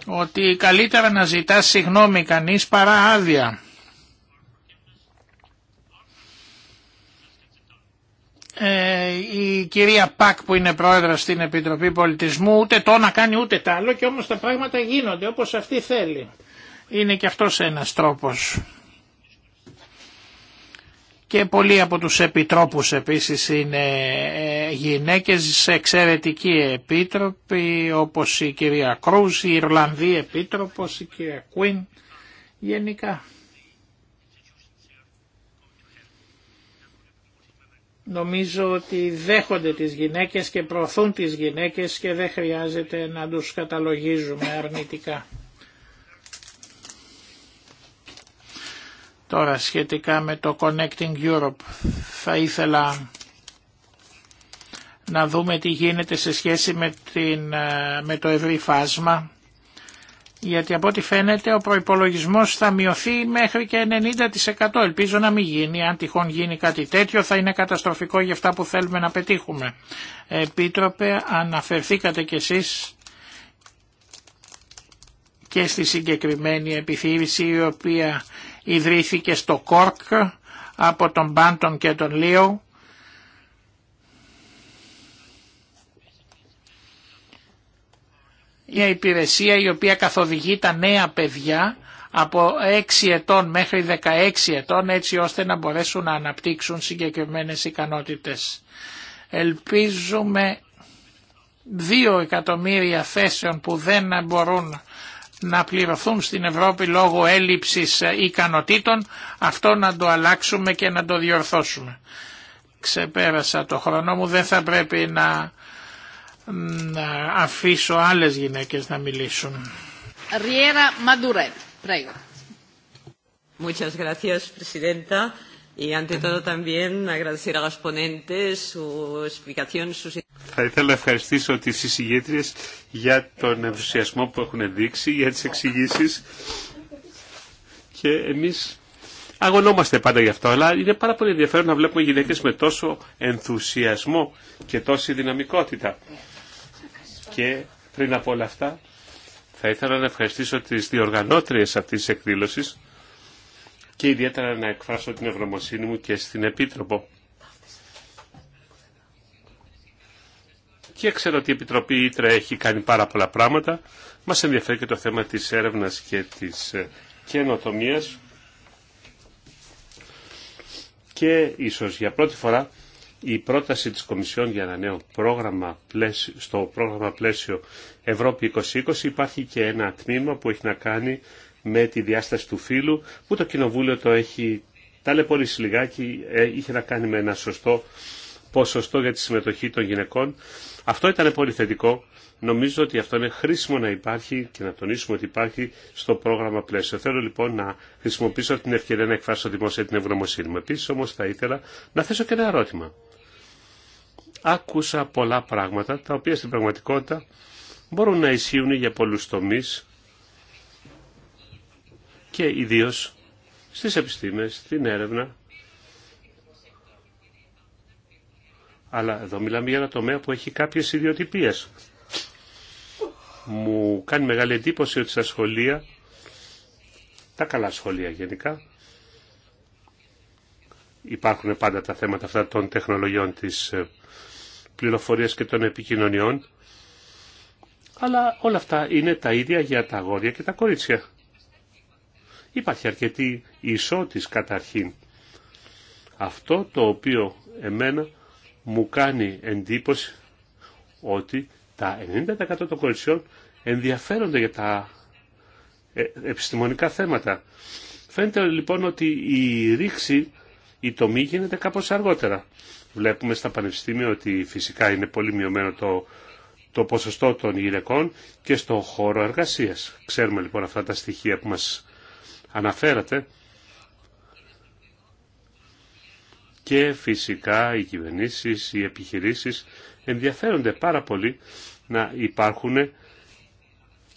ότι καλύτερα να ζητά συγγνώμη κανείς παρά άδεια. Ε, η κυρία Πακ που είναι πρόεδρο στην Επιτροπή Πολιτισμού ούτε το να κάνει ούτε τα άλλο και όμως τα πράγματα γίνονται όπως αυτή θέλει. Είναι και αυτός ένας τρόπος και πολλοί από τους επιτρόπους επίσης είναι ε, γυναίκες, εξαιρετικοί επίτροποι όπως η κυρία Κρούς, η Ιρλανδή επίτροπος, η κυρία Κουίν γενικά. Νομίζω ότι δέχονται τις γυναίκες και προωθούν τις γυναίκες και δεν χρειάζεται να τους καταλογίζουμε αρνητικά. Τώρα σχετικά με το Connecting Europe θα ήθελα να δούμε τι γίνεται σε σχέση με, την, ε, με το ευρύ φάσμα γιατί από ό,τι φαίνεται ο προϋπολογισμός θα μειωθεί μέχρι και 90%. Ελπίζω να μην γίνει. Αν τυχόν γίνει κάτι τέτοιο θα είναι καταστροφικό για αυτά που θέλουμε να πετύχουμε. Επίτροπε, αναφερθήκατε κι εσείς και στη συγκεκριμένη επιχείρηση η οποία ιδρύθηκε στο Κόρκ από τον Μπάντον και τον Λίο μια υπηρεσία η οποία καθοδηγεί τα νέα παιδιά από 6 ετών μέχρι 16 ετών έτσι ώστε να μπορέσουν να αναπτύξουν συγκεκριμένες ικανότητες. Ελπίζουμε 2 εκατομμύρια θέσεων που δεν μπορούν να πληρωθούν στην Ευρώπη λόγω έλλειψης ε, ικανοτήτων, αυτό να το αλλάξουμε και να το διορθώσουμε. Ξεπέρασα το χρόνο μου, δεν θα πρέπει να, αφήσω άλλες γυναίκες να μιλήσουν. Riera Madurell, prego. Muchas gracias, Presidenta. Θα ήθελα να ευχαριστήσω τις εισηγήτριες για τον ενθουσιασμό που έχουν δείξει, για τις εξηγήσει. Και εμείς αγωνόμαστε πάντα γι' αυτό, αλλά είναι πάρα πολύ ενδιαφέρον να βλέπουμε γυναίκες με τόσο ενθουσιασμό και τόση δυναμικότητα. Και πριν από όλα αυτά, θα ήθελα να ευχαριστήσω τις διοργανώτριες αυτής της εκδήλωσης, και ιδιαίτερα να εκφράσω την ευγνωμοσύνη μου και στην Επίτροπο. Και ξέρω ότι η Επιτροπή Ήτρα έχει κάνει πάρα πολλά πράγματα. Μας ενδιαφέρει και το θέμα της έρευνας και της ε, καινοτομίας. Και ίσως για πρώτη φορά η πρόταση της Κομισιόν για ένα νέο πρόγραμμα στο πρόγραμμα πλαίσιο Ευρώπη 2020 υπάρχει και ένα τμήμα που έχει να κάνει με τη διάσταση του φύλου που το Κοινοβούλιο το έχει ταλαιπωρήσει λιγάκι, ε, είχε να κάνει με ένα σωστό ποσοστό για τη συμμετοχή των γυναικών. Αυτό ήταν πολύ θετικό. Νομίζω ότι αυτό είναι χρήσιμο να υπάρχει και να τονίσουμε ότι υπάρχει στο πρόγραμμα πλαίσιο. Θέλω λοιπόν να χρησιμοποιήσω την ευκαιρία να εκφράσω δημόσια την ευγνωμοσύνη μου. Επίση όμω θα ήθελα να θέσω και ένα ερώτημα. Άκουσα πολλά πράγματα τα οποία στην πραγματικότητα μπορούν να ισχύουν για πολλού τομεί και ιδίως στις επιστήμες, στην έρευνα. Αλλά εδώ μιλάμε για ένα τομέα που έχει κάποιες ιδιοτυπίες. Μου κάνει μεγάλη εντύπωση ότι στα σχολεία, τα καλά σχολεία γενικά, υπάρχουν πάντα τα θέματα αυτά των τεχνολογιών της ε, πληροφορίας και των επικοινωνιών, αλλά όλα αυτά είναι τα ίδια για τα αγόρια και τα κορίτσια. Υπάρχει αρκετή ισότης καταρχήν. Αυτό το οποίο εμένα μου κάνει εντύπωση ότι τα 90% των κοριτσιών ενδιαφέρονται για τα ε, επιστημονικά θέματα. Φαίνεται λοιπόν ότι η ρήξη, η τομή γίνεται κάπως αργότερα. Βλέπουμε στα πανεπιστήμια ότι φυσικά είναι πολύ μειωμένο το, το ποσοστό των γυναικών και στο χώρο εργασίας. Ξέρουμε λοιπόν αυτά τα στοιχεία που μας αναφέρατε και φυσικά οι κυβερνήσεις, οι επιχειρήσεις ενδιαφέρονται πάρα πολύ να υπάρχουν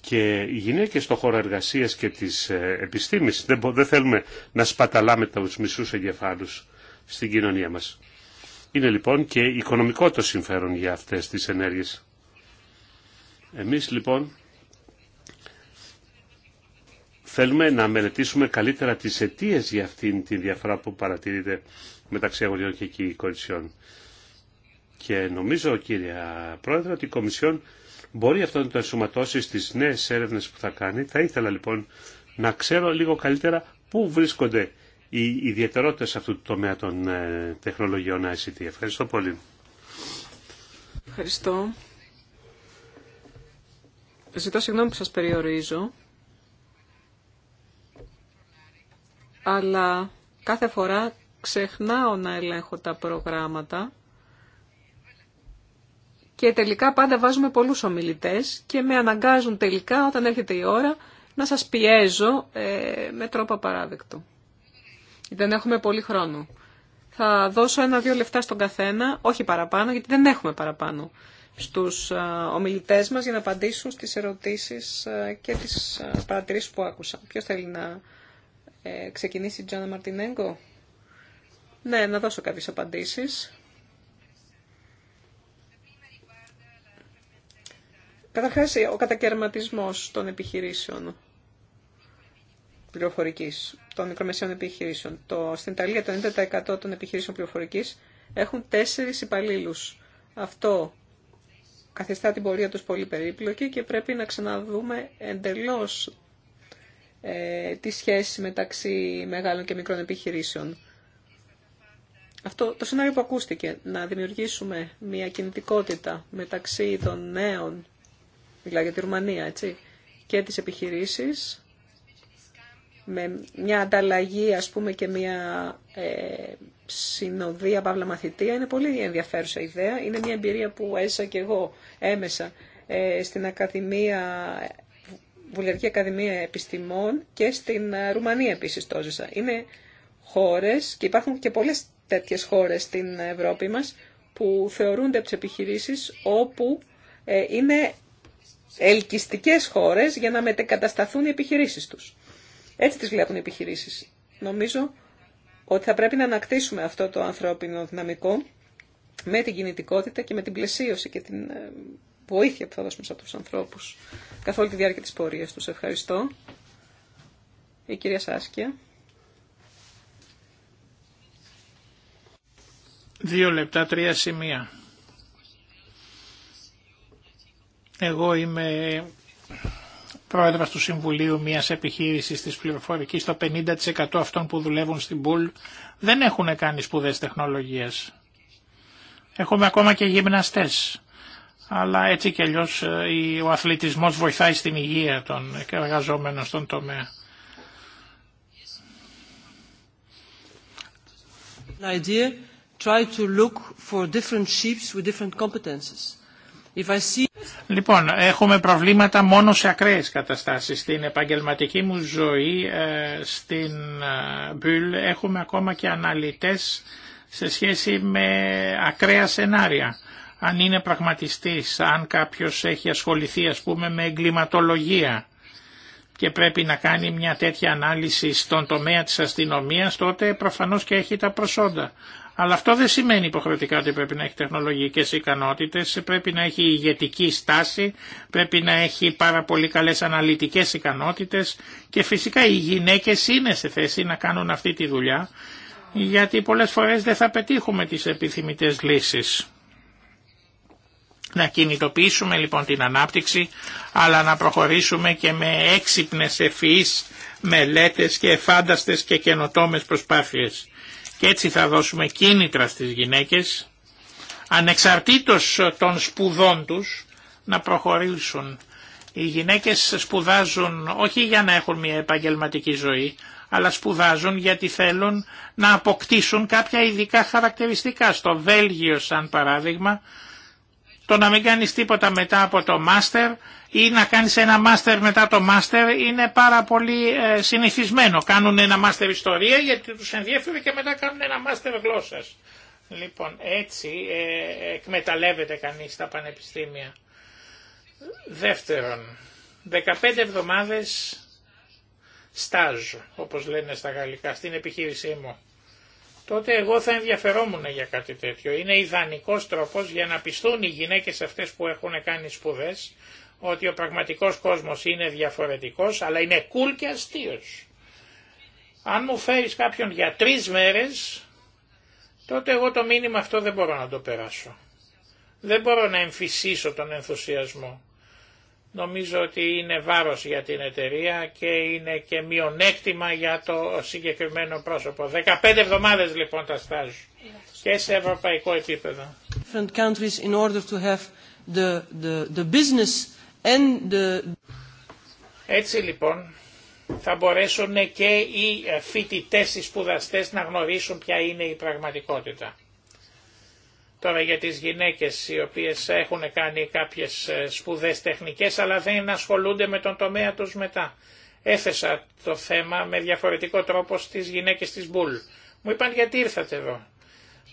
και οι γυναίκες στο χώρο εργασίας και της ε, επιστήμης. Δεν θέλουμε να σπαταλάμε τους μισούς εγκεφάλους στην κοινωνία μας. Είναι λοιπόν και οικονομικό το συμφέρον για αυτές τις ενέργειες. Εμείς λοιπόν Θέλουμε να μελετήσουμε καλύτερα τις αιτίε για αυτήν τη διαφορά που παρατηρείται μεταξύ αγοριών και κοριτσιών. Και νομίζω, κύριε Πρόεδρε, ότι η Κομισιόν μπορεί αυτό να το ενσωματώσει στις νέες έρευνες που θα κάνει. Θα ήθελα λοιπόν να ξέρω λίγο καλύτερα πού βρίσκονται οι ιδιαιτερότητες αυτού του τομέα των ε, τεχνολογιών ICT. Ευχαριστώ πολύ. Ευχαριστώ. Ζητώ συγγνώμη που σας περιορίζω. αλλά κάθε φορά ξεχνάω να ελέγχω τα προγράμματα και τελικά πάντα βάζουμε πολλούς ομιλητές και με αναγκάζουν τελικά όταν έρχεται η ώρα να σας πιέζω ε, με τρόπο απαράδεκτο. Δεν έχουμε πολύ χρόνο. Θα δώσω ένα-δύο λεφτά στον καθένα, όχι παραπάνω, γιατί δεν έχουμε παραπάνω, στους ε, ομιλητές μας για να απαντήσουν στις ερωτήσεις ε, και τις παρατηρήσεις που άκουσα. Ποιος θέλει να ε, ξεκινήσει η Τζάνα Μαρτινέγκο. Ναι, να δώσω κάποιες απαντήσεις. Καταρχάς, ο κατακαιρματισμός των επιχειρήσεων πληροφορικής, των μικρομεσαίων επιχειρήσεων. Το, στην Ιταλία το 90% των επιχειρήσεων πληροφορικής έχουν τέσσερις υπαλλήλους. Αυτό καθιστά την πορεία τους πολύ περίπλοκη και πρέπει να ξαναδούμε εντελώς ε, τη σχέση μεταξύ μεγάλων και μικρών επιχειρήσεων. Αυτό το σενάριο που ακούστηκε, να δημιουργήσουμε μια κινητικότητα μεταξύ των νέων, μιλάω για τη Ρουμανία, έτσι, και τις επιχειρήσεις, με μια ανταλλαγή, ας πούμε, και μια ε, συνοδεία, παύλα μαθητεία, είναι πολύ ενδιαφέρουσα ιδέα. Είναι μια εμπειρία που έζησα και εγώ έμεσα ε, στην Ακαδημία Βουλιαρική Ακαδημία Επιστημών και στην ε, Ρουμανία επίση το ζήσα. Είναι χώρες και υπάρχουν και πολλές τέτοιες χώρες στην Ευρώπη μας που θεωρούνται από τι επιχειρήσεις όπου ε, είναι ελκυστικέ χώρες για να μετεκατασταθούν οι επιχειρήσει τους. Έτσι τις βλέπουν οι επιχειρήσεις. Νομίζω ότι θα πρέπει να ανακτήσουμε αυτό το ανθρώπινο δυναμικό με την κινητικότητα και με την πλαισίωση και την ε, βοήθεια που θα δώσουμε σε αυτούς του ανθρώπους καθ' όλη τη διάρκεια τη πορεία. του Ευχαριστώ. Η κυρία Σάσκια. Δύο λεπτά, τρία σημεία. Εγώ είμαι πρόεδρος του Συμβουλίου μιας επιχείρησης της πληροφορικής. Το 50% αυτών που δουλεύουν στην Πουλ δεν έχουν κάνει σπουδές τεχνολογίας. Έχουμε ακόμα και γυμναστές αλλά έτσι και αλλιώς ε, ο αθλητισμός βοηθάει στην υγεία των εργαζόμενων στον τομέα. Λοιπόν, έχουμε προβλήματα μόνο σε ακραίες καταστάσεις. Στην επαγγελματική μου ζωή, ε, στην ε, Μπουλ, έχουμε ακόμα και αναλυτές σε σχέση με ακραία σενάρια αν είναι πραγματιστής, αν κάποιος έχει ασχοληθεί ας πούμε με εγκληματολογία και πρέπει να κάνει μια τέτοια ανάλυση στον τομέα της αστυνομίας, τότε προφανώς και έχει τα προσόντα. Αλλά αυτό δεν σημαίνει υποχρεωτικά ότι πρέπει να έχει τεχνολογικές ικανότητες, πρέπει να έχει ηγετική στάση, πρέπει να έχει πάρα πολύ καλές αναλυτικές ικανότητες και φυσικά οι γυναίκες είναι σε θέση να κάνουν αυτή τη δουλειά, γιατί πολλές φορές δεν θα πετύχουμε τις επιθυμητές λύσεις. Να κινητοποιήσουμε λοιπόν την ανάπτυξη, αλλά να προχωρήσουμε και με έξυπνες ευφυείς μελέτες και εφάνταστες και καινοτόμες προσπάθειες. Και έτσι θα δώσουμε κίνητρα στις γυναίκες, ανεξαρτήτως των σπουδών τους, να προχωρήσουν. Οι γυναίκες σπουδάζουν όχι για να έχουν μια επαγγελματική ζωή, αλλά σπουδάζουν γιατί θέλουν να αποκτήσουν κάποια ειδικά χαρακτηριστικά. Στο Βέλγιο, σαν παράδειγμα, το να μην κάνεις τίποτα μετά από το μάστερ ή να κάνεις ένα μάστερ μετά το μάστερ είναι πάρα πολύ ε, συνηθισμένο. Κάνουν ένα μάστερ ιστορία γιατί τους ενδιέφερε και μετά κάνουν ένα μάστερ γλώσσας. Λοιπόν, έτσι ε, εκμεταλλεύεται κανείς τα πανεπιστήμια. Δεύτερον, 15 εβδομάδες στάζ, όπως λένε στα γαλλικά, στην επιχείρησή μου τότε εγώ θα ενδιαφερόμουν για κάτι τέτοιο. Είναι ιδανικός τρόπος για να πιστούν οι γυναίκες αυτές που έχουν κάνει σπουδές ότι ο πραγματικός κόσμος είναι διαφορετικός αλλά είναι cool και αστείος. Αν μου φέρεις κάποιον για τρεις μέρες τότε εγώ το μήνυμα αυτό δεν μπορώ να το περάσω. Δεν μπορώ να εμφυσίσω τον ενθουσιασμό. Νομίζω ότι είναι βάρος για την εταιρεία και είναι και μειονέκτημα για το συγκεκριμένο πρόσωπο. 15 εβδομάδες λοιπόν τα στάζουν και σε ευρωπαϊκό επίπεδο. Έτσι λοιπόν θα μπορέσουν και οι φοιτητές, οι σπουδαστές να γνωρίσουν ποια είναι η πραγματικότητα. Τώρα για τις γυναίκες οι οποίες έχουν κάνει κάποιες ε, σπουδές τεχνικές αλλά δεν ασχολούνται με τον τομέα τους μετά. Έθεσα το θέμα με διαφορετικό τρόπο στις γυναίκες της Μπουλ. Μου είπαν γιατί ήρθατε εδώ.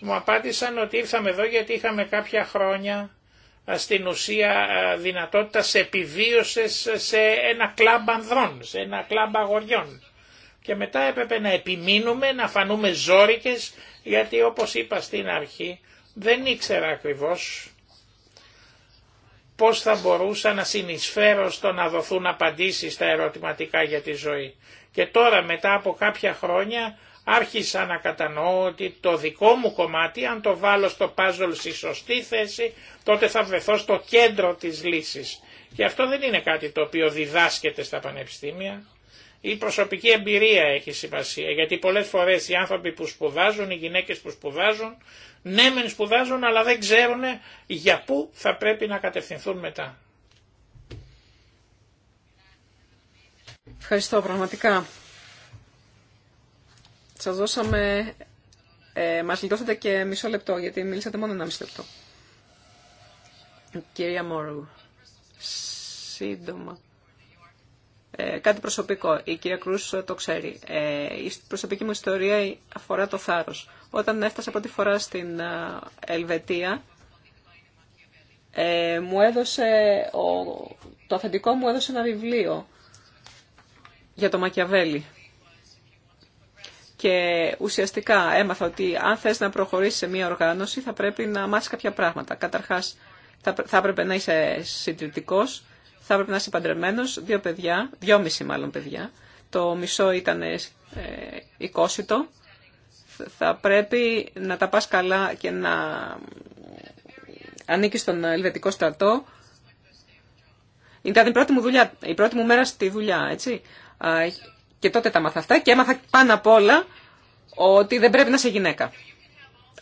Μου απάντησαν ότι ήρθαμε εδώ γιατί είχαμε κάποια χρόνια στην ουσία δυνατότητα σε σε ένα κλαμπ ανδρών, σε ένα κλαμπ αγοριών. Και μετά έπρεπε να επιμείνουμε, να φανούμε ζόρικες, γιατί όπως είπα στην αρχή, δεν ήξερα ακριβώς πώς θα μπορούσα να συνεισφέρω στο να δοθούν απαντήσεις στα ερωτηματικά για τη ζωή. Και τώρα μετά από κάποια χρόνια άρχισα να κατανοώ ότι το δικό μου κομμάτι αν το βάλω στο πάζολ στη σωστή θέση τότε θα βρεθώ στο κέντρο της λύσης. Και αυτό δεν είναι κάτι το οποίο διδάσκεται στα πανεπιστήμια. Η προσωπική εμπειρία έχει σημασία, γιατί πολλές φορές οι άνθρωποι που σπουδάζουν, οι γυναίκες που σπουδάζουν, ναι μεν σπουδάζουν αλλά δεν ξέρουν για πού θα πρέπει να κατευθυνθούν μετά. Ευχαριστώ πραγματικά. Σας δώσαμε, ε, μας λιτώσατε και μισό λεπτό γιατί μίλησατε μόνο ένα μισό λεπτό. Κυρία Μόρου, σύντομα. Ε, κάτι προσωπικό. Η κυρία Κρούς το ξέρει. Ε, η προσωπική μου ιστορία αφορά το θάρρος. Όταν έφτασα πρώτη φορά στην ε, Ελβετία, μου έδωσε, το αφεντικό μου έδωσε ένα βιβλίο για το Μακιαβέλη. Και ουσιαστικά έμαθα ότι αν θες να προχωρήσεις σε μια οργάνωση θα πρέπει να μάθεις κάποια πράγματα. Καταρχάς θα, θα έπρεπε να είσαι συντηρητικός, θα έπρεπε να είσαι παντρεμένο, δύο παιδιά, δυόμιση μάλλον παιδιά. Το μισό ήταν ε, εικόσιτο. Θα πρέπει να τα πας καλά και να ανήκει στον Ελβετικό στρατό. Ήταν η πρώτη μου δουλειά, η πρώτη μου μέρα στη δουλειά, έτσι. Και τότε τα μάθα αυτά και έμαθα πάνω απ' όλα ότι δεν πρέπει να είσαι γυναίκα.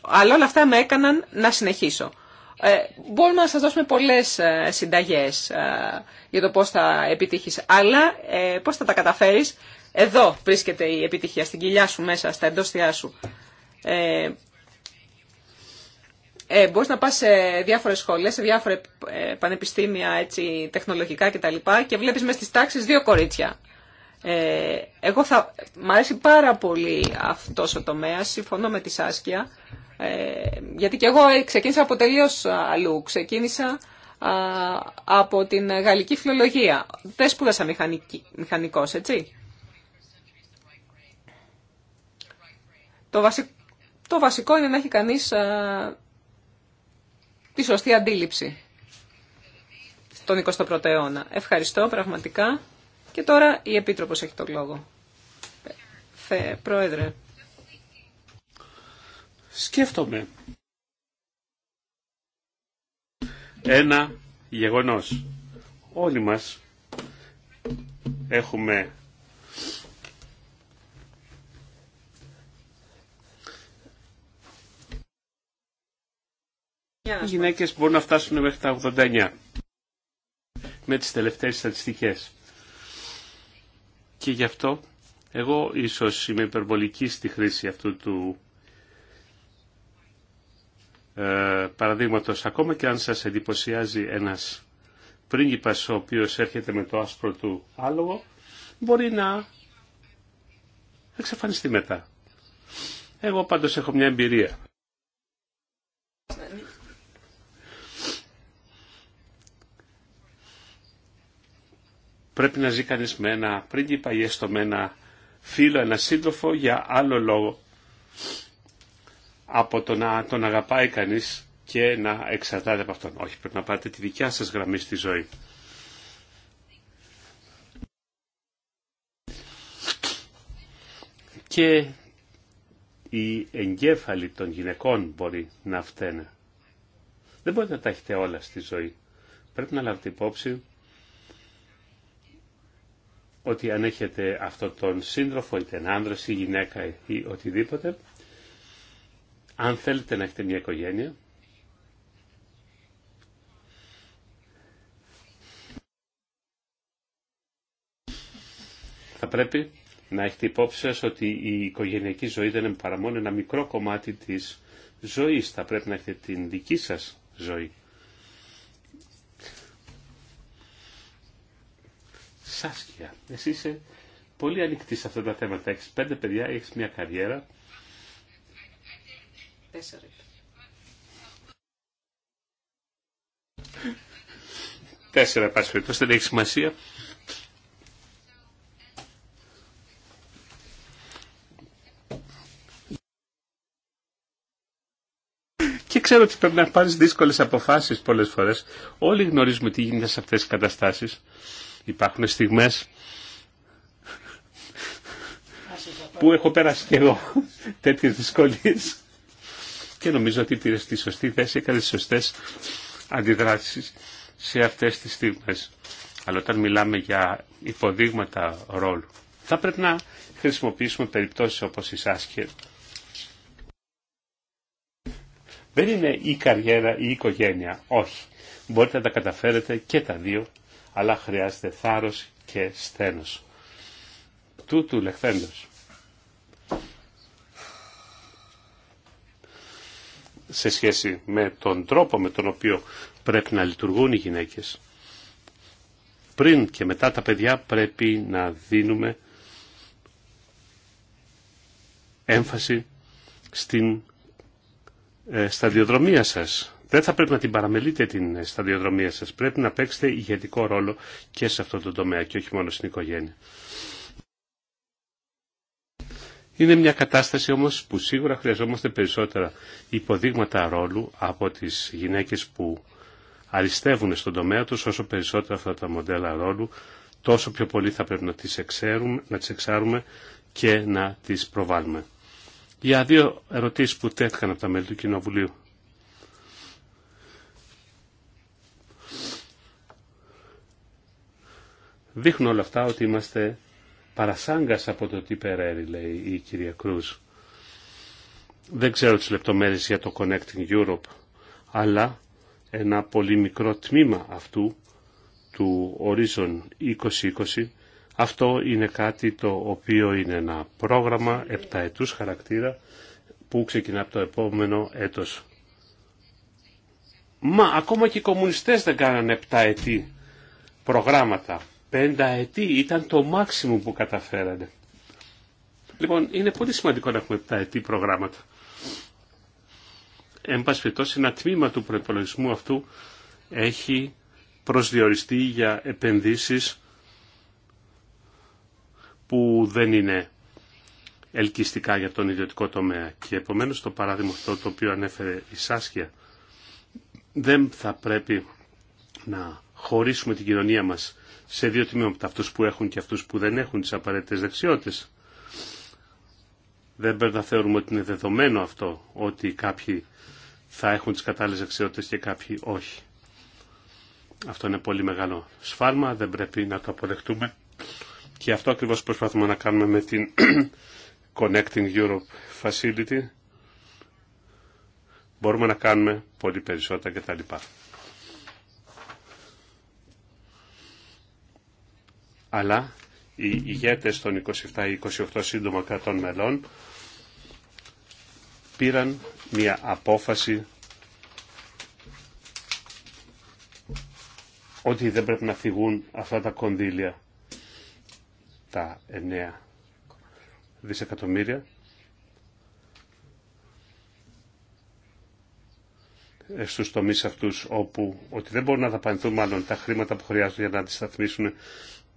Αλλά όλα αυτά με έκαναν να συνεχίσω. Ε, μπορούμε να σας δώσουμε πολλές ε, συνταγές ε, για το πώς θα επιτύχεις. Αλλά πώς θα τα καταφέρεις. Εδώ βρίσκεται η επιτυχία, στην κοιλιά σου μέσα, στα εντόστια σου. Ε, μπορείς να πας σε διάφορες σχολές, σε διάφορα πανεπιστήμια έτσι, τεχνολογικά κτλ. Και βλέπεις μέσα στις τάξεις δύο κορίτσια. Ε, εγώ θα... Μ' αρέσει πάρα πολύ αυτός ο τομέας, συμφωνώ με τη Σάσκια. Ε, γιατί και εγώ ε, ξεκίνησα από τελείως αλλού. Ξεκίνησα από την γαλλική φιλολογία. Δεν σπούδασα μηχανική, μηχανικός, έτσι. Το, βασικό είναι να έχει κανείς α, τη σωστή αντίληψη στον 21ο αιώνα. Ευχαριστώ πραγματικά. Και τώρα η Επίτροπος έχει τον λόγο. Θε, πρόεδρε σκέφτομαι ένα γεγονός. Όλοι μας έχουμε Οι γυναίκες μπορούν να φτάσουν μέχρι τα 89 με τις τελευταίες στατιστικές. Και γι' αυτό εγώ ίσως είμαι υπερβολική στη χρήση αυτού του ε, Παραδείγματο ακόμα και αν σας εντυπωσιάζει ένας πρίγκιπας ο οποίο έρχεται με το άσπρο του άλογο μπορεί να εξαφανιστεί μετά. Εγώ πάντως έχω μια εμπειρία. Πρέπει να ζει κανείς με ένα πρίγκιπα ή έστω με ένα φίλο, ένα σύντροφο για άλλο λόγο από το να τον αγαπάει κανείς και να εξαρτάται από αυτόν. Όχι, πρέπει να πάρετε τη δικιά σας γραμμή στη ζωή. Και οι εγκέφαλοι των γυναικών μπορεί να φταίνε. Δεν μπορείτε να τα έχετε όλα στη ζωή. Πρέπει να λάβετε υπόψη ότι αν έχετε αυτόν τον σύντροφο, είτε ένα άνδρας ή γυναίκα ή οτιδήποτε, αν θέλετε να έχετε μια οικογένεια, θα πρέπει να έχετε υπόψη σας ότι η οικογενειακή ζωή δεν είναι παρά μόνο ένα μικρό κομμάτι της ζωής. Θα πρέπει να έχετε την δική σας ζωή. Σάσκια, εσύ είσαι πολύ ανοιχτή σε αυτά τα θέματα. Έχεις πέντε παιδιά, έχεις μια καριέρα Τέσσερα. Τέσσερα πάση περιπτώσει, δεν έχει σημασία. Και ξέρω ότι πρέπει να πάρει δύσκολε αποφάσει πολλέ φορέ. Όλοι γνωρίζουμε τι γίνεται σε αυτές τις καταστάσεις. Υπάρχουν στιγμέ. που έχω πέρασει και εγώ τέτοιε δυσκολίε και νομίζω ότι πήρε τη σωστή θέση, έκανε τις σωστές αντιδράσεις σε αυτές τις στιγμές. Αλλά όταν μιλάμε για υποδείγματα ρόλου, θα πρέπει να χρησιμοποιήσουμε περιπτώσει όπως η Σάσκερ. Δεν είναι η καριέρα ή η οικογένεια, όχι. Μπορείτε να τα καταφέρετε και τα δύο, αλλά χρειάζεται θάρρος και στένος. Τούτου λεχθέντος. σε σχέση με τον τρόπο με τον οποίο πρέπει να λειτουργούν οι γυναίκες. Πριν και μετά τα παιδιά πρέπει να δίνουμε έμφαση στην ε, σταδιοδρομία σας. Δεν θα πρέπει να την παραμελείτε την ε, σταδιοδρομία σας. Πρέπει να παίξετε ηγετικό ρόλο και σε αυτό το τομέα και όχι μόνο στην οικογένεια. Είναι μια κατάσταση όμως που σίγουρα χρειαζόμαστε περισσότερα υποδείγματα ρόλου από τις γυναίκες που αριστεύουν στον τομέα τους, όσο περισσότερα αυτά τα μοντέλα ρόλου, τόσο πιο πολύ θα πρέπει να τις, να τις εξάρουμε και να τις προβάλλουμε. Για δύο ερωτήσεις που τέθηκαν από τα μέλη του Κοινοβουλίου. Δείχνουν όλα αυτά ότι είμαστε παρασάγκας από το τι λέει η κυρία Κρούζ. Δεν ξέρω τις λεπτομέρειες για το Connecting Europe, αλλά ένα πολύ μικρό τμήμα αυτού του Horizon 2020, αυτό είναι κάτι το οποίο είναι ένα πρόγραμμα επταετούς χαρακτήρα που ξεκινά από το επόμενο έτος. Μα ακόμα και οι κομμουνιστές δεν κάνανε ετή προγράμματα ετή ήταν το μάξιμο που καταφέρανε. Λοιπόν, είναι πολύ σημαντικό να έχουμε πενταετή προγράμματα. Εν πάση ένα τμήμα του προπολογισμού αυτού έχει προσδιοριστεί για επενδύσεις που δεν είναι ελκυστικά για τον ιδιωτικό τομέα. Και επομένως το παράδειγμα αυτό το οποίο ανέφερε η Σάσκια δεν θα πρέπει να χωρίσουμε την κοινωνία μας σε δύο τμήματα, αυτούς που έχουν και αυτούς που δεν έχουν τις απαραίτητες δεξιότητες. Δεν πρέπει να θεωρούμε ότι είναι δεδομένο αυτό, ότι κάποιοι θα έχουν τις κατάλληλες δεξιότητες και κάποιοι όχι. Αυτό είναι πολύ μεγάλο σφάλμα, δεν πρέπει να το αποδεχτούμε. Και αυτό ακριβώς προσπαθούμε να κάνουμε με την Connecting Europe Facility. Μπορούμε να κάνουμε πολύ περισσότερα κτλ. αλλά οι ηγέτες των 27-28 σύντομα κρατών μελών πήραν μια απόφαση ότι δεν πρέπει να φυγούν αυτά τα κονδύλια, τα 9 δισεκατομμύρια. στους τομείς αυτούς όπου ότι δεν μπορούν να δαπανηθούν μάλλον τα χρήματα που χρειάζονται για να αντισταθμίσουν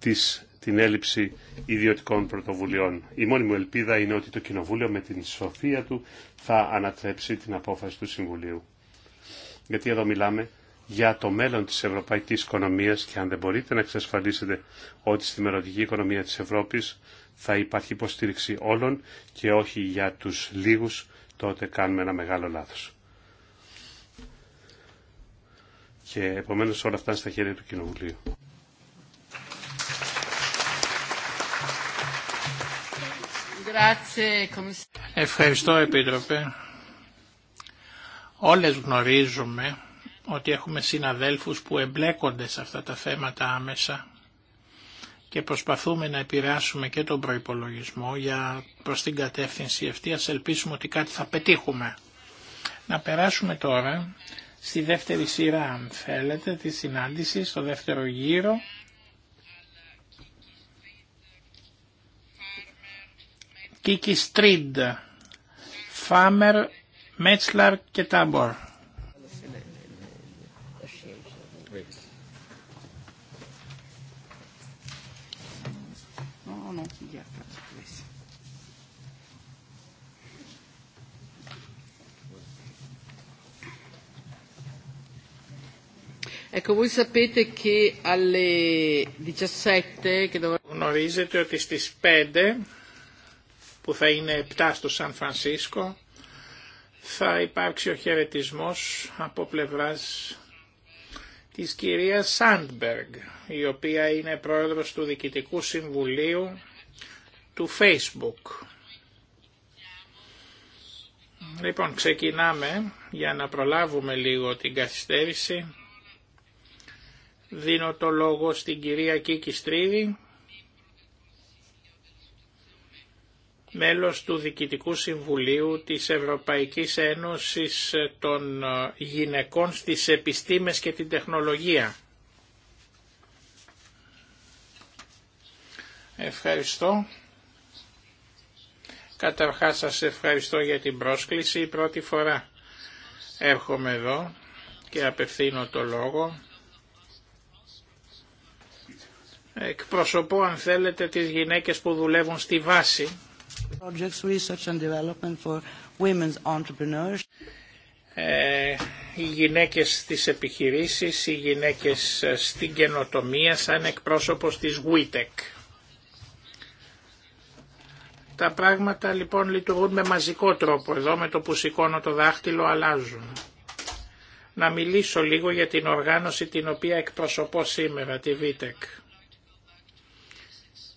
της, την έλλειψη ιδιωτικών πρωτοβουλειών. Η μόνη μου ελπίδα είναι ότι το Κοινοβούλιο με την σοφία του θα ανατρέψει την απόφαση του Συμβουλίου. Γιατί εδώ μιλάμε για το μέλλον της ευρωπαϊκής οικονομίας και αν δεν μπορείτε να εξασφαλίσετε ότι στη μελλοντική οικονομία της Ευρώπης θα υπάρχει υποστήριξη όλων και όχι για τους λίγους, τότε κάνουμε ένα μεγάλο λάθος. Και επομένως όλα αυτά στα χέρια του Κοινοβουλίου. Ευχαριστώ Επίτροπε. Όλες γνωρίζουμε ότι έχουμε συναδέλφους που εμπλέκονται σε αυτά τα θέματα άμεσα και προσπαθούμε να επηρεάσουμε και τον προϋπολογισμό για προς την κατεύθυνση αυτή. Ας ελπίσουμε ότι κάτι θα πετύχουμε. Να περάσουμε τώρα στη δεύτερη σειρά, αν θέλετε, τη συνάντηση, στο δεύτερο γύρο Κίκη Στρίντ, Φάμερ, Μέτσλαρ και Τάμπορ. Ecco, voi Γνωρίζετε ότι στις 5 που θα είναι 7 στο Σαν Φρανσίσκο, θα υπάρξει ο χαιρετισμό από πλευράς της κυρία Σάντμπεργκ, η οποία είναι πρόεδρος του Διοικητικού Συμβουλίου του Facebook. Λοιπόν, ξεκινάμε για να προλάβουμε λίγο την καθυστέρηση. Δίνω το λόγο στην κυρία Κίκη Στρίδη, μέλος του Διοικητικού Συμβουλίου της Ευρωπαϊκής Ένωσης των ε, Γυναικών στις Επιστήμες και την Τεχνολογία. Ευχαριστώ. Καταρχάς σας ευχαριστώ για την πρόσκληση. πρώτη φορά έρχομαι εδώ και απευθύνω το λόγο. Εκπροσωπώ αν θέλετε τις γυναίκες που δουλεύουν στη βάση ε, οι γυναίκες στις επιχειρήσεις, οι γυναίκες ε, στην καινοτομία σαν εκπρόσωπος της WITEC. Τα πράγματα λοιπόν λειτουργούν με μαζικό τρόπο. Εδώ με το που σηκώνω το δάχτυλο αλλάζουν. Να μιλήσω λίγο για την οργάνωση την οποία εκπροσωπώ σήμερα, τη WITEC.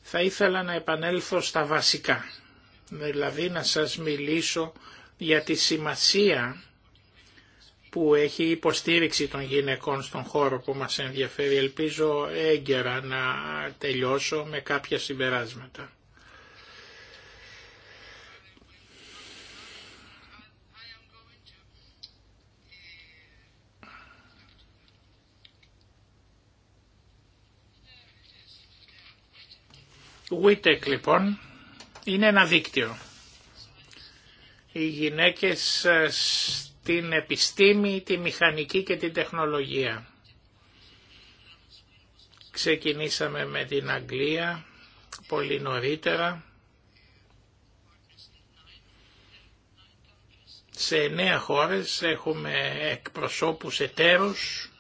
Θα ήθελα να επανέλθω στα βασικά δηλαδή να σας μιλήσω για τη σημασία που έχει η υποστήριξη των γυναικών στον χώρο που μας ενδιαφέρει. Ελπίζω έγκαιρα να τελειώσω με κάποια συμπεράσματα. λοιπόν είναι ένα δίκτυο. Οι γυναίκες ε, στην επιστήμη, τη μηχανική και την τεχνολογία. Ξεκινήσαμε με την Αγγλία πολύ νωρίτερα. Σε εννέα χώρες έχουμε εκπροσώπους εταίρους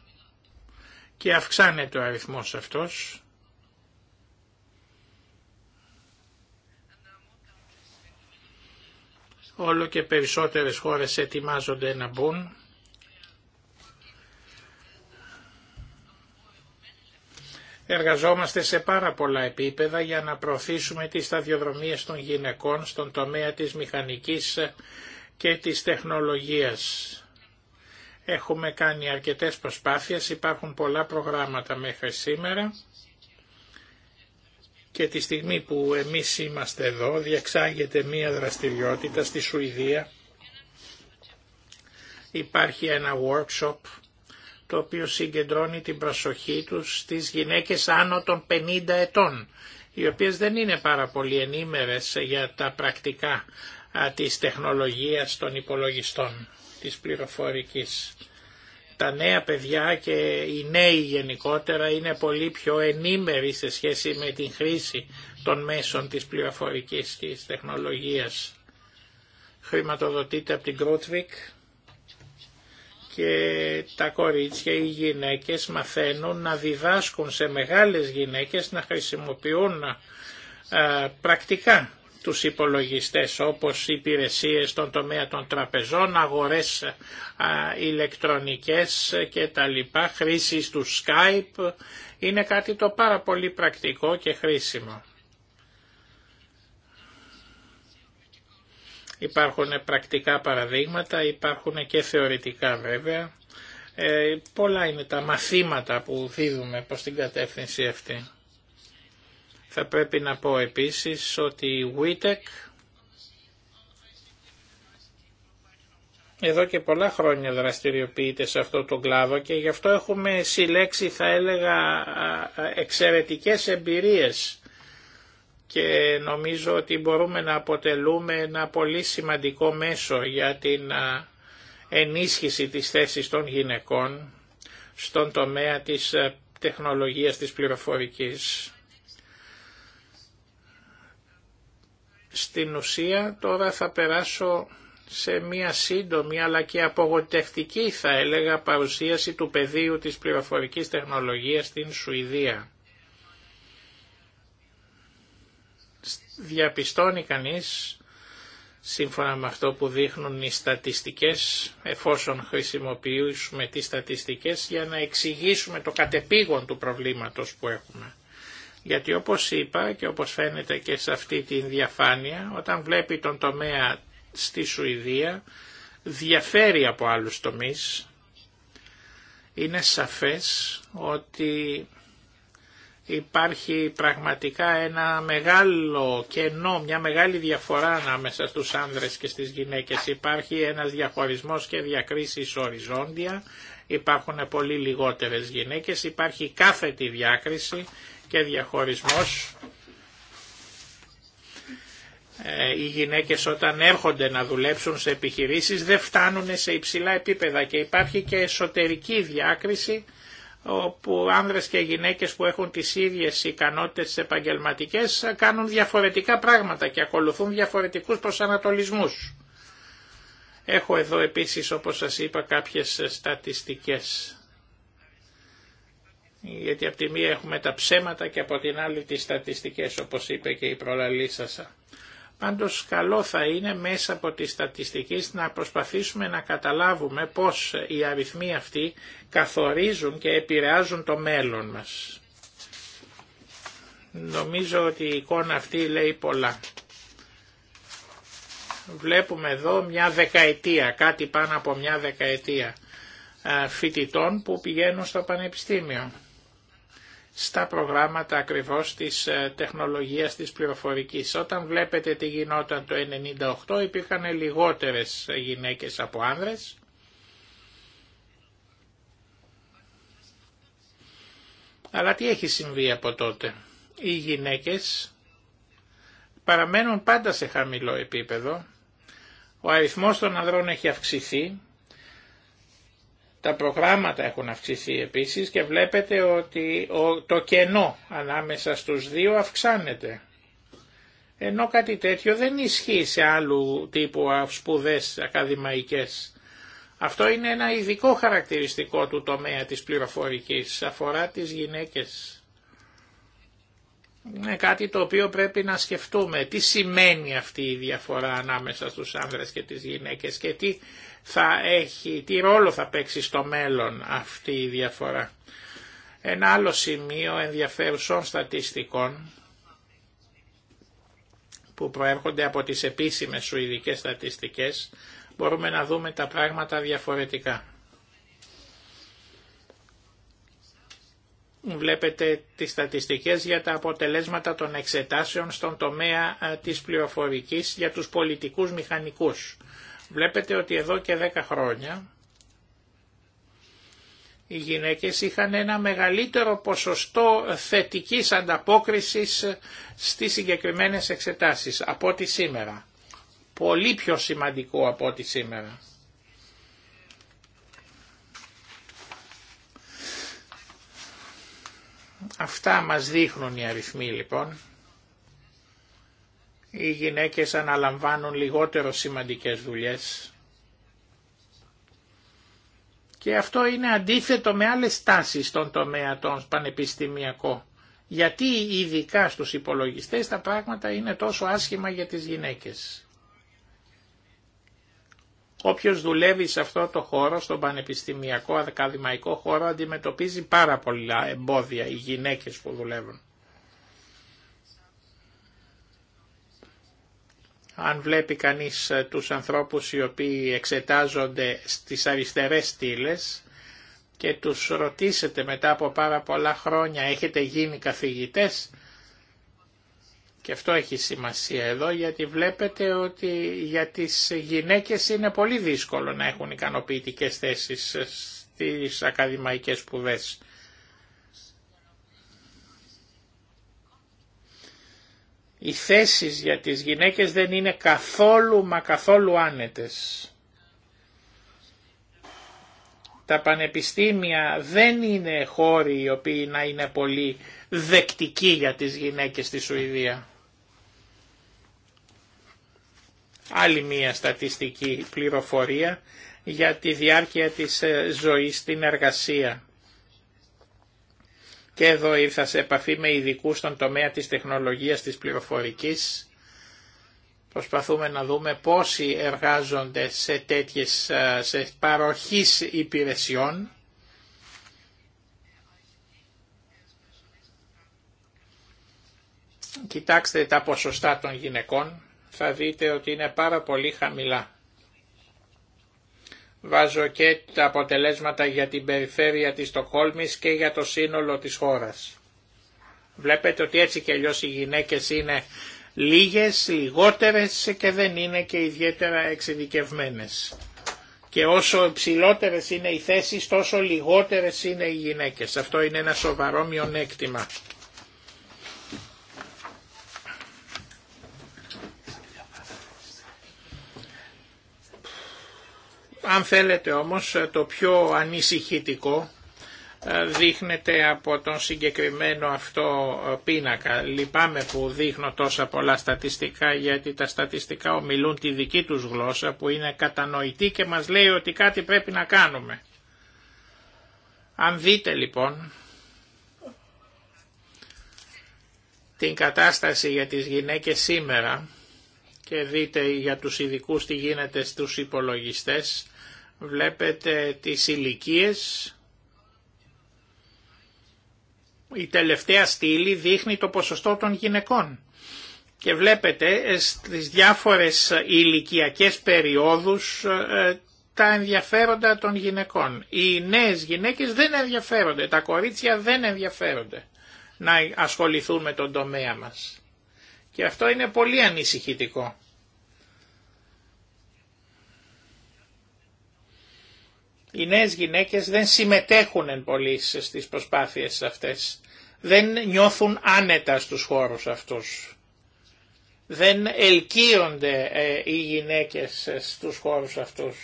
και αυξάνεται ο αριθμός αυτός. Όλο και περισσότερες χώρες ετοιμάζονται να μπουν. Εργαζόμαστε σε πάρα πολλά επίπεδα για να προωθήσουμε τις σταδιοδρομίες των γυναικών στον τομέα της μηχανικής και της τεχνολογίας. Έχουμε κάνει αρκετές προσπάθειες, υπάρχουν πολλά προγράμματα μέχρι σήμερα και τη στιγμή που εμείς είμαστε εδώ διεξάγεται μία δραστηριότητα στη Σουηδία. Υπάρχει ένα workshop το οποίο συγκεντρώνει την προσοχή τους στις γυναίκες άνω των 50 ετών, οι οποίες δεν είναι πάρα πολύ ενήμερες για τα πρακτικά της τεχνολογίας των υπολογιστών, της πληροφορικής τα νέα παιδιά και οι νέοι γενικότερα είναι πολύ πιο ενήμεροι σε σχέση με την χρήση των μέσων της πληροφορικής της τεχνολογίας. Χρηματοδοτείται από την Κρούτβικ και τα κορίτσια, οι γυναίκες μαθαίνουν να διδάσκουν σε μεγάλες γυναίκες να χρησιμοποιούν πρακτικά τους υπολογιστές όπως υπηρεσίες στον τομέα των τραπεζών, αγορές α, ηλεκτρονικές και τα λοιπά, χρήση του Skype, είναι κάτι το πάρα πολύ πρακτικό και χρήσιμο. Υπάρχουν πρακτικά παραδείγματα, υπάρχουν και θεωρητικά βέβαια. Ε, πολλά είναι τα μαθήματα που δίδουμε προς την κατεύθυνση αυτή. Θα πρέπει να πω επίσης ότι η WITEC εδώ και πολλά χρόνια δραστηριοποιείται σε αυτό το κλάδο και γι' αυτό έχουμε συλλέξει θα έλεγα εξαιρετικές εμπειρίες και νομίζω ότι μπορούμε να αποτελούμε ένα πολύ σημαντικό μέσο για την ενίσχυση της θέσης των γυναικών στον τομέα της τεχνολογίας της πληροφορικής. Στην ουσία τώρα θα περάσω σε μία σύντομη αλλά και απογοητευτική θα έλεγα παρουσίαση του πεδίου της πληροφορικής τεχνολογίας στην Σουηδία. Διαπιστώνει κανείς, σύμφωνα με αυτό που δείχνουν οι στατιστικές, εφόσον χρησιμοποιήσουμε τις στατιστικές για να εξηγήσουμε το κατεπήγον του προβλήματος που έχουμε. Γιατί όπως είπα και όπως φαίνεται και σε αυτή τη διαφάνεια, όταν βλέπει τον τομέα στη Σουηδία, διαφέρει από άλλους τομείς. Είναι σαφές ότι υπάρχει πραγματικά ένα μεγάλο κενό, μια μεγάλη διαφορά ανάμεσα στους άνδρες και στις γυναίκες. Υπάρχει ένας διαχωρισμός και διακρίσεις οριζόντια, υπάρχουν πολύ λιγότερες γυναίκες, υπάρχει κάθετη διάκριση και διαχωρισμός. Ε, οι γυναίκες όταν έρχονται να δουλέψουν σε επιχειρήσεις δεν φτάνουν σε υψηλά επίπεδα και υπάρχει και εσωτερική διάκριση όπου άνδρες και γυναίκες που έχουν τις ίδιες ικανότητες επαγγελματικές κάνουν διαφορετικά πράγματα και ακολουθούν διαφορετικούς προσανατολισμούς. Έχω εδώ επίσης όπως σας είπα κάποιες στατιστικές γιατί από τη μία έχουμε τα ψέματα και από την άλλη τις στατιστικές όπως είπε και η προλαλήσασα. Πάντως καλό θα είναι μέσα από τις στατιστικές να προσπαθήσουμε να καταλάβουμε πώς οι αριθμοί αυτοί καθορίζουν και επηρεάζουν το μέλλον μας. Νομίζω ότι η εικόνα αυτή λέει πολλά. Βλέπουμε εδώ μια δεκαετία, κάτι πάνω από μια δεκαετία ε, φοιτητών που πηγαίνουν στο πανεπιστήμιο στα προγράμματα ακριβώς της ε, τεχνολογίας της πληροφορικής. Όταν βλέπετε τι γινόταν το 1998 υπήρχαν λιγότερες ε, γυναίκες από άνδρες. Αλλά τι έχει συμβεί από τότε. Οι γυναίκες παραμένουν πάντα σε χαμηλό επίπεδο. Ο αριθμός των ανδρών έχει αυξηθεί τα προγράμματα έχουν αυξηθεί επίσης και βλέπετε ότι το κενό ανάμεσα στους δύο αυξάνεται. Ενώ κάτι τέτοιο δεν ισχύει σε άλλου τύπου σπουδές ακαδημαϊκές. Αυτό είναι ένα ειδικό χαρακτηριστικό του τομέα της πληροφορικής, αφορά τις γυναίκες. Είναι κάτι το οποίο πρέπει να σκεφτούμε. Τι σημαίνει αυτή η διαφορά ανάμεσα στους άνδρες και τις γυναίκες θα έχει, τι ρόλο θα παίξει στο μέλλον αυτή η διαφορά. Ένα άλλο σημείο ενδιαφέρουσων στατιστικών που προέρχονται από τις επίσημες σουηδικές στατιστικές μπορούμε να δούμε τα πράγματα διαφορετικά. Βλέπετε τις στατιστικές για τα αποτελέσματα των εξετάσεων στον τομέα ε, της πληροφορικής για τους πολιτικούς μηχανικούς. Βλέπετε ότι εδώ και 10 χρόνια οι γυναίκες είχαν ένα μεγαλύτερο ποσοστό θετικής ανταπόκρισης στις συγκεκριμένες εξετάσεις από ό,τι σήμερα. Πολύ πιο σημαντικό από ό,τι σήμερα. Αυτά μας δείχνουν οι αριθμοί λοιπόν οι γυναίκες αναλαμβάνουν λιγότερο σημαντικές δουλειές. Και αυτό είναι αντίθετο με άλλες τάσεις στον τομέα των πανεπιστημιακό. Γιατί ειδικά στους υπολογιστές τα πράγματα είναι τόσο άσχημα για τις γυναίκες. Όποιος δουλεύει σε αυτό το χώρο, στον πανεπιστημιακό, ακαδημαϊκό χώρο, αντιμετωπίζει πάρα πολλά εμπόδια οι γυναίκες που δουλεύουν. Αν βλέπει κανείς ε, τους ανθρώπους οι οποίοι εξετάζονται στις αριστερές στήλε και τους ρωτήσετε μετά από πάρα πολλά χρόνια έχετε γίνει καθηγητές, και αυτό έχει σημασία εδώ γιατί βλέπετε ότι για τις γυναίκες είναι πολύ δύσκολο να έχουν ικανοποιητικές θέσεις ε, στις ακαδημαϊκές σπουδές. οι θέσεις για τις γυναίκες δεν είναι καθόλου μα καθόλου άνετες. Τα πανεπιστήμια δεν είναι χώροι οι οποίοι να είναι πολύ δεκτικοί για τις γυναίκες στη Σουηδία. Άλλη μία στατιστική πληροφορία για τη διάρκεια της ε, ζωής στην εργασία. Και εδώ ήρθα σε επαφή με ειδικού στον τομέα της τεχνολογίας της πληροφορικής. Προσπαθούμε να δούμε πόσοι εργάζονται σε τέτοιες ε, σε παροχής υπηρεσιών. Κοιτάξτε τα ποσοστά των γυναικών, θα δείτε ότι είναι πάρα πολύ χαμηλά βάζω και τα αποτελέσματα για την περιφέρεια της Στοκχόλμης και για το σύνολο της χώρας. Βλέπετε ότι έτσι και αλλιώς οι γυναίκες είναι λίγες, λιγότερες και δεν είναι και ιδιαίτερα εξειδικευμένες. Και όσο ψηλότερες είναι οι θέσεις τόσο λιγότερες είναι οι γυναίκε. Αυτό είναι ένα σοβαρό μειονέκτημα. Αν θέλετε όμως το πιο ανησυχητικό ε, δείχνεται από τον συγκεκριμένο αυτό ε, πίνακα. Λυπάμαι που δείχνω τόσα πολλά στατιστικά γιατί τα στατιστικά ομιλούν τη δική τους γλώσσα που είναι κατανοητή και μας λέει ότι κάτι πρέπει να κάνουμε. Αν δείτε λοιπόν την κατάσταση για τις γυναίκες σήμερα και δείτε για τους ειδικούς τι γίνεται στους υπολογιστές, βλέπετε τις ηλικίε. Η τελευταία στήλη δείχνει το ποσοστό των γυναικών. Και βλέπετε ε, στις διάφορες ηλικιακέ περιόδους ε, τα ενδιαφέροντα των γυναικών. Οι νέες γυναίκες δεν ενδιαφέρονται, τα κορίτσια δεν ενδιαφέρονται να ασχοληθούν με τον τομέα μας. Και αυτό είναι πολύ ανησυχητικό. οι νέες γυναίκες δεν συμμετέχουν εν πολύ στις προσπάθειες αυτές. Δεν νιώθουν άνετα στους χώρους αυτούς. Δεν ελκύονται ε, οι γυναίκες στους χώρους αυτούς.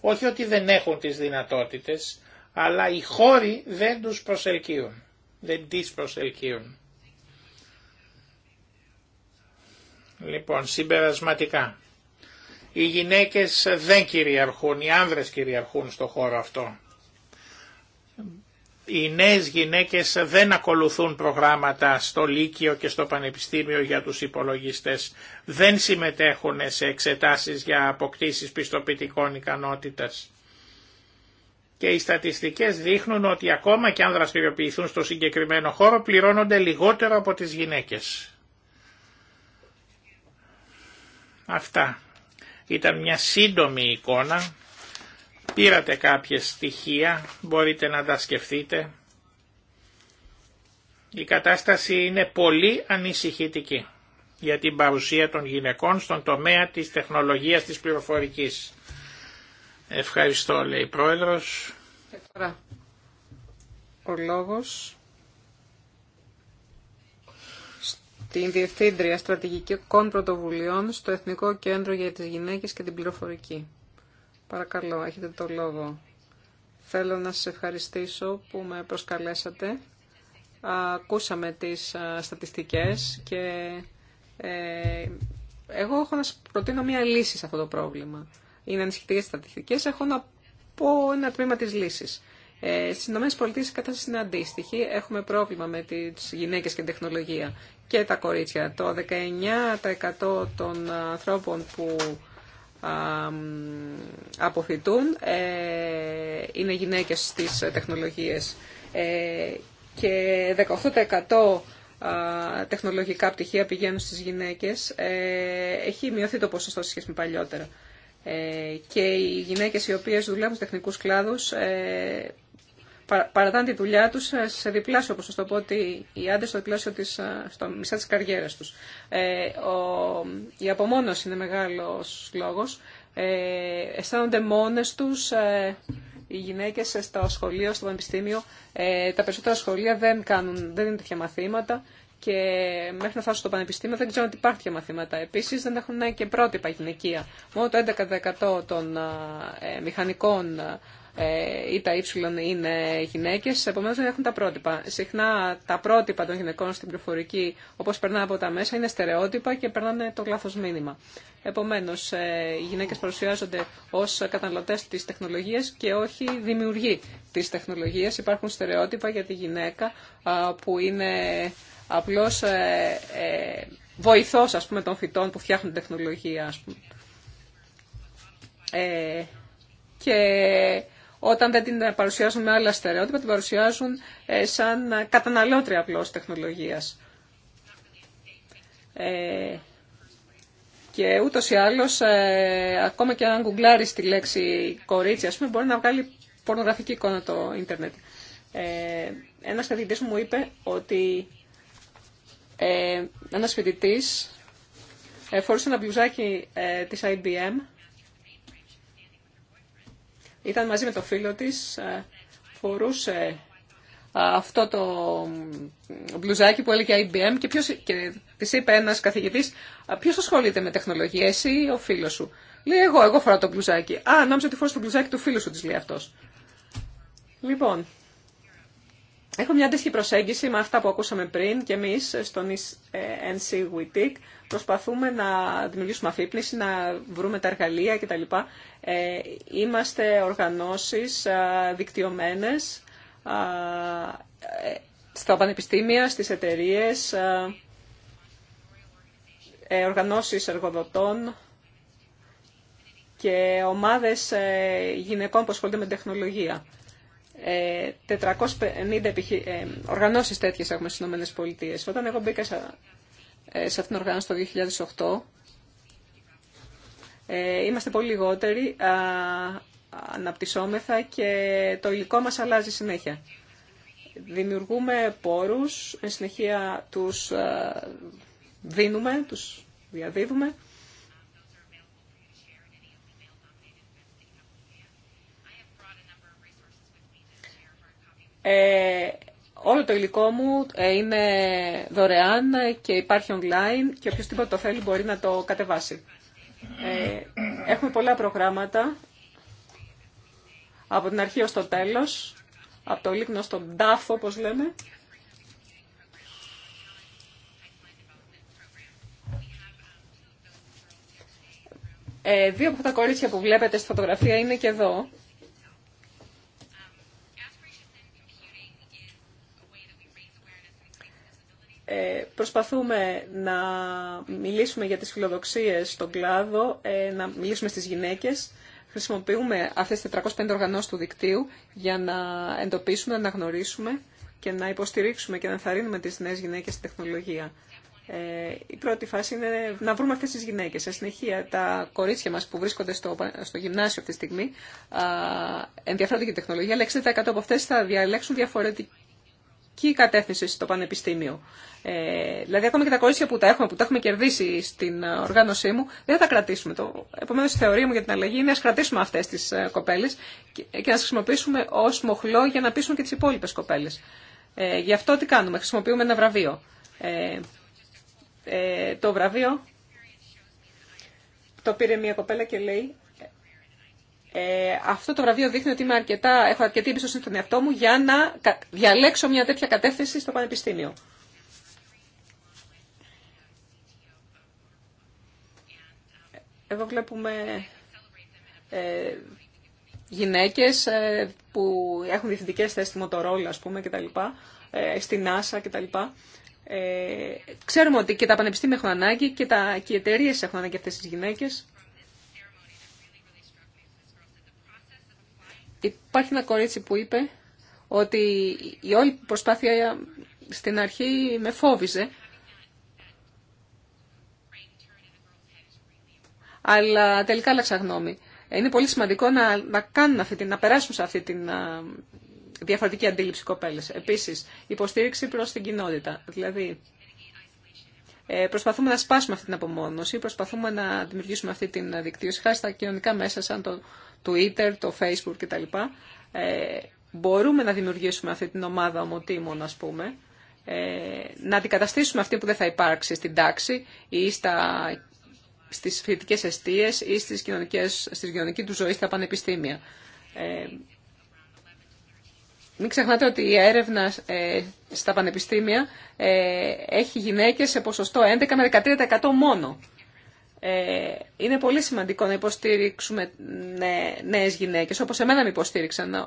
Όχι ότι δεν έχουν τις δυνατότητες, αλλά οι χώροι δεν τους προσελκύουν. Δεν τις προσελκύουν. Λοιπόν, συμπερασματικά οι γυναίκες δεν κυριαρχούν, οι άνδρες κυριαρχούν στο χώρο αυτό. Οι νέες γυναίκες δεν ακολουθούν προγράμματα στο Λύκειο και στο Πανεπιστήμιο για τους υπολογιστές. Δεν συμμετέχουν σε εξετάσεις για αποκτήσεις πιστοποιητικών ικανότητας. Και οι στατιστικές δείχνουν ότι ακόμα και αν δραστηριοποιηθούν στο συγκεκριμένο χώρο πληρώνονται λιγότερο από τις γυναίκες. Αυτά. Ήταν μια σύντομη εικόνα, πήρατε κάποια στοιχεία, μπορείτε να τα σκεφτείτε. Η κατάσταση είναι πολύ ανησυχητική για την παρουσία των γυναικών στον τομέα της τεχνολογίας της πληροφορικής. Ευχαριστώ, λέει η Πρόεδρος. ο λόγος την Διευθύντρια Στρατηγικών Πρωτοβουλειών στο Εθνικό Κέντρο για τις Γυναίκες και την Πληροφορική. Παρακαλώ, έχετε το λόγο. Θέλω να σας ευχαριστήσω που με προσκαλέσατε. Ακούσαμε τις στατιστικές και ε, εγώ έχω να σας προτείνω μία λύση σε αυτό το πρόβλημα. Είναι ανησυχητικές στατιστικές, έχω να πω ένα τμήμα της λύσης. Ε, Στι ΗΠΑ η κατάσταση είναι αντίστοιχη. Έχουμε πρόβλημα με τι γυναίκε και την τεχνολογία και τα κορίτσια. Το 19% των ανθρώπων που ε, είναι γυναίκες στις τεχνολογίες ε, και 18% τεχνολογικά πτυχία πηγαίνουν στις γυναίκες ε, έχει μειωθεί το ποσοστό σχέση με παλιότερα ε, και οι γυναίκες οι οποίες δουλεύουν στους τεχνικούς κλάδους παρατάνε τη δουλειά τους ε, σε διπλάσιο ποσοστό από ότι οι άντρες στο διπλάσιο της, ε, στο μισά της καριέρας τους. Ε, η απομόνωση είναι μεγάλος λόγος. Ε, αισθάνονται μόνες τους ε, οι γυναίκες στο σχολείο, στο πανεπιστήμιο. τα περισσότερα σχολεία δεν, κάνουν, δεν είναι τέτοια μαθήματα και μέχρι να φτάσουν στο πανεπιστήμιο δεν ξέρουν ότι υπάρχουν τέτοια μαθήματα. Επίση δεν έχουν και πρότυπα γυναικεία. Μόνο το 11% των μηχανικών ε, ή τα ύψιλον είναι γυναίκε, επομένω δεν έχουν τα πρότυπα. Συχνά τα πρότυπα των γυναικών στην πληροφορική, όπως περνάνε από τα μέσα, είναι στερεότυπα και περνάνε το λάθος μήνυμα. Επομένως, ε, οι γυναίκες παρουσιάζονται ως καταναλωτέ τη τεχνολογία και όχι δημιουργοί της τεχνολογίας. Υπάρχουν στερεότυπα για τη γυναίκα που είναι απλώ ε, βοηθό των φυτών που φτιάχνουν τεχνολογία, και όταν δεν την παρουσιάζουν με άλλα στερεότυπα, την παρουσιάζουν ε, σαν ε, καταναλώτρια απλώς τεχνολογίας. Ε, και ούτως ή άλλως, ακόμα και αν γκουγκλάρεις τη λέξη κορίτσι, ας πούμε, μπορεί να βγάλει πορνογραφική εικόνα το ίντερνετ. Ε, ένας καθηγητής μου είπε ότι ε, ένας φοιτητής ε, φορούσε ένα μπλουζάκι της IBM ήταν μαζί με το φίλο της, ε, φορούσε ε, αυτό το μπλουζάκι που έλεγε IBM και, ποιος, και της είπε ένας καθηγητής ποιος ασχολείται με τεχνολογία, εσύ ή ο φίλος σου. Λέει εγώ, εγώ φοράω το μπλουζάκι. Α, νόμιζα ότι φοράς το μπλουζάκι του φίλου σου, της λέει αυτός. Λοιπόν, Έχω μια αντίστοιχη προσέγγιση με αυτά που ακούσαμε πριν και εμείς στον NCWTIC ε, προσπαθούμε να δημιουργήσουμε αφύπνιση, να βρούμε τα εργαλεία κτλ. Ε, είμαστε οργανώσεις δικτυωμένες ε, στα πανεπιστήμια, στις εταιρείε, οργανώσεις εργοδοτών και ομάδες γυναικών που ασχολούνται με τεχνολογία. 450 ε, ε, οργανώσει τέτοιες έχουμε στι ΗΠΑ. Όταν εγώ μπήκα ε, σε αυτήν την οργάνωση το 2008, είμαστε πολύ λιγότεροι, αναπτυσσόμεθα και το υλικό μας αλλάζει συνέχεια. Δημιουργούμε πόρους, εν συνεχεία τους δίνουμε, τους διαδίδουμε. Ε, όλο το υλικό μου ε, είναι δωρεάν και υπάρχει online και τίποτα το θέλει μπορεί να το κατεβάσει. Ε, έχουμε πολλά προγράμματα από την αρχή ως το τέλος, από το λίκνο στον τάφο όπως λέμε. Ε, δύο από τα κορίτσια που βλέπετε στη φωτογραφία είναι και εδώ. Ε, προσπαθούμε να μιλήσουμε για τις φιλοδοξίες στον κλάδο, ε, να μιλήσουμε στις γυναίκες. Χρησιμοποιούμε αυτές τις 405 οργανώσεις του δικτύου για να εντοπίσουμε, να αναγνωρίσουμε και να υποστηρίξουμε και να ενθαρρύνουμε τις νέες γυναίκες στη τεχνολογία. Ε, η πρώτη φάση είναι να βρούμε αυτές τις γυναίκες. Σε συνεχεία τα κορίτσια μας που βρίσκονται στο, στο γυμνάσιο αυτή τη στιγμή ενδιαφέρονται για τεχνολογία, αλλά 60% από αυτές θα διαλέξουν διαφορετική η κατεύθυνση στο πανεπιστήμιο. Ε, δηλαδή, ακόμα και τα κορίτσια που τα έχουμε, που τα έχουμε κερδίσει στην ε, οργάνωσή μου, δεν θα τα κρατήσουμε. Το, επομένως, η θεωρία μου για την αλλαγή είναι να κρατήσουμε αυτές τις ε, κοπέλες και, και να τις χρησιμοποιήσουμε ως μοχλό για να πείσουμε και τις υπόλοιπες κοπέλες. Ε, γι' αυτό τι κάνουμε, χρησιμοποιούμε ένα βραβείο. Ε, ε, το βραβείο το πήρε μια κοπέλα και λέει ε, αυτό το βραβείο δείχνει ότι αρκετά, έχω αρκετή εμπιστοσύνη στον εαυτό μου για να διαλέξω μια τέτοια κατεύθυνση στο πανεπιστήμιο. Εδώ βλέπουμε ε, γυναίκες ε, που έχουν διευθυντικέ θέσει στη Μοτορόλα, ας πούμε, κτλ. Ε, στη NASA κτλ. Ε, ξέρουμε ότι και τα πανεπιστήμια έχουν ανάγκη και, τα, και οι εταιρείε έχουν ανάγκη αυτές τις γυναίκες. Υπάρχει ένα κορίτσι που είπε ότι η όλη προσπάθεια στην αρχή με φόβιζε. Αλλά τελικά άλλαξα γνώμη. Είναι πολύ σημαντικό να, να, κάνουν αυτή, να περάσουν σε αυτή την διαφορετική αντίληψη κοπέλε. Επίσης, υποστήριξη προς την κοινότητα. Δηλαδή, ε, προσπαθούμε να σπάσουμε αυτή την απομόνωση, προσπαθούμε να δημιουργήσουμε αυτή την δικτύωση χάρη στα κοινωνικά μέσα σαν το Twitter, το Facebook κτλ. Ε, μπορούμε να δημιουργήσουμε αυτή την ομάδα ομοτήμων, ας πούμε, ε, να αντικαταστήσουμε αυτή που δεν θα υπάρξει στην τάξη ή στα, στις φοιτητικές αιστείες ή στις κοινωνικές, στη κοινωνική του ζωή στα πανεπιστήμια. Ε, μην ξεχνάτε ότι η έρευνα ε, στα πανεπιστήμια ε, έχει γυναίκες σε ποσοστό 11 με 13% μόνο. Ε, είναι πολύ σημαντικό να υποστήριξουμε νέες γυναίκες, όπως εμένα με υποστήριξαν ε,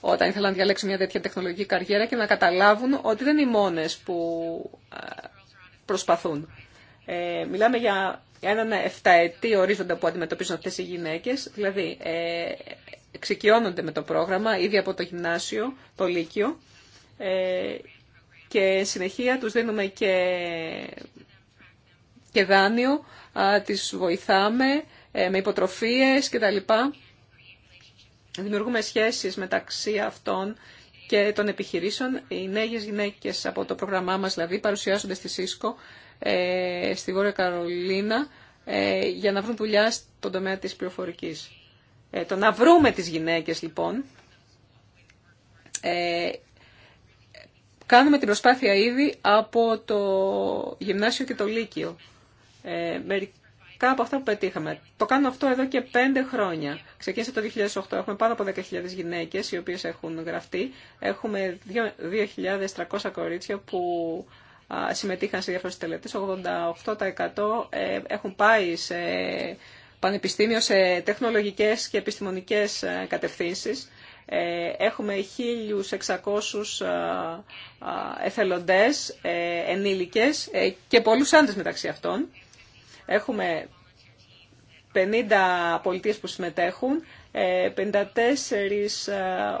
όταν ήθελα να διαλέξω μια τέτοια τεχνολογική καριέρα και να καταλάβουν ότι δεν είναι οι μόνες που ε, προσπαθούν. μιλάμε για εναν εφταετή ορίζοντα που αντιμετωπίζουν αυτές οι γυναίκες, δηλαδή ε, εξοικειώνονται με το πρόγραμμα ήδη από το γυμνάσιο, το λύκειο ε, και συνεχεία τους δίνουμε και και δάνειο, τις βοηθάμε ε, με υποτροφίες κτλ. Δημιουργούμε σχέσεις μεταξύ αυτών και των επιχειρήσεων. Οι νέες γυναίκες από το πρόγραμμά μας δηλαδή παρουσιάζονται στη ΣΥΣΚΟ, ε, στη Βόρεια Καρολίνα, ε, για να βρουν δουλειά στον τομέα της πληροφορική. το να βρούμε τις γυναίκες λοιπόν, κάνουμε την προσπάθεια ήδη από το γυμνάσιο και το λύκειο. Ε, μερικά από αυτά που πετύχαμε. Το κάνω αυτό εδώ και πέντε χρόνια. Ξεκίνησε το 2008. Έχουμε πάνω από 10.000 γυναίκες οι οποίες έχουν γραφτεί. Έχουμε 2.300 κορίτσια που συμμετείχαν σε διάφορες τελετές. 88% ε, έχουν πάει σε πανεπιστήμιο, σε τεχνολογικές και επιστημονικές ε, κατευθύνσεις. Ε, έχουμε 1.600 εθελοντές, ενήλικες και πολλούς άντρες μεταξύ αυτών. Έχουμε 50 πολιτείες που συμμετέχουν, 54 ε, ε,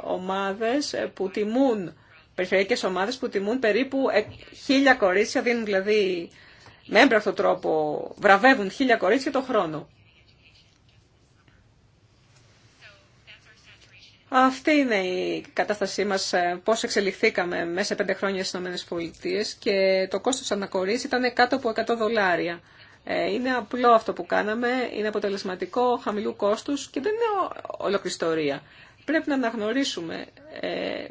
ομάδες που τιμούν, περιφερειακές ομάδες που τιμούν περίπου 1000 κορίτσια, δίνουν δηλαδή με έμπρακτο τρόπο, βραβεύουν 1000 κορίτσια το χρόνο. Αυτή είναι η κατάστασή μας, ε, πώς εξελιχθήκαμε μέσα σε πέντε χρόνια στις ΗΠΑ και το κόστος ανακορής ήταν κάτω από 100 δολάρια. Ε, είναι απλό αυτό που κάναμε, είναι αποτελεσματικό, χαμηλού κόστους και δεν είναι ολοκληστορία. Πρέπει να αναγνωρίσουμε ε,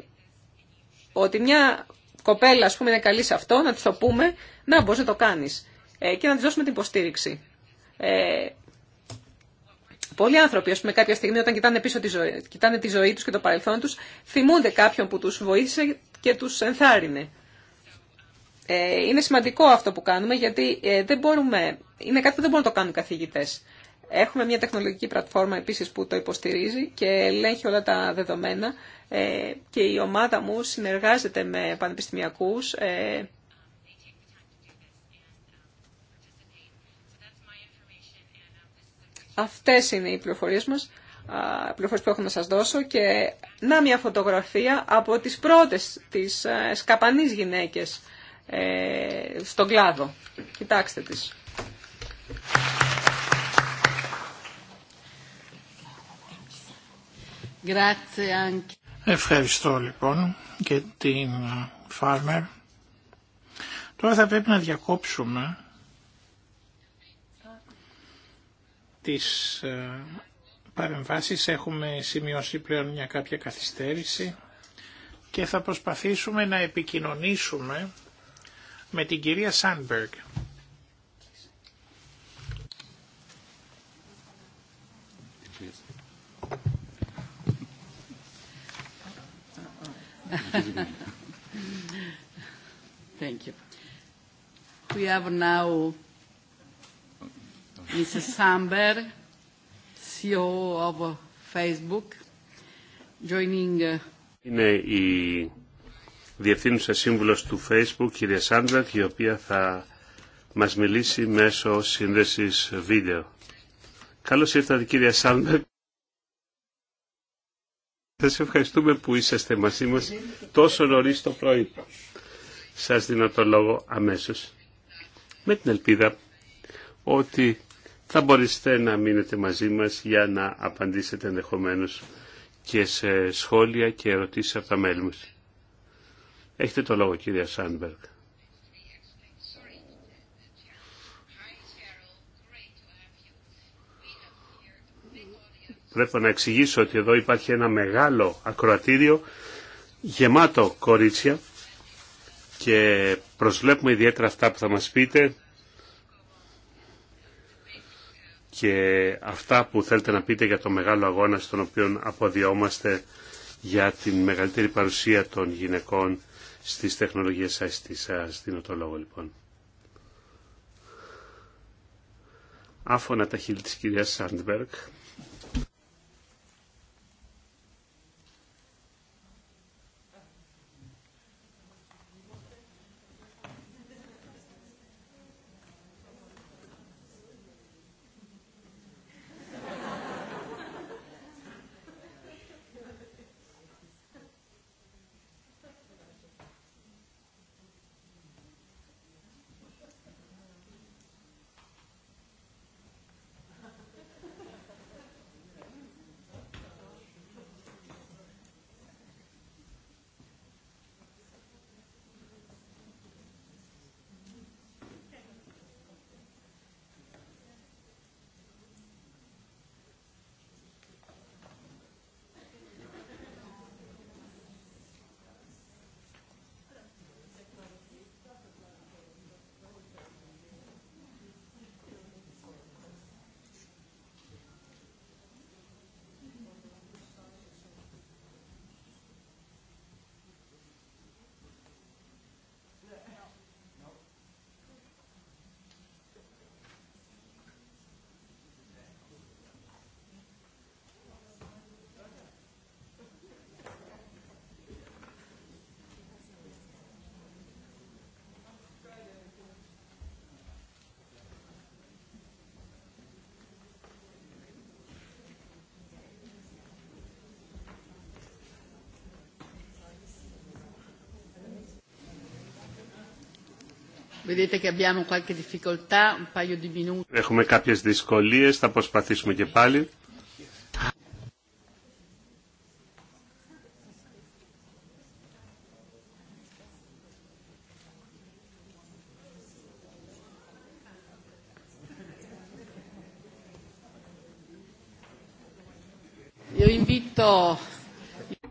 ότι μια κοπέλα, ας πούμε, είναι καλή σε αυτό, να της το πούμε, να μπορεί να το κάνεις ε, και να της δώσουμε την υποστήριξη. Ε, Πολλοί άνθρωποι, α πούμε, κάποια στιγμή όταν κοιτάνε, πίσω τη ζωή, κοιτάνε τη ζωή τους και το παρελθόν τους, θυμούνται κάποιον που τους βοήθησε και τους ενθάρρυνε. Ε, είναι σημαντικό αυτό που κάνουμε γιατί ε, δεν μπορούμε, είναι κάτι που δεν μπορούν να το κάνουν οι καθηγητές. Έχουμε μια τεχνολογική πλατφόρμα επίση που το υποστηρίζει και ελέγχει όλα τα δεδομένα ε, και η ομάδα μου συνεργάζεται με πανεπιστημιακούς Αυτές είναι οι πληροφορίες μας, που έχω να σας δώσω και να μια φωτογραφία από τις πρώτες τις σκαπανής γυναίκες ε, στον κλάδο. Κοιτάξτε τις. Ευχαριστώ λοιπόν και την ε, Φάρμερ. Τώρα θα πρέπει να διακόψουμε τις ε, παρεμβάσεις. Έχουμε σημειώσει πλέον μια κάποια καθυστέρηση και θα προσπαθήσουμε να επικοινωνήσουμε με την κυρία Σάνμπεργκ. Thank you. We have now Mrs. CEO of Facebook, joining. Είναι η διευθύνουσα σύμβουλος του Facebook, κυρία η οποία θα μας μιλήσει μέσω σύνδεσης βίντεο. Καλώς ήρθατε κυρία Σάντρα. Σας ευχαριστούμε που είσαστε μαζί μας τόσο νωρίς το πρωί. Σας δίνω το λόγο αμέσως. Με την ελπίδα ότι θα μπορέσετε να μείνετε μαζί μας για να απαντήσετε ενδεχομένως και σε σχόλια και ερωτήσεις από τα μέλη μας. Έχετε το λόγο κυρία Σάνμπεργκ. Πρέπει να εξηγήσω ότι εδώ υπάρχει ένα μεγάλο ακροατήριο γεμάτο κορίτσια και προσβλέπουμε ιδιαίτερα αυτά που θα μας πείτε και αυτά που θέλετε να πείτε για το μεγάλο αγώνα στον οποίο αποδιόμαστε για την μεγαλύτερη παρουσία των γυναικών στις τεχνολογίες Σας δίνω το λόγο λοιπόν. Άφωνα τα χείλη της κυρίας Σάντμπεργκ Έχουμε κάποιες δυσκολίες, θα προσπαθήσουμε και πάλι.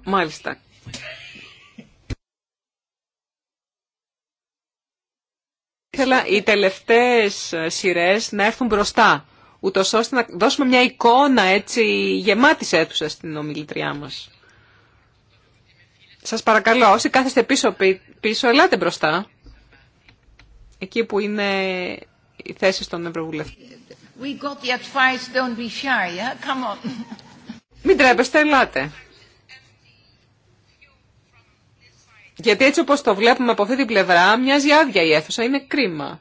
Μάλιστα. Ήθελα οι τελευταίες σειρέ να έρθουν μπροστά, ούτω ώστε να δώσουμε μια εικόνα έτσι γεμάτη αίθουσα στην ομιλητριά μας. Σας παρακαλώ, όσοι κάθεστε πίσω, πίσω, ελάτε μπροστά, εκεί που είναι οι θέσει των Ευρωβουλευτών. Μην τρέπεστε, ελάτε. Γιατί έτσι όπως το βλέπουμε από αυτή την πλευρά, μοιάζει άδεια η αίθουσα, είναι κρίμα.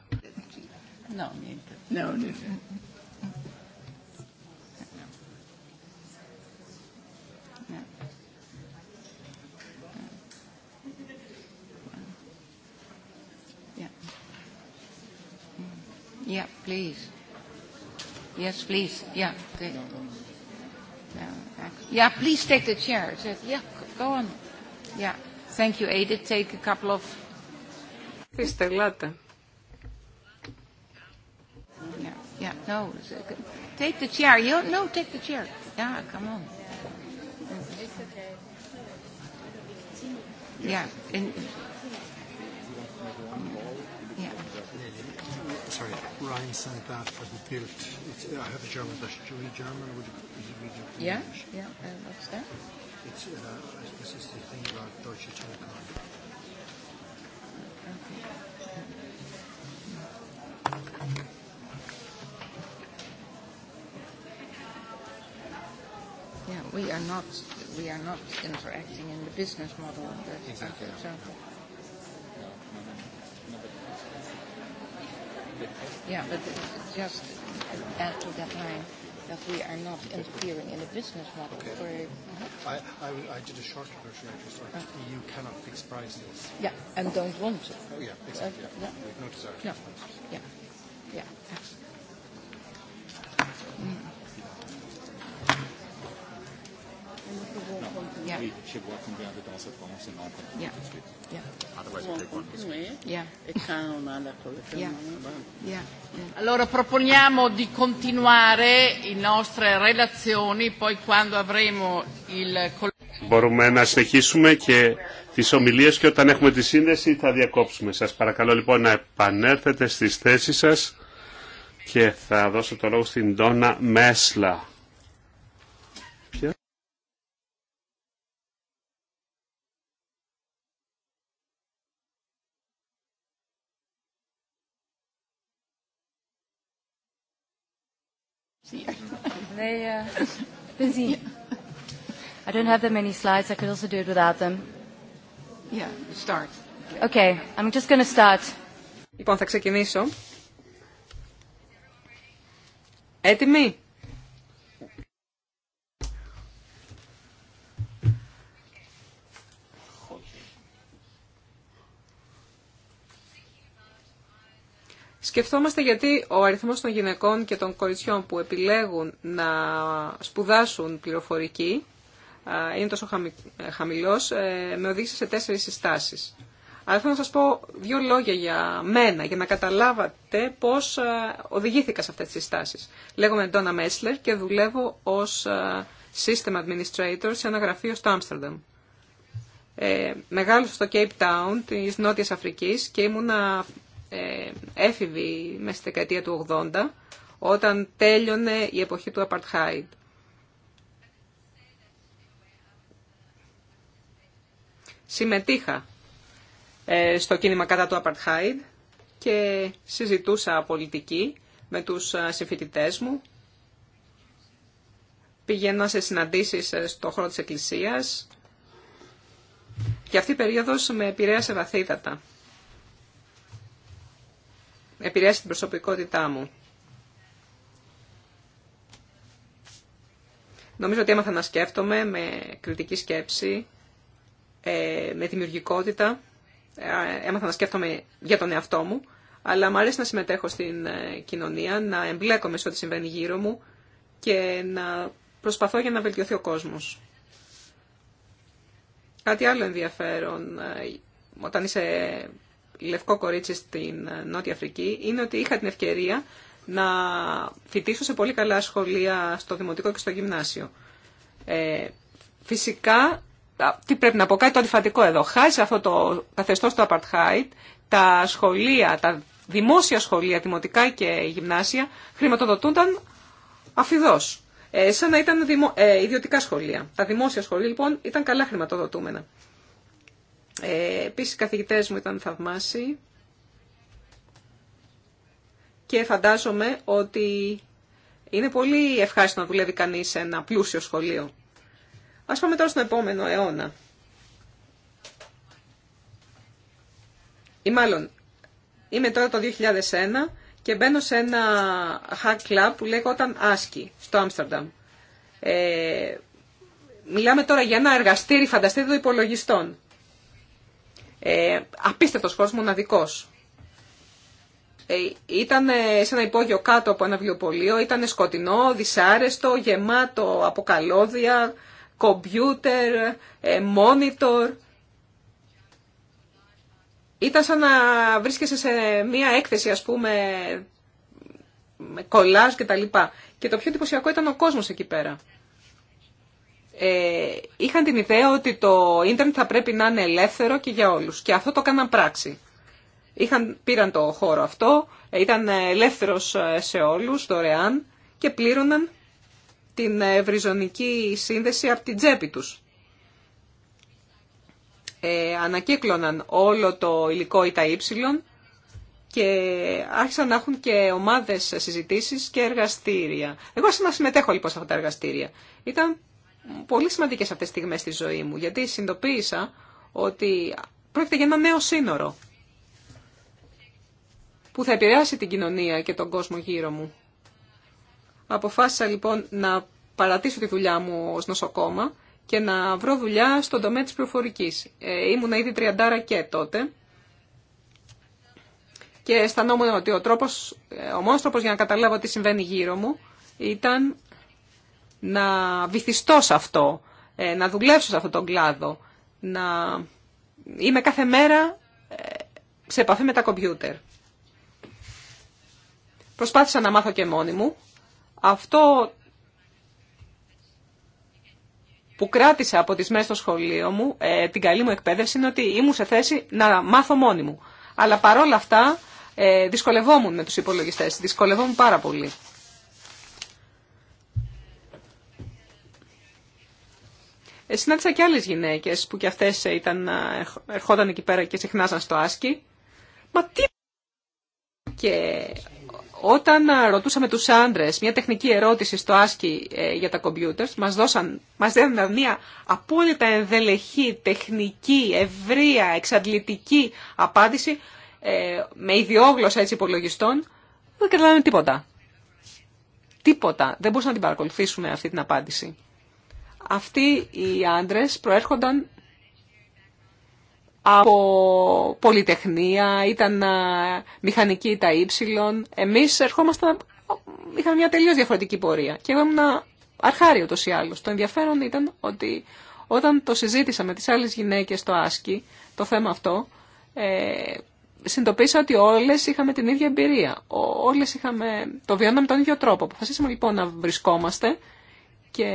Yeah, please. Yes, please. Yeah. Okay. Yeah, please take the chair. Yeah, go on. Yeah. Thank you, Ada. Take a couple of... Είστε, ελάτε. Yeah, yeah, no. Take the chair. You, no, take the chair. Yeah, come on. Yeah. and. yeah. Sorry, Ryan sent that for the built. It's, I have a German. Should we German? Would you, would you read it? Yeah, yeah. Uh, what's that? It's. Uh, Yeah, we are not we are not interacting in the business model. That's exactly. So. Yeah, but just add to that line that we are not interfering in the business model. I, I, I did a short version actually. Uh. The EU cannot fix prices. Yeah, and don't want to. Oh, yeah, exactly. yeah. We have no desire to no. Yeah, yeah. Mm. Yeah. We should work on the evidence of commons and non-commons. Yeah. Yeah. Otherwise, we'll take one this way. Yeah. Yeah. Yeah. Allora proponiamo di continuare le nostre relazioni, poi quando avremo il Μπορούμε να συνεχίσουμε και τις ομιλίες και όταν έχουμε τη σύνδεση θα διακόψουμε. Σας παρακαλώ λοιπόν να επανέλθετε στις θέσεις σας και θα δώσω το λόγο στην Ντόνα Μέσλα. They, uh, busy. I don't have that many slides. I could also do it without them. Yeah, start. Okay, I'm just going to start. Λοιπόν, θα ξεκινήσω. Έτοιμοι? Σκεφτόμαστε γιατί ο αριθμός των γυναικών και των κοριτσιών που επιλέγουν να σπουδάσουν πληροφορική είναι τόσο ε, χαμηλός, ε, με οδήγησε σε τέσσερις συστάσεις. Αλλά θέλω να σας πω δύο λόγια για μένα, για να καταλάβατε πώς ε, οδηγήθηκα σε αυτές τις συστάσεις. Λέγομαι Ντόνα Μέσλερ και δουλεύω ως System Administrator σε ένα γραφείο στο Άμστερνταμ. Ε, μεγάλωσα στο Cape Town της Νότιας Αφρικής και ήμουνα ε, έφηβη μέσα στη δεκαετία του 80, όταν τέλειωνε η εποχή του Απαρτχάιντ. Συμμετείχα ε, στο κίνημα κατά του Απαρτχάιντ και συζητούσα πολιτική με τους ε, συμφοιτητές μου. Πήγαινα σε συναντήσεις στο χώρο της Εκκλησίας και αυτή η περίοδος με επηρέασε βαθύτατα. Επηρεάσει την προσωπικότητά μου. Νομίζω ότι έμαθα να σκέφτομαι με κριτική σκέψη, ε, με δημιουργικότητα. Ε, έμαθα να σκέφτομαι για τον εαυτό μου, αλλά μου αρέσει να συμμετέχω στην ε, κοινωνία, να εμπλέκομαι σε ό,τι συμβαίνει γύρω μου και να προσπαθώ για να βελτιωθεί ο κόσμος. Κάτι άλλο ενδιαφέρον, όταν είσαι λευκό κορίτσι στην ε, Νότια Αφρική είναι ότι είχα την ευκαιρία να φοιτήσω σε πολύ καλά σχολεία στο δημοτικό και στο γυμνάσιο. Ε, φυσικά, τι πρέπει να πω, κάτι το αντιφατικό εδώ. Χάρη αυτό το καθεστώ του Απαρτχάιτ, τα σχολεία, τα δημόσια σχολεία, δημοτικά και γυμνάσια, χρηματοδοτούνταν αφιδώς. Ε, σαν να ήταν δημο, ε, ιδιωτικά σχολεία. Τα δημόσια σχολεία λοιπόν ήταν καλά χρηματοδοτούμενα. Ε, επίσης οι καθηγητές μου ήταν θαυμάσιοι και φαντάζομαι ότι είναι πολύ ευχάριστο να δουλεύει κανείς σε ένα πλούσιο σχολείο. Ας πάμε τώρα στον επόμενο αιώνα. Ή μάλλον, είμαι τώρα το 2001 και μπαίνω σε ένα hack club που λέγονταν ASCII στο Άμστερνταμ. Ε, μιλάμε τώρα για ένα εργαστήρι, φανταστείτε, των υπολογιστών ε, απίστευτος χώρος μοναδικός. Ε, ήταν ε, σε ένα υπόγειο κάτω από ένα βιβλιοπωλείο, ήταν σκοτεινό, δυσάρεστο, γεμάτο από καλώδια, κομπιούτερ, ε, μόνιτορ. Ήταν σαν να βρίσκεσαι σε μία έκθεση, ας πούμε, με κολάζ και τα λοιπά. Και το πιο εντυπωσιακό ήταν ο κόσμος εκεί πέρα. Ε, είχαν την ιδέα ότι το ίντερνετ θα πρέπει να είναι ελεύθερο και για όλους. Και αυτό το έκαναν πράξη. Είχαν, πήραν το χώρο αυτό, ε, ήταν ελεύθερος ε, σε όλους, δωρεάν, και πλήρωναν την ευρυζωνική σύνδεση από την τσέπη τους. ανακύκλωναν όλο το υλικό ΙΤΑΙ και άρχισαν να έχουν και ομάδες συζητήσεις και εργαστήρια. Εγώ συμμετέχω λοιπόν σε αυτά τα εργαστήρια. Ήταν πολύ σημαντικές αυτές τις στιγμές στη ζωή μου, γιατί συνειδητοποίησα ότι πρόκειται για ένα νέο σύνορο που θα επηρεάσει την κοινωνία και τον κόσμο γύρω μου. Αποφάσισα λοιπόν να παρατήσω τη δουλειά μου ως νοσοκόμα και να βρω δουλειά στον τομέα της πληροφορικής. Ήμουν ε, ήμουνα ήδη τριαντάρα και τότε και αισθανόμουν ότι ο, τρόπος, ε, ο μόνος τρόπος για να καταλάβω τι συμβαίνει γύρω μου ήταν να βυθιστώ σε αυτό, ε, να δουλέψω σε αυτόν τον κλάδο, να είμαι κάθε μέρα ε, σε επαφή με τα κομπιούτερ. Προσπάθησα να μάθω και μόνη μου. Αυτό που κράτησα από τις μέρες στο σχολείο μου, ε, την καλή μου εκπαίδευση, είναι ότι ήμουν σε θέση να μάθω μόνη μου. Αλλά παρόλα αυτά δυσκολευόμουν με τους υπολογιστές, δυσκολευόμουν πάρα πολύ. Ε, συνάντησα και άλλες γυναίκες που και αυτές ε, ήταν, ε, ερχόταν εκεί πέρα και συχνάζαν στο άσκι. Μα τι... Και όταν ρωτούσαμε τους άντρες μια τεχνική ερώτηση στο άσκι για τα κομπιούτερς, μας, δώσαν, μας μια απόλυτα ενδελεχή, τεχνική, ευρεία, εξαντλητική απάντηση με ιδιόγλωσσα έτσι υπολογιστών, δεν καταλάβαινε τίποτα. Τίποτα. Δεν μπορούσαμε να την παρακολουθήσουμε αυτή την απάντηση αυτοί οι άντρες προέρχονταν από πολυτεχνία, ήταν μηχανική τα ύψιλον. Εμείς ερχόμασταν, είχαμε μια τελείως διαφορετική πορεία. Και εγώ ήμουν αρχάριο τόσοι ή Το ενδιαφέρον ήταν ότι όταν το συζήτησα με τις άλλες γυναίκες στο Άσκι, το θέμα αυτό, ε, συνειδητοποίησα ότι όλες είχαμε την ίδια εμπειρία. Όλες είχαμε, το βιώναμε τον ίδιο τρόπο. Αποφασίσαμε λοιπόν να βρισκόμαστε και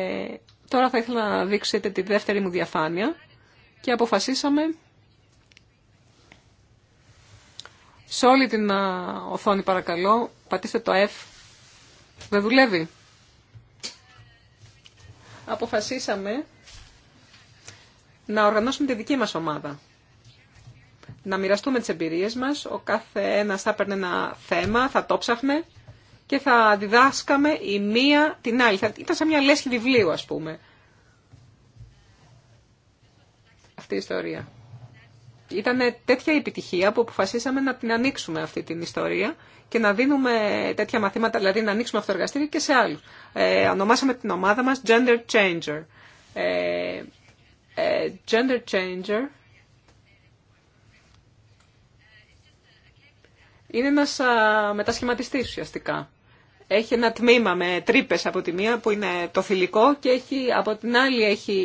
Τώρα θα ήθελα να δείξετε τη δεύτερη μου διαφάνεια και αποφασίσαμε σε όλη την οθόνη παρακαλώ πατήστε το F. Δεν δουλεύει. Αποφασίσαμε να οργανώσουμε τη δική μας ομάδα. Να μοιραστούμε τις εμπειρίες μας, ο κάθε ένας θα έπαιρνε ένα θέμα, θα το ψάχνε και θα διδάσκαμε η μία την άλλη. Ήταν σαν μια λέσχη βιβλίου, ας πούμε. Αυτή η ιστορία. Ήταν τέτοια επιτυχία που αποφασίσαμε να την ανοίξουμε αυτή την ιστορία και να δίνουμε τέτοια μαθήματα, δηλαδή να ανοίξουμε αυτό το εργαστήριο και σε άλλους. Ε, ονομάσαμε την ομάδα μας Gender Changer. Ε, ε Gender Changer είναι ένας μετασχηματιστής ουσιαστικά. Έχει ένα τμήμα με τρύπε από τη μία που είναι το θηλυκό και έχει, από την άλλη έχει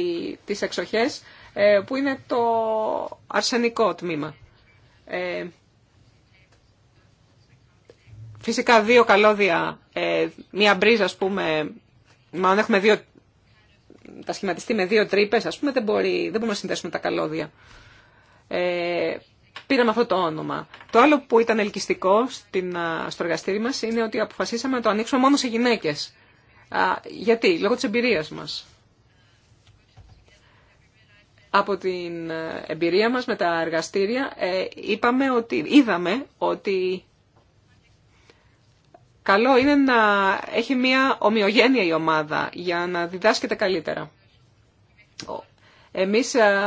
τις εξοχές ε, που είναι το αρσενικό τμήμα. Ε, φυσικά δύο καλώδια, ε, μία μπρίζα ας πούμε, μα έχουμε δύο, τα σχηματιστεί με δύο τρύπε, ας πούμε, δεν, μπορεί, δεν μπορούμε να συνδέσουμε τα καλώδια πήραμε αυτό το όνομα. Το άλλο που ήταν ελκυστικό στην, στο εργαστήρι μα είναι ότι αποφασίσαμε να το ανοίξουμε μόνο σε γυναίκες. γιατί, λόγω της εμπειρίας μας. Από την ε, εμπειρία μας με τα εργαστήρια ε, είπαμε ότι, είδαμε ότι καλό είναι να έχει μια ομοιογένεια η ομάδα για να διδάσκεται καλύτερα. Εμείς ε,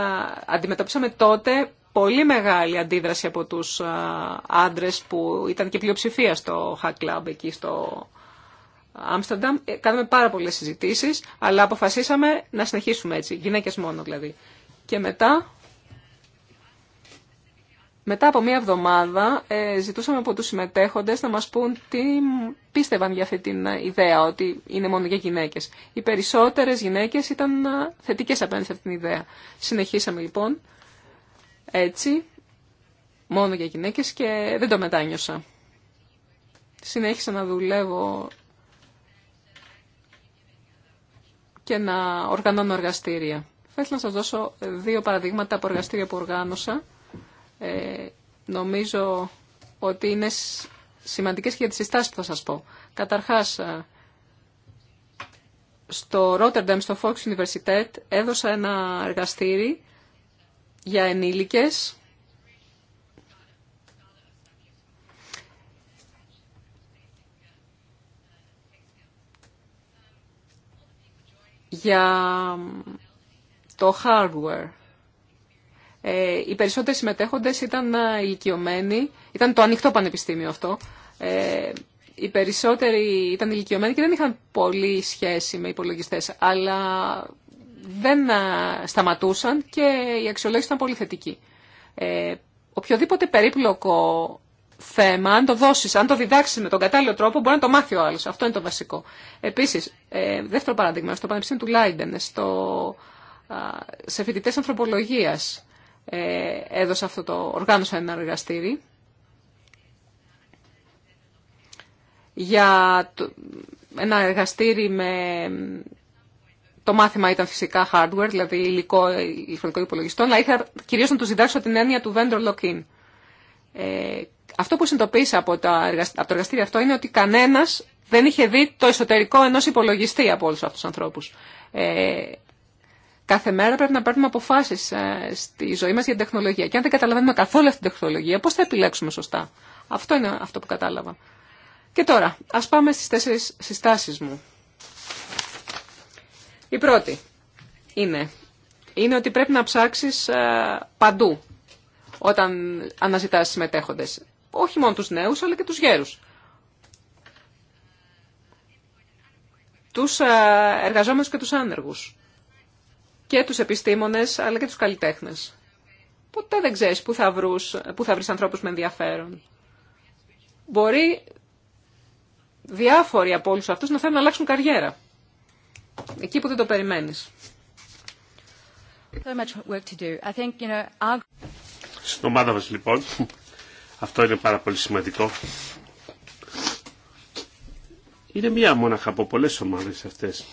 αντιμετωπίσαμε τότε πολύ μεγάλη αντίδραση από τους άντρες που ήταν και πλειοψηφία στο Hack Club εκεί στο Άμστερνταμ. Ε, κάναμε πάρα πολλές συζητήσεις, αλλά αποφασίσαμε να συνεχίσουμε έτσι, γυναίκες μόνο δηλαδή. Και μετά, μετά από μία εβδομάδα ε, ζητούσαμε από τους συμμετέχοντες να μας πούν τι πίστευαν για αυτή την ε, ιδέα, ότι είναι μόνο για γυναίκες. Οι περισσότερες γυναίκες ήταν θετικές απέναντι σε αυτή την ιδέα. Συνεχίσαμε λοιπόν έτσι, μόνο για γυναίκες και δεν το μετάνιωσα. Συνέχισα να δουλεύω και να οργανώνω εργαστήρια. Θα ήθελα να σας δώσω δύο παραδείγματα από εργαστήρια που οργάνωσα. Ε, νομίζω ότι είναι σημαντικές και για τις συστάσεις που θα σας πω. Καταρχάς, ε, στο Rotterdam, στο Fox University, έδωσα ένα εργαστήρι για ενήλικες. για το hardware. Ε, οι περισσότεροι συμμετέχοντες ήταν ε, ηλικιωμένοι, ήταν το ανοιχτό πανεπιστήμιο αυτό. Ε, οι περισσότεροι ήταν ηλικιωμένοι και δεν είχαν πολύ σχέση με υπολογιστές, αλλά δεν σταματούσαν και η αξιολόγηση ήταν πολύ θετική. Ε, οποιοδήποτε περίπλοκο θέμα, αν το δώσεις, αν το διδάξεις με τον κατάλληλο τρόπο, μπορεί να το μάθει ο άλλος. Αυτό είναι το βασικό. Επίσης, ε, δεύτερο παράδειγμα, στο Πανεπιστήμιο του Λάιντεν, στο, σε φοιτητές ανθρωπολογίας ε, αυτό το, οργάνωσα ένα εργαστήρι για ένα εργαστήρι με το μάθημα ήταν φυσικά hardware, δηλαδή υλικό ηλεκτρονικό υπολογιστών, αλλά ήθελα κυρίω να του διδάξω την έννοια του vendor lock-in. Ε, αυτό που συνειδητοποίησα από, από το εργαστήριο αυτό είναι ότι κανένα δεν είχε δει το εσωτερικό ενό υπολογιστή από όλου αυτού του ανθρώπου. Ε, κάθε μέρα πρέπει να παίρνουμε αποφάσει ε, στη ζωή μα για την τεχνολογία. Και αν δεν καταλαβαίνουμε καθόλου αυτή την τεχνολογία, πώ θα επιλέξουμε σωστά. Αυτό είναι αυτό που κατάλαβα. Και τώρα, α πάμε στι τέσσερι συστάσει μου. Η πρώτη είναι, είναι ότι πρέπει να ψάξεις ε, παντού όταν αναζητάς συμμετέχοντες. Όχι μόνο τους νέους, αλλά και τους γέρους. Τους ε, εργαζόμενους και τους άνεργους. Και τους επιστήμονες, αλλά και τους καλλιτέχνες. Ποτέ δεν ξέρεις πού θα, που θα βρεις ανθρώπους με ενδιαφέρον. Μπορεί διάφοροι από όλους αυτούς να θέλουν να αλλάξουν καριέρα εκεί που δεν το περιμένεις. Στην ομάδα μας λοιπόν, αυτό είναι πάρα πολύ σημαντικό. Είναι μία μόναχα από πολλές ομάδες αυτές.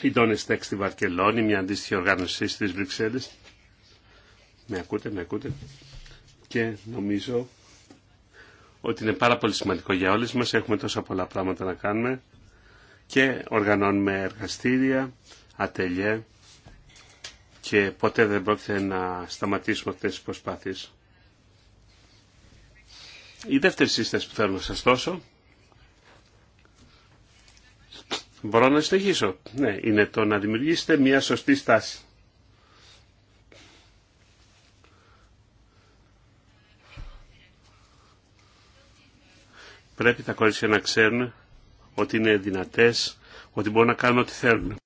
Η Donest στη Βαρκελόνη, μια αντίστοιχη οργάνωση στις Βρυξέλλες. Με ακούτε, με ακούτε. Και νομίζω ότι είναι πάρα πολύ σημαντικό για όλες μας. Έχουμε τόσα πολλά πράγματα να κάνουμε και οργανώνουμε εργαστήρια, ατελιέ και ποτέ δεν πρόκειται να σταματήσουμε αυτές τις προσπάθειες. Η δεύτερη σύσταση που θέλω να σας δώσω Μπορώ να συνεχίσω. Ναι, είναι το να δημιουργήσετε μια σωστή στάση. Πρέπει τα κορίτσια να ξέρουν ότι είναι δυνατές, ότι μπορούν να κάνουν ό,τι θέλουν.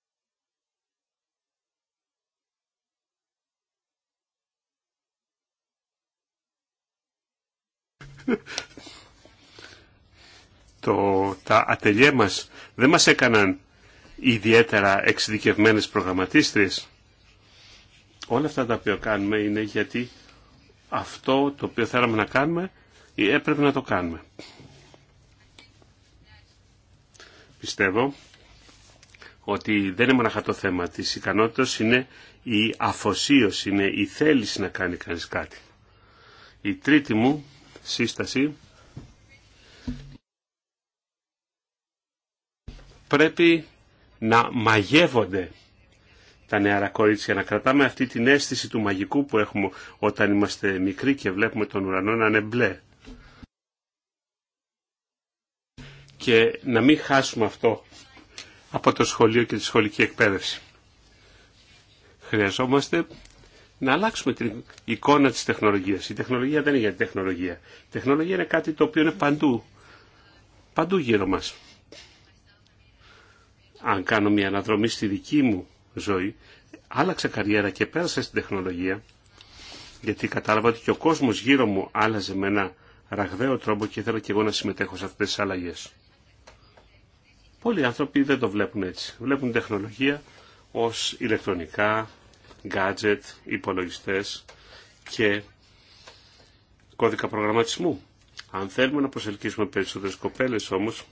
Το, τα ατελιέ μας δεν μας έκαναν ιδιαίτερα εξειδικευμένες προγραμματίστρες. Όλα αυτά τα οποία κάνουμε είναι γιατί αυτό το οποίο θέλαμε να κάνουμε έπρεπε να το κάνουμε πιστεύω ότι δεν είναι μοναχα το θέμα της ικανότητας, είναι η αφοσίωση, είναι η θέληση να κάνει κανείς κάτι. Η τρίτη μου σύσταση πρέπει να μαγεύονται τα νεαρά κορίτσια, να κρατάμε αυτή την αίσθηση του μαγικού που έχουμε όταν είμαστε μικροί και βλέπουμε τον ουρανό να είναι μπλε. και να μην χάσουμε αυτό από το σχολείο και τη σχολική εκπαίδευση. Χρειαζόμαστε να αλλάξουμε την εικόνα της τεχνολογίας. Η τεχνολογία δεν είναι για την τεχνολογία. Η τεχνολογία είναι κάτι το οποίο είναι παντού, παντού γύρω μας. Αν κάνω μια αναδρομή στη δική μου ζωή, άλλαξα καριέρα και πέρασα στην τεχνολογία, γιατί κατάλαβα ότι και ο κόσμος γύρω μου άλλαζε με ένα ραγδαίο τρόπο και ήθελα και εγώ να συμμετέχω σε αυτές τις αλλαγές. Πολλοί άνθρωποι δεν το βλέπουν έτσι. Βλέπουν τεχνολογία ως ηλεκτρονικά, gadget, υπολογιστές και κώδικα προγραμματισμού. Αν θέλουμε να προσελκύσουμε περισσότερες κοπέλες όμως,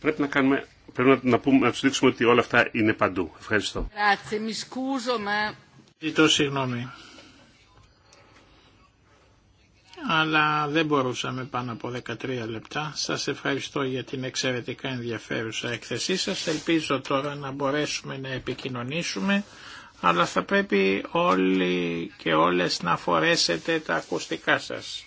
πρέπει να κάνουμε Πρέπει να, πούμε, να τους δείξουμε ότι όλα αυτά είναι παντού. Ευχαριστώ. Ζητώ αλλά δεν μπορούσαμε πάνω από 13 λεπτά. Σας ευχαριστώ για την εξαιρετικά ενδιαφέρουσα έκθεσή σας. Ελπίζω τώρα να μπορέσουμε να επικοινωνήσουμε, αλλά θα πρέπει όλοι και όλες να φορέσετε τα ακουστικά σας.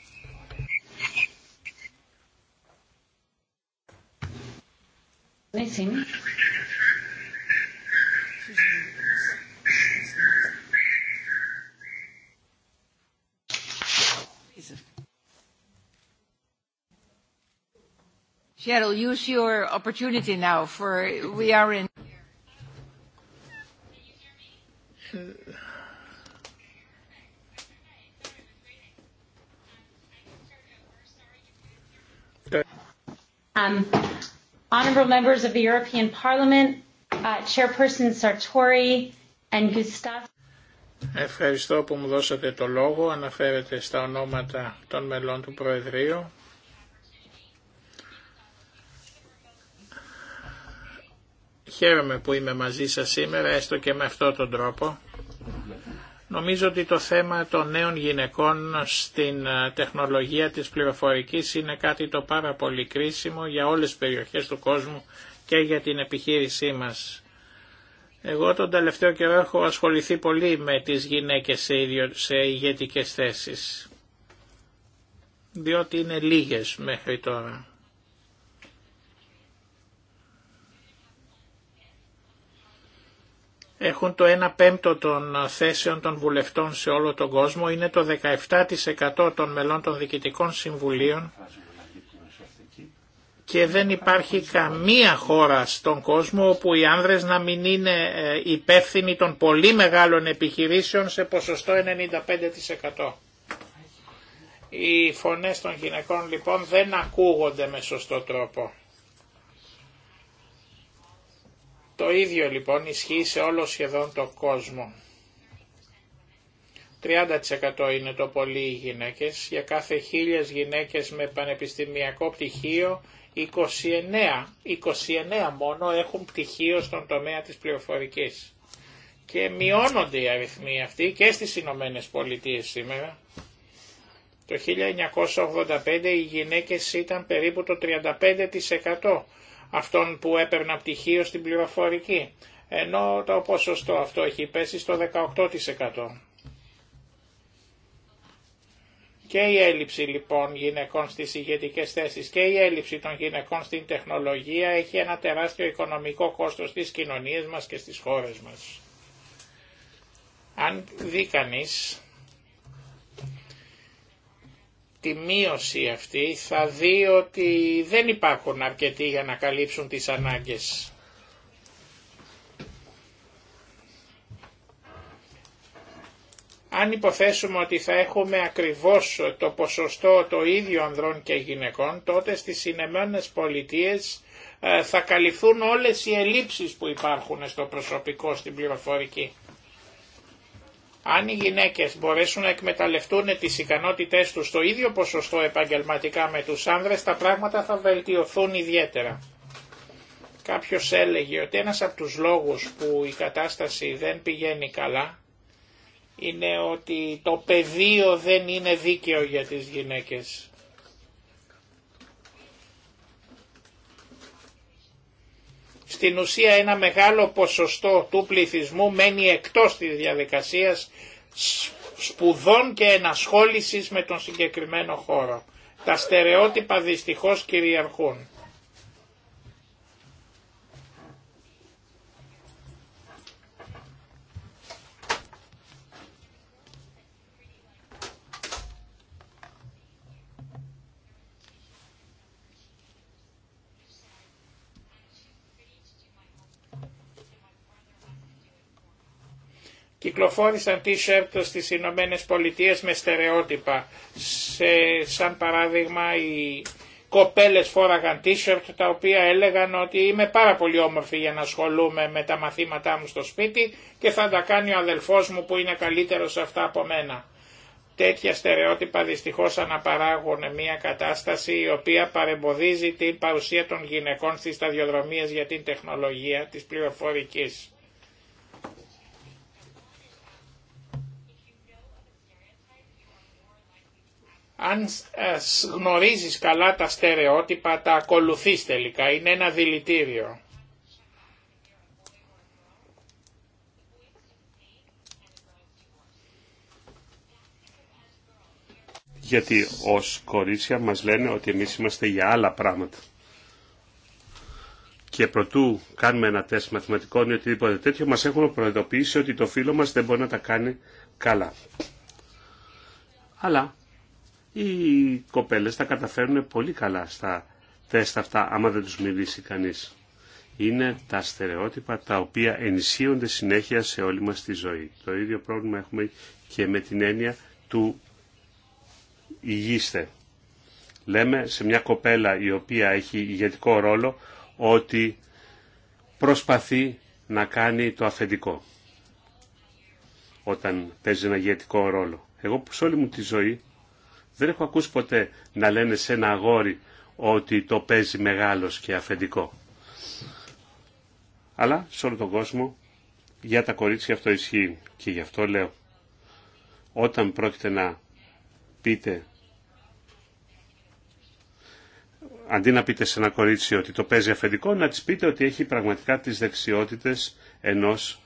Cheryl, use your opportunity now for we are in. Um, honorable members of the European Parliament, uh, Chairperson Sartori and Gustavo. Ευχαριστώ που μου δώσατε το λόγο. Αναφέρεται στα ονόματα των μελών του Προεδρείου. Χαίρομαι που είμαι μαζί σας σήμερα, έστω και με αυτόν τον τρόπο. Νομίζω ότι το θέμα των νέων γυναικών στην ε, τεχνολογία της πληροφορικής είναι κάτι το πάρα πολύ κρίσιμο για όλες τις περιοχές του κόσμου και για την επιχείρησή μας. Εγώ τον τελευταίο καιρό έχω ασχοληθεί πολύ με τις γυναίκες σε, ίδιο, σε ηγετικές θέσεις, διότι είναι λίγες μέχρι τώρα. έχουν το 1 πέμπτο των θέσεων των βουλευτών σε όλο τον κόσμο, είναι το 17% των μελών των διοικητικών συμβουλίων και δεν υπάρχει καμία χώρα στον κόσμο όπου οι άνδρες να μην είναι ε, υπεύθυνοι των πολύ μεγάλων επιχειρήσεων σε ποσοστό 95%. Οι φωνές των γυναικών λοιπόν δεν ακούγονται με σωστό τρόπο. Το ίδιο λοιπόν ισχύει σε όλο σχεδόν το κόσμο. 30% είναι το πολύ οι γυναίκες, για κάθε χίλιες γυναίκες με πανεπιστημιακό πτυχίο 29, 29 μόνο έχουν πτυχίο στον τομέα της πληροφορικής. Και μειώνονται οι αριθμοί αυτοί και στις Ηνωμένε Πολιτείε σήμερα. Το 1985 οι γυναίκες ήταν περίπου το 35% αυτών που έπαιρνε πτυχίο στην πληροφορική, ενώ το ποσοστό αυτό έχει πέσει στο 18%. Και η έλλειψη λοιπόν γυναικών στις ηγετικές θέσεις και η έλλειψη των γυναικών στην τεχνολογία έχει ένα τεράστιο οικονομικό κόστος στις κοινωνίες μας και στις χώρες μας. Αν δει κανείς, τη μείωση αυτή θα δει ότι δεν υπάρχουν αρκετοί για να καλύψουν τις ανάγκες. Αν υποθέσουμε ότι θα έχουμε ακριβώς το ποσοστό το ίδιο ανδρών και γυναικών, τότε στις συνεμένες Πολιτείες ε, θα καλυφθούν όλες οι ελλείψεις που υπάρχουν στο προσωπικό στην πληροφορική. Αν οι γυναίκες μπορέσουν να εκμεταλλευτούν τις ικανότητές τους στο ίδιο ποσοστό επαγγελματικά με τους άνδρες, τα πράγματα θα βελτιωθούν ιδιαίτερα. Κάποιος έλεγε ότι ένας από τους λόγους που η κατάσταση δεν πηγαίνει καλά είναι ότι το πεδίο δεν είναι δίκαιο για τις γυναίκες. στην ουσία ένα μεγάλο ποσοστό του πληθυσμού μένει εκτός της διαδικασίας σπουδών και ενασχόλησης με τον συγκεκριμένο χώρο. Τα στερεότυπα δυστυχώς κυριαρχούν. Κυκλοφόρησαν t-shirt στις Ηνωμένε Πολιτείε με στερεότυπα. Σε, σαν παράδειγμα οι κοπέλες φόραγαν t-shirt τα οποία έλεγαν ότι είμαι πάρα πολύ όμορφη για να ασχολούμαι με τα μαθήματά μου στο σπίτι και θα τα κάνει ο αδελφός μου που είναι καλύτερος σε αυτά από μένα. Τέτοια στερεότυπα δυστυχώς αναπαράγουν μια κατάσταση η οποία παρεμποδίζει την παρουσία των γυναικών στις σταδιοδρομίες για την τεχνολογία της πληροφορικής. αν ε, γνωρίζεις καλά τα στερεότυπα, τα ακολουθείς τελικά, είναι ένα δηλητήριο. Γιατί ως κορίτσια μας λένε ότι εμείς είμαστε για άλλα πράγματα. Και προτού κάνουμε ένα τεστ μαθηματικών ή οτιδήποτε τέτοιο, μας έχουν προειδοποιήσει ότι το φίλο μας δεν μπορεί να τα κάνει καλά. Αλλά οι κοπέλες τα καταφέρουν πολύ καλά στα τεστ αυτά, άμα δεν τους μιλήσει κανείς. Είναι τα στερεότυπα τα οποία ενισχύονται συνέχεια σε όλη μας τη ζωή. Το ίδιο πρόβλημα έχουμε και με την έννοια του υγείστε. Λέμε σε μια κοπέλα η οποία έχει ηγετικό ρόλο ότι προσπαθεί να κάνει το αφεντικό όταν παίζει ένα ηγετικό ρόλο. Εγώ που σε όλη μου τη ζωή δεν έχω ακούσει ποτέ να λένε σε ένα αγόρι ότι το παίζει μεγάλος και αφεντικό. Αλλά σε όλο τον κόσμο για τα κορίτσια αυτό ισχύει και γι' αυτό λέω όταν πρόκειται να πείτε αντί να πείτε σε ένα κορίτσι ότι το παίζει αφεντικό να της πείτε ότι έχει πραγματικά τις δεξιότητες ενός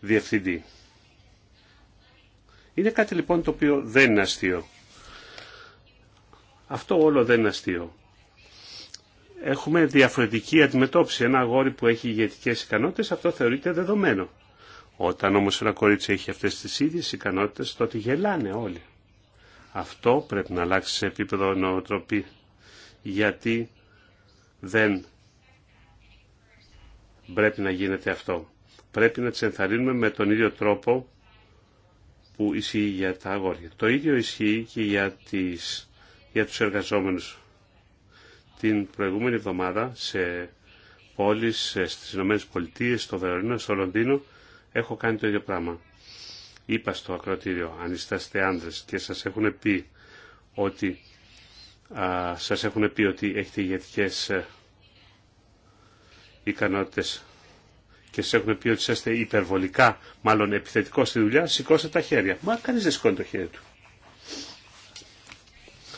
διευθυντή. Είναι κάτι λοιπόν το οποίο δεν είναι αστείο. Αυτό όλο δεν είναι αστείο. Έχουμε διαφορετική αντιμετώπιση. Ένα αγόρι που έχει ηγετικές ικανότητες, αυτό θεωρείται δεδομένο. Όταν όμως ένα κορίτσι έχει αυτές τις ίδιες ικανότητες, τότε γελάνε όλοι. Αυτό πρέπει να αλλάξει σε επίπεδο νοοτροπή, γιατί δεν πρέπει να γίνεται αυτό. Πρέπει να τις ενθαρρύνουμε με τον ίδιο τρόπο που ισχύει για τα αγόρια. Το ίδιο ισχύει και για τις για τους εργαζόμενους. Την προηγούμενη εβδομάδα σε πόλεις, στις Ηνωμένες Πολιτείες, στο Βερολίνο, στο Λονδίνο, έχω κάνει το ίδιο πράγμα. Είπα στο ακροτήριο, αν είστε άνδρες και σας έχουν πει ότι, σας έχουν πει ότι έχετε ηγετικές ε, ικανότητες και σας έχουν πει ότι είστε υπερβολικά, μάλλον επιθετικό στη δουλειά, σηκώστε τα χέρια. Μα κανείς δεν σηκώνει το χέρι του.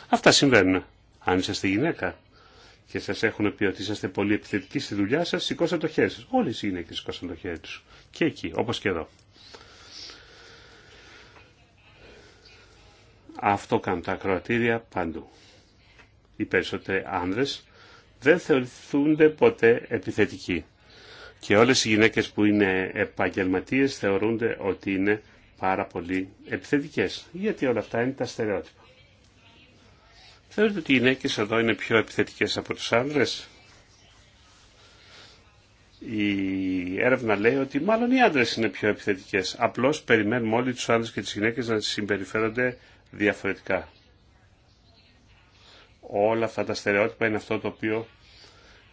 Αυτά συμβαίνουν. Αν είσαστε γυναίκα και σα έχουν πει ότι είσαστε πολύ επιθετικοί στη δουλειά σα σηκώστε το χέρι σα. Όλες οι γυναίκε σηκώσαν το χέρι του. Και εκεί, όπω και εδώ. Αυτό κάνουν τα ακροατήρια παντού. Οι περισσότεροι άνδρες δεν θεωρηθούνται ποτέ επιθετικοί. Και όλες οι γυναίκες που είναι επαγγελματίες θεωρούνται ότι είναι πάρα πολύ επιθετικές. Γιατί όλα αυτά είναι τα στερεότυπα. Θεωρείτε ότι οι γυναίκε εδώ είναι πιο επιθετικές από τους άνδρες. Η έρευνα λέει ότι μάλλον οι άνδρες είναι πιο επιθετικές. Απλώς περιμένουμε όλοι τους άνδρες και τις γυναίκες να συμπεριφέρονται διαφορετικά. Όλα αυτά τα στερεότυπα είναι αυτό το οποίο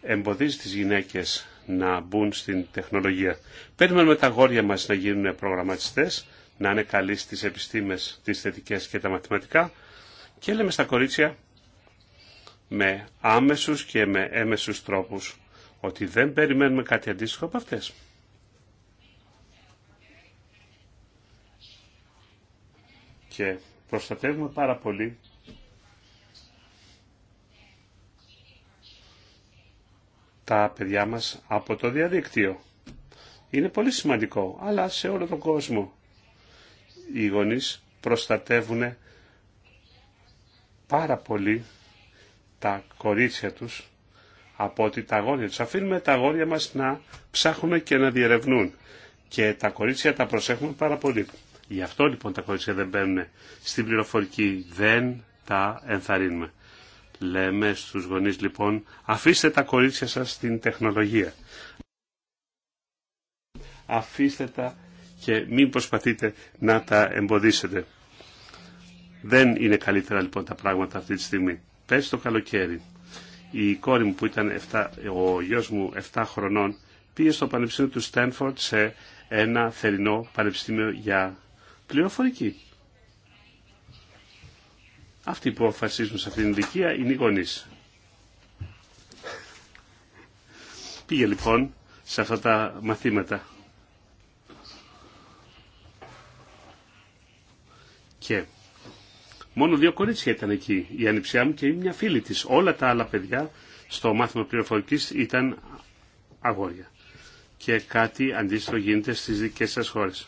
εμποδίζει τις γυναίκες να μπουν στην τεχνολογία. Περιμένουμε τα γόρια μας να γίνουν προγραμματιστές, να είναι καλοί στις επιστήμες, τις θετικές και τα μαθηματικά και λέμε στα κορίτσια με άμεσους και με έμεσους τρόπους ότι δεν περιμένουμε κάτι αντίστοιχο από αυτές. Και προστατεύουμε πάρα πολύ τα παιδιά μας από το διαδίκτυο. Είναι πολύ σημαντικό, αλλά σε όλο τον κόσμο οι γονείς προστατεύουν πάρα πολύ τα κορίτσια τους από ότι τα αγόρια τους. Αφήνουμε τα αγόρια μας να ψάχνουν και να διερευνούν και τα κορίτσια τα προσέχουμε πάρα πολύ. Γι' αυτό λοιπόν τα κορίτσια δεν μπαίνουν στην πληροφορική, δεν τα ενθαρρύνουμε. Λέμε στους γονείς λοιπόν αφήστε τα κορίτσια σας στην τεχνολογία. Αφήστε τα και μην προσπαθείτε να τα εμποδίσετε. Δεν είναι καλύτερα λοιπόν τα πράγματα αυτή τη στιγμή πέρσι το καλοκαίρι. Η κόρη μου που ήταν 7, ο γιος μου 7 χρονών πήγε στο Πανεπιστήμιο του Στένφορντ σε ένα θερινό πανεπιστήμιο για πληροφορική. Αυτοί που αποφασίζουν σε αυτήν την ηλικία είναι οι γονείς. Πήγε λοιπόν σε αυτά τα μαθήματα. Και Μόνο δύο κορίτσια ήταν εκεί, η ανιψιά μου και μια φίλη της. Όλα τα άλλα παιδιά στο μάθημα πληροφορικής ήταν αγόρια. Και κάτι αντίστοιχο γίνεται στις δικές σας χώρες.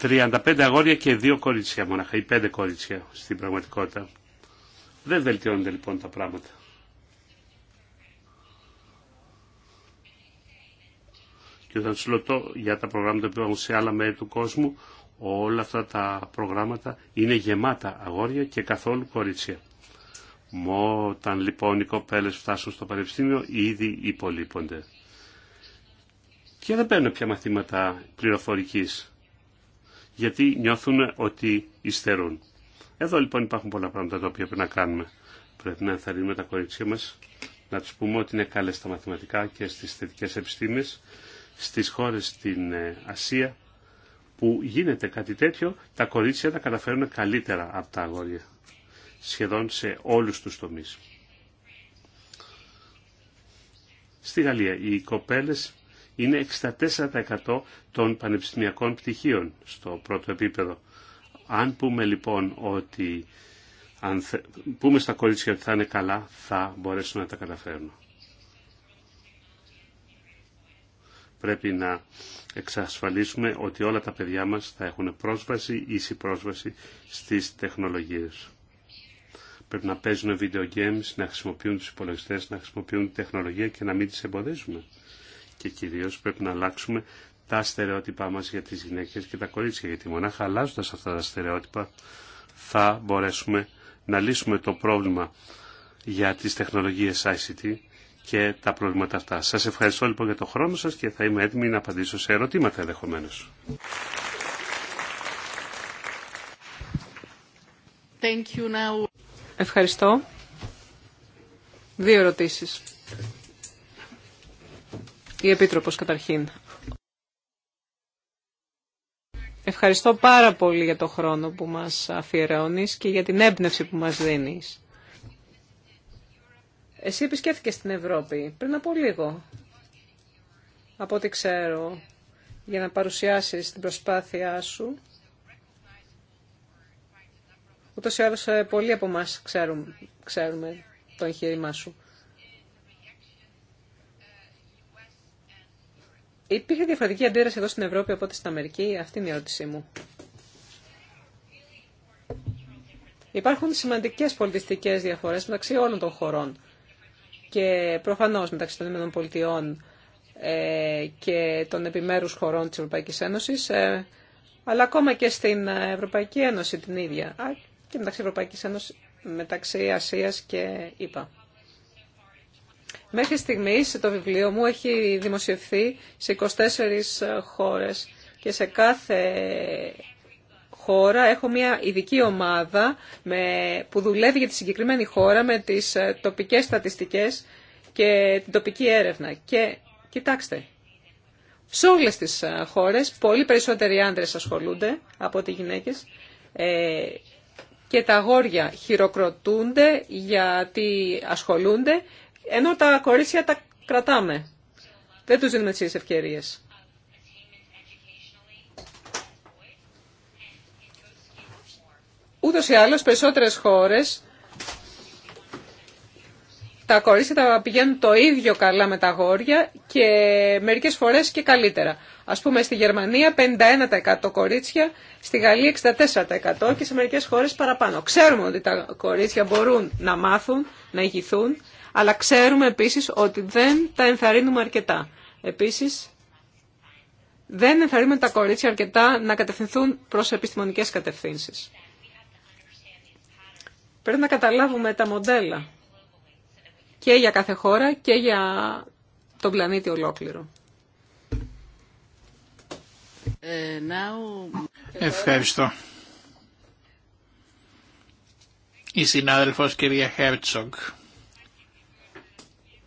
35 αγόρια και δύο κορίτσια μοναχα ή πέντε κορίτσια στην πραγματικότητα. Δεν βελτιώνονται λοιπόν τα πράγματα. Και όταν σου λέω για τα προγράμματα που έχουν σε άλλα μέρη του κόσμου, όλα αυτά τα προγράμματα είναι γεμάτα αγόρια και καθόλου κορίτσια. Μο, όταν λοιπόν οι κοπέλες φτάσουν στο πανεπιστήμιο, ήδη υπολείπονται. Και δεν παίρνουν πια μαθήματα πληροφορικής, γιατί νιώθουν ότι υστερούν. Εδώ λοιπόν υπάρχουν πολλά πράγματα τα οποία πρέπει να κάνουμε. Πρέπει να ενθαρρύνουμε τα κορίτσια μας, να του πούμε ότι είναι καλές στα μαθηματικά και στις θετικές επιστήμες, στις χώρες στην ε, Ασία, που γίνεται κάτι τέτοιο, τα κορίτσια τα καταφέρουν καλύτερα από τα αγόρια. Σχεδόν σε όλους τους τομείς. Στη Γαλλία οι κοπέλες είναι 64% των πανεπιστημιακών πτυχίων στο πρώτο επίπεδο. Αν πούμε λοιπόν ότι αν πούμε στα κορίτσια ότι θα είναι καλά, θα μπορέσουν να τα καταφέρουν. Πρέπει να εξασφαλίσουμε ότι όλα τα παιδιά μας θα έχουν πρόσβαση, ίση πρόσβαση στις τεχνολογίες. Πρέπει να παίζουν video games, να χρησιμοποιούν τους υπολογιστές, να χρησιμοποιούν τεχνολογία και να μην τις εμποδίζουμε. Και κυρίως πρέπει να αλλάξουμε τα στερεότυπά μας για τις γυναίκες και τα κορίτσια, γιατί μονάχα αλλάζοντα αυτά τα στερεότυπα θα μπορέσουμε να λύσουμε το πρόβλημα για τις τεχνολογίες ICT και τα προβλήματα αυτά. Σας ευχαριστώ λοιπόν για το χρόνο σας και θα είμαι έτοιμη να απαντήσω σε ερωτήματα ενδεχομένω. Ευχαριστώ. Δύο ερωτήσεις. Η Επίτροπος καταρχήν. Ευχαριστώ πάρα πολύ για το χρόνο που μας αφιερώνεις και για την έμπνευση που μας δίνεις. Εσύ επισκέφθηκε στην Ευρώπη πριν από λίγο, από ό,τι ξέρω, για να παρουσιάσεις την προσπάθειά σου. Ούτως ή άλλως ε, πολλοί από εμάς ξέρουμε, ξέρουμε το εγχείρημά σου. Υπήρχε διαφορετική αντίδραση εδώ στην Ευρώπη από ό,τι στην Αμερική. Αυτή είναι η ερώτησή μου. Υπάρχουν σημαντικές πολιτιστικές διαφορές μεταξύ όλων των χωρών και προφανώς μεταξύ των ΗΠΑ ε, και των επιμέρους χωρών της Ευρωπαϊκής Ένωσης, ε, αλλά ακόμα και στην Ευρωπαϊκή Ένωση την ίδια και μεταξύ Ευρωπαϊκής Ένωσης, μεταξύ Ασίας και ΗΠΑ. Μέχρι στιγμής το βιβλίο μου έχει δημοσιευθεί σε 24 χώρες και σε κάθε χώρα έχω μια ειδική ομάδα με που δουλεύει για τη συγκεκριμένη χώρα με τις ε, τοπικές στατιστικές και την τοπική έρευνα. Και κοιτάξτε, σε όλε τις ε, χώρες πολύ περισσότεροι άντρες ασχολούνται από ότι γυναίκες ε, και τα αγόρια χειροκροτούνται γιατί ασχολούνται, ενώ τα κορίτσια τα κρατάμε. Δεν τους δίνουμε τις ευκαιρίες. Ούτως ή άλλως περισσότερες χώρες τα κορίτσια τα πηγαίνουν το ίδιο καλά με τα γόρια και μερικές φορές και καλύτερα. Ας πούμε στη Γερμανία 51% κορίτσια, στη Γαλλία 64% και σε μερικές χώρες παραπάνω. Ξέρουμε ότι τα κορίτσια μπορούν να μάθουν, να ηγηθούν, αλλά ξέρουμε επίσης ότι δεν τα ενθαρρύνουμε αρκετά. Επίσης δεν ενθαρρύνουμε τα κορίτσια αρκετά να κατευθυνθούν προς επιστημονικές κατευθύνσεις. Πρέπει να καταλάβουμε τα μοντέλα και για κάθε χώρα και για τον πλανήτη ολόκληρο. Ε, Ευχαριστώ. Η συνάδελφος κυρία Χέρτσογκ.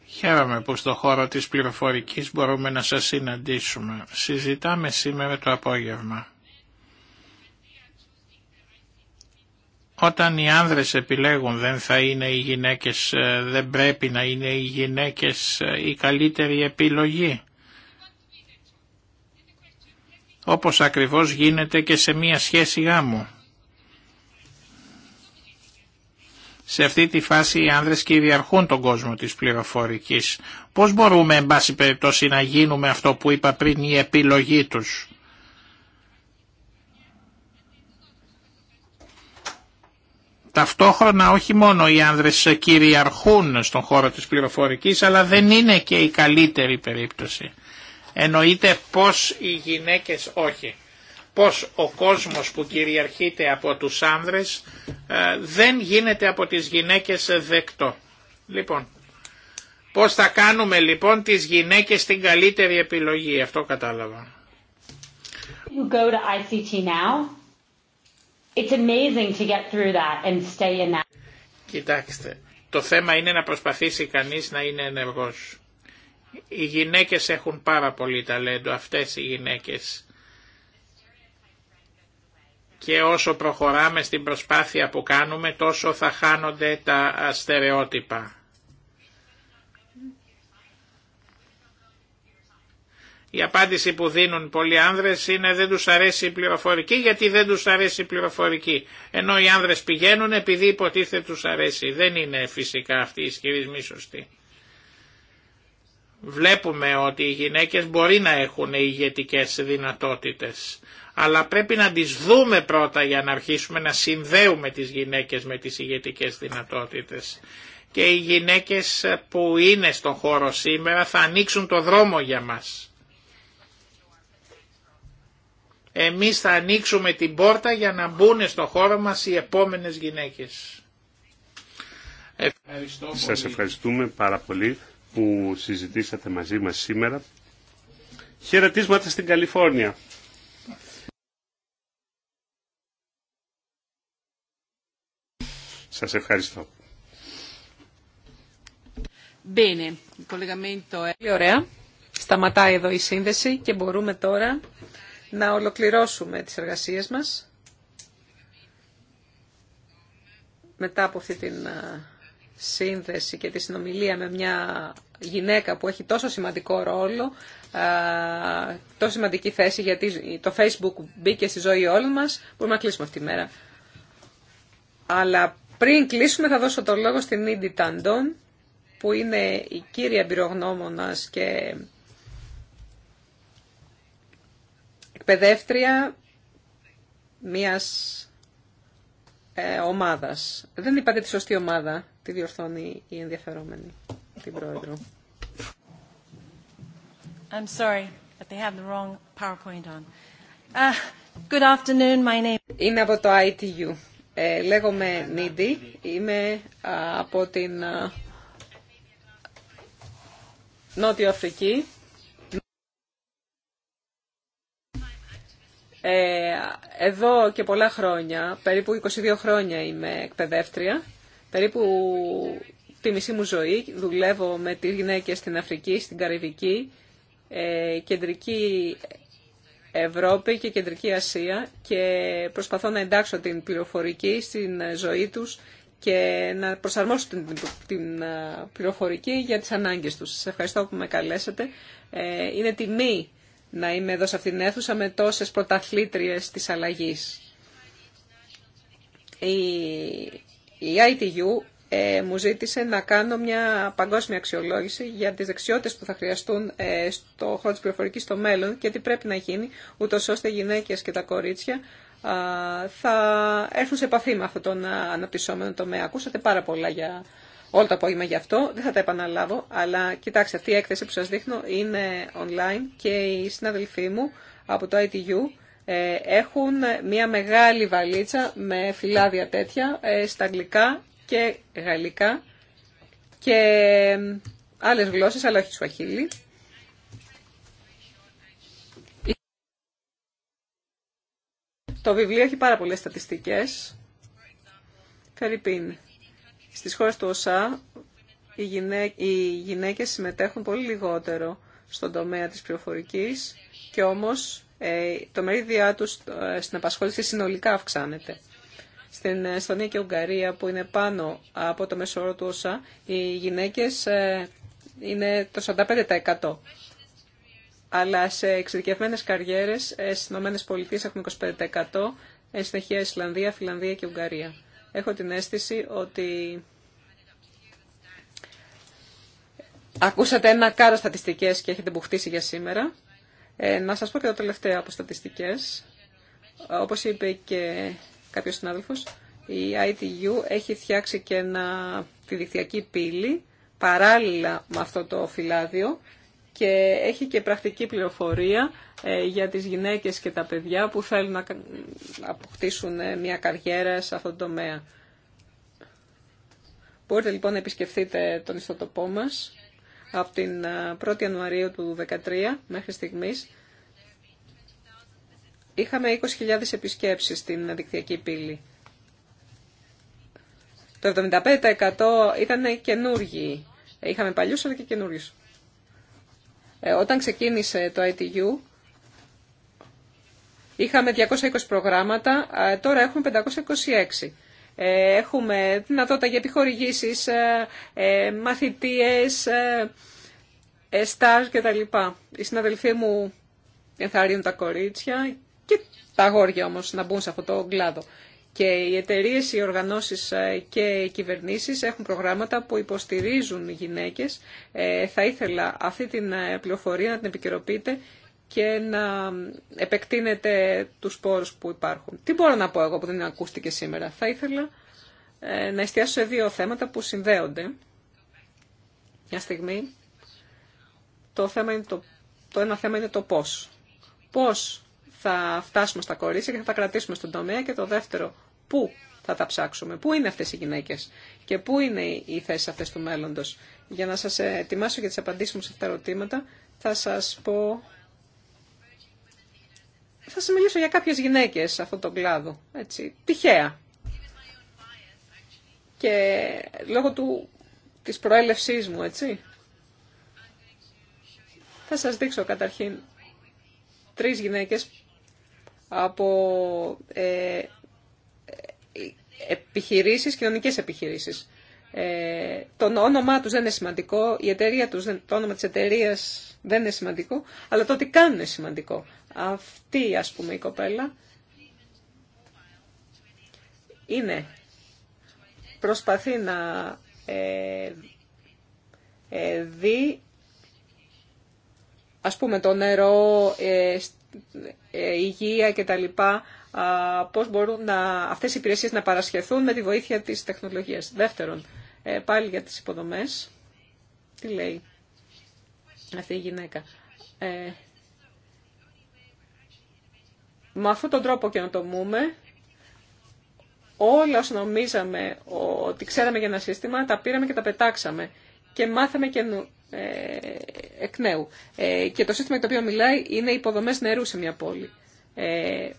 Χαίρομαι που στο χώρο της πληροφορικής μπορούμε να σας συναντήσουμε. Συζητάμε σήμερα το απόγευμα Όταν οι άνδρες επιλέγουν δεν θα είναι οι γυναίκες, ε, δεν πρέπει να είναι οι γυναίκες ε, η καλύτερη επιλογή. Όπως ακριβώς γίνεται και σε μία σχέση γάμου. Σε αυτή τη φάση οι άνδρες κυριαρχούν τον κόσμο της πληροφορικής. Πώς μπορούμε, εν πάση περιπτώσει, να γίνουμε αυτό που είπα πριν, η επιλογή τους. Ταυτόχρονα όχι μόνο οι άνδρες κυριαρχούν στον χώρο της πληροφορικής, αλλά δεν είναι και η καλύτερη περίπτωση. Εννοείται πως οι γυναίκες όχι. Πως ο κόσμος που κυριαρχείται από τους άνδρες ε, δεν γίνεται από τις γυναίκες δεκτό. Λοιπόν, πως θα κάνουμε λοιπόν τις γυναίκες την καλύτερη επιλογή, αυτό κατάλαβα. It's amazing to get through that and stay in that. Κοιτάξτε, το θέμα είναι να προσπαθήσει κανείς να είναι ενεργός. Οι γυναίκες έχουν πάρα πολύ ταλέντο, αυτές οι γυναίκες. Και όσο προχωράμε στην προσπάθεια που κάνουμε, τόσο θα χάνονται τα στερεότυπα. Η απάντηση που δίνουν πολλοί άνδρες είναι δεν τους αρέσει η πληροφορική γιατί δεν τους αρέσει η πληροφορική. Ενώ οι άνδρες πηγαίνουν επειδή υποτίθεται τους αρέσει. Δεν είναι φυσικά αυτή η ισχυρισμή σωστή. Βλέπουμε ότι οι γυναίκες μπορεί να έχουν ηγετικές δυνατότητες. Αλλά πρέπει να τις δούμε πρώτα για να αρχίσουμε να συνδέουμε τις γυναίκες με τις ηγετικές δυνατότητες. Και οι γυναίκες που είναι στον χώρο σήμερα θα ανοίξουν το δρόμο για μας εμείς θα ανοίξουμε την πόρτα για να μπουν στο χώρο μας οι επόμενες γυναίκες. Ευχαριστώ πολύ. Σας ευχαριστούμε πάρα πολύ που συζητήσατε μαζί μας σήμερα. Χαιρετίσματα στην Καλιφόρνια. Σας ευχαριστώ. Bene, collegamento ε. Ωραία. Σταματάει εδώ η σύνδεση και μπορούμε τώρα να ολοκληρώσουμε τις εργασίες μας μετά από αυτή την σύνδεση και τη συνομιλία με μια γυναίκα που έχει τόσο σημαντικό ρόλο, τόσο σημαντική θέση γιατί το Facebook μπήκε στη ζωή όλων μας, μπορούμε να κλείσουμε αυτή τη μέρα. Αλλά πριν κλείσουμε θα δώσω το λόγο στην Ίντι Ταντών, που είναι η κύρια εμπειρογνώμονας και εκπαιδεύτρια μιας ε, ομάδας. Δεν είπατε τη σωστή ομάδα, τη διορθώνει η ενδιαφερόμενη, την πρόεδρο. I'm sorry, but they have the wrong PowerPoint on. Uh, good afternoon, my name... Είναι από το ITU. Ε, λέγομαι Νίδη. είμαι α, από την α, Νότιο Αφρική. Ε, εδώ και πολλά χρόνια, περίπου 22 χρόνια είμαι εκπαιδεύτρια, περίπου τη μισή μου ζωή δουλεύω με τις γυναίκες στην Αφρική, στην Καραϊβική, ε, κεντρική Ευρώπη και κεντρική Ασία και προσπαθώ να εντάξω την πληροφορική στην ζωή τους και να προσαρμόσω την, ε, πληροφορική για τις ανάγκες τους. Σας ευχαριστώ που με καλέσατε. είναι τιμή να είμαι εδώ σε αυτήν την αίθουσα με τόσες πρωταθλήτριες της αλλαγής. Η, η ITU ε, μου ζήτησε να κάνω μια παγκόσμια αξιολόγηση για τις δεξιότητες που θα χρειαστούν ε, στο χώρο της πληροφορικής στο μέλλον και τι πρέπει να γίνει, ούτω ώστε οι γυναίκες και τα κορίτσια α, θα έρθουν σε επαφή με αυτόν τον αναπτυσσόμενο τομέα. Ακούσατε πάρα πολλά για όλο το απόγευμα γι' αυτό, δεν θα τα επαναλάβω, αλλά κοιτάξτε, αυτή η έκθεση που σας δείχνω είναι online και οι συναδελφοί μου από το ITU ε, έχουν μια μεγάλη βαλίτσα με φυλάδια τέτοια ε, στα αγγλικά και γαλλικά και ε, άλλες γλώσσες, αλλά όχι σουαχίλι. Το βιβλίο έχει πάρα πολλές στατιστικές. Φερρυπίν. Στις χώρες του ΟΣΑ οι, γυναί... γυναίκες συμμετέχουν πολύ λιγότερο στον τομέα της πληροφορικής και όμως ε, το μερίδια τους ε, στην απασχόληση συνολικά αυξάνεται. Στην Εστονία και Ουγγαρία που είναι πάνω από το μέσο όρο του ΩΣΑ, οι γυναίκες ε, είναι το 45%. Αλλά σε εξειδικευμένες καριέρες, στις ΗΠΑ έχουμε 25%, εν συνεχεία Ισλανδία, Φιλανδία και Ουγγαρία έχω την αίσθηση ότι ακούσατε ένα κάρο στατιστικές και έχετε μπουχτήσει για σήμερα. Ε, να σας πω και το τελευταίο από στατιστικές. Όπως είπε και κάποιος συνάδελφος, η ITU έχει φτιάξει και ένα, τη δικτυακή πύλη παράλληλα με αυτό το φυλάδιο και έχει και πρακτική πληροφορία ε, για τις γυναίκες και τα παιδιά που θέλουν να αποκτήσουν ε, μια καριέρα σε αυτό το τομέα. Μπορείτε λοιπόν να επισκεφθείτε τον ιστοτοπό μας από την 1η ε, Ιανουαρίου του 2013 μέχρι στιγμής. Είχαμε 20.000 επισκέψεις στην δικτυακή πύλη. Το 75% ήταν καινούργιοι. Είχαμε παλιούς αλλά και καινούργιους. Ε, όταν ξεκίνησε το ITU είχαμε 220 προγράμματα, ε, τώρα έχουμε 526. Ε, έχουμε δυνατότητα για επιχορηγήσεις, μαθητείες, στάζ και τα λοιπά. Οι συναδελφοί μου ενθαρρύνουν τα κορίτσια και τα αγόρια όμως να μπουν σε αυτό το κλάδο. Και οι εταιρείε, οι οργανώσεις ε, και οι κυβερνήσεις έχουν προγράμματα που υποστηρίζουν γυναίκες. Ε, θα ήθελα αυτή την ε, πληροφορία να την επικαιροποιείτε και να επεκτείνετε τους πόρου που υπάρχουν. Τι μπορώ να πω εγώ που δεν ακούστηκε σήμερα. Θα ήθελα να εστιάσω σε δύο θέματα που συνδέονται. Μια στιγμή. Το, θέμα το, το ένα θέμα είναι το πώς. Πώς θα φτάσουμε στα κορίτσια και θα τα κρατήσουμε στον τομέα και το δεύτερο, πού θα τα ψάξουμε, πού είναι αυτές οι γυναίκες και πού είναι οι θέσει αυτές του μέλλοντος. Για να σας ετοιμάσω για τις απαντήσεις μου σε αυτά τα ερωτήματα, θα σας πω... Θα σας μιλήσω για κάποιες γυναίκες σε αυτόν τον κλάδο, έτσι, τυχαία. Και λόγω του, της προέλευσής μου, έτσι, θα σας δείξω καταρχήν τρεις γυναίκες από ε, επιχειρήσεις, κοινωνικές επιχειρήσεις. Ε, το όνομά τους δεν είναι σημαντικό, η εταιρεία τους, το όνομα της εταιρεία δεν είναι σημαντικό, αλλά το τι κάνουν είναι σημαντικό. Αυτή, ας πούμε, η κοπέλα είναι, προσπαθεί να ε, ε δει, ας πούμε, το νερό ε, ε, υγεία λοιπά, Πώς μπορούν να, αυτές οι υπηρεσίες να παρασχεθούν με τη βοήθεια της τεχνολογίας. Δεύτερον, ε, πάλι για τις υποδομές. Τι λέει αυτή η γυναίκα. Ε, με αυτόν τον τρόπο και να το μούμε, όλα όσα νομίζαμε ότι ξέραμε για ένα σύστημα, τα πήραμε και τα πετάξαμε και μάθαμε ε, εκ νέου. Ε, και το σύστημα για το οποίο μιλάει είναι υποδομές νερού σε μια πόλη. Ε,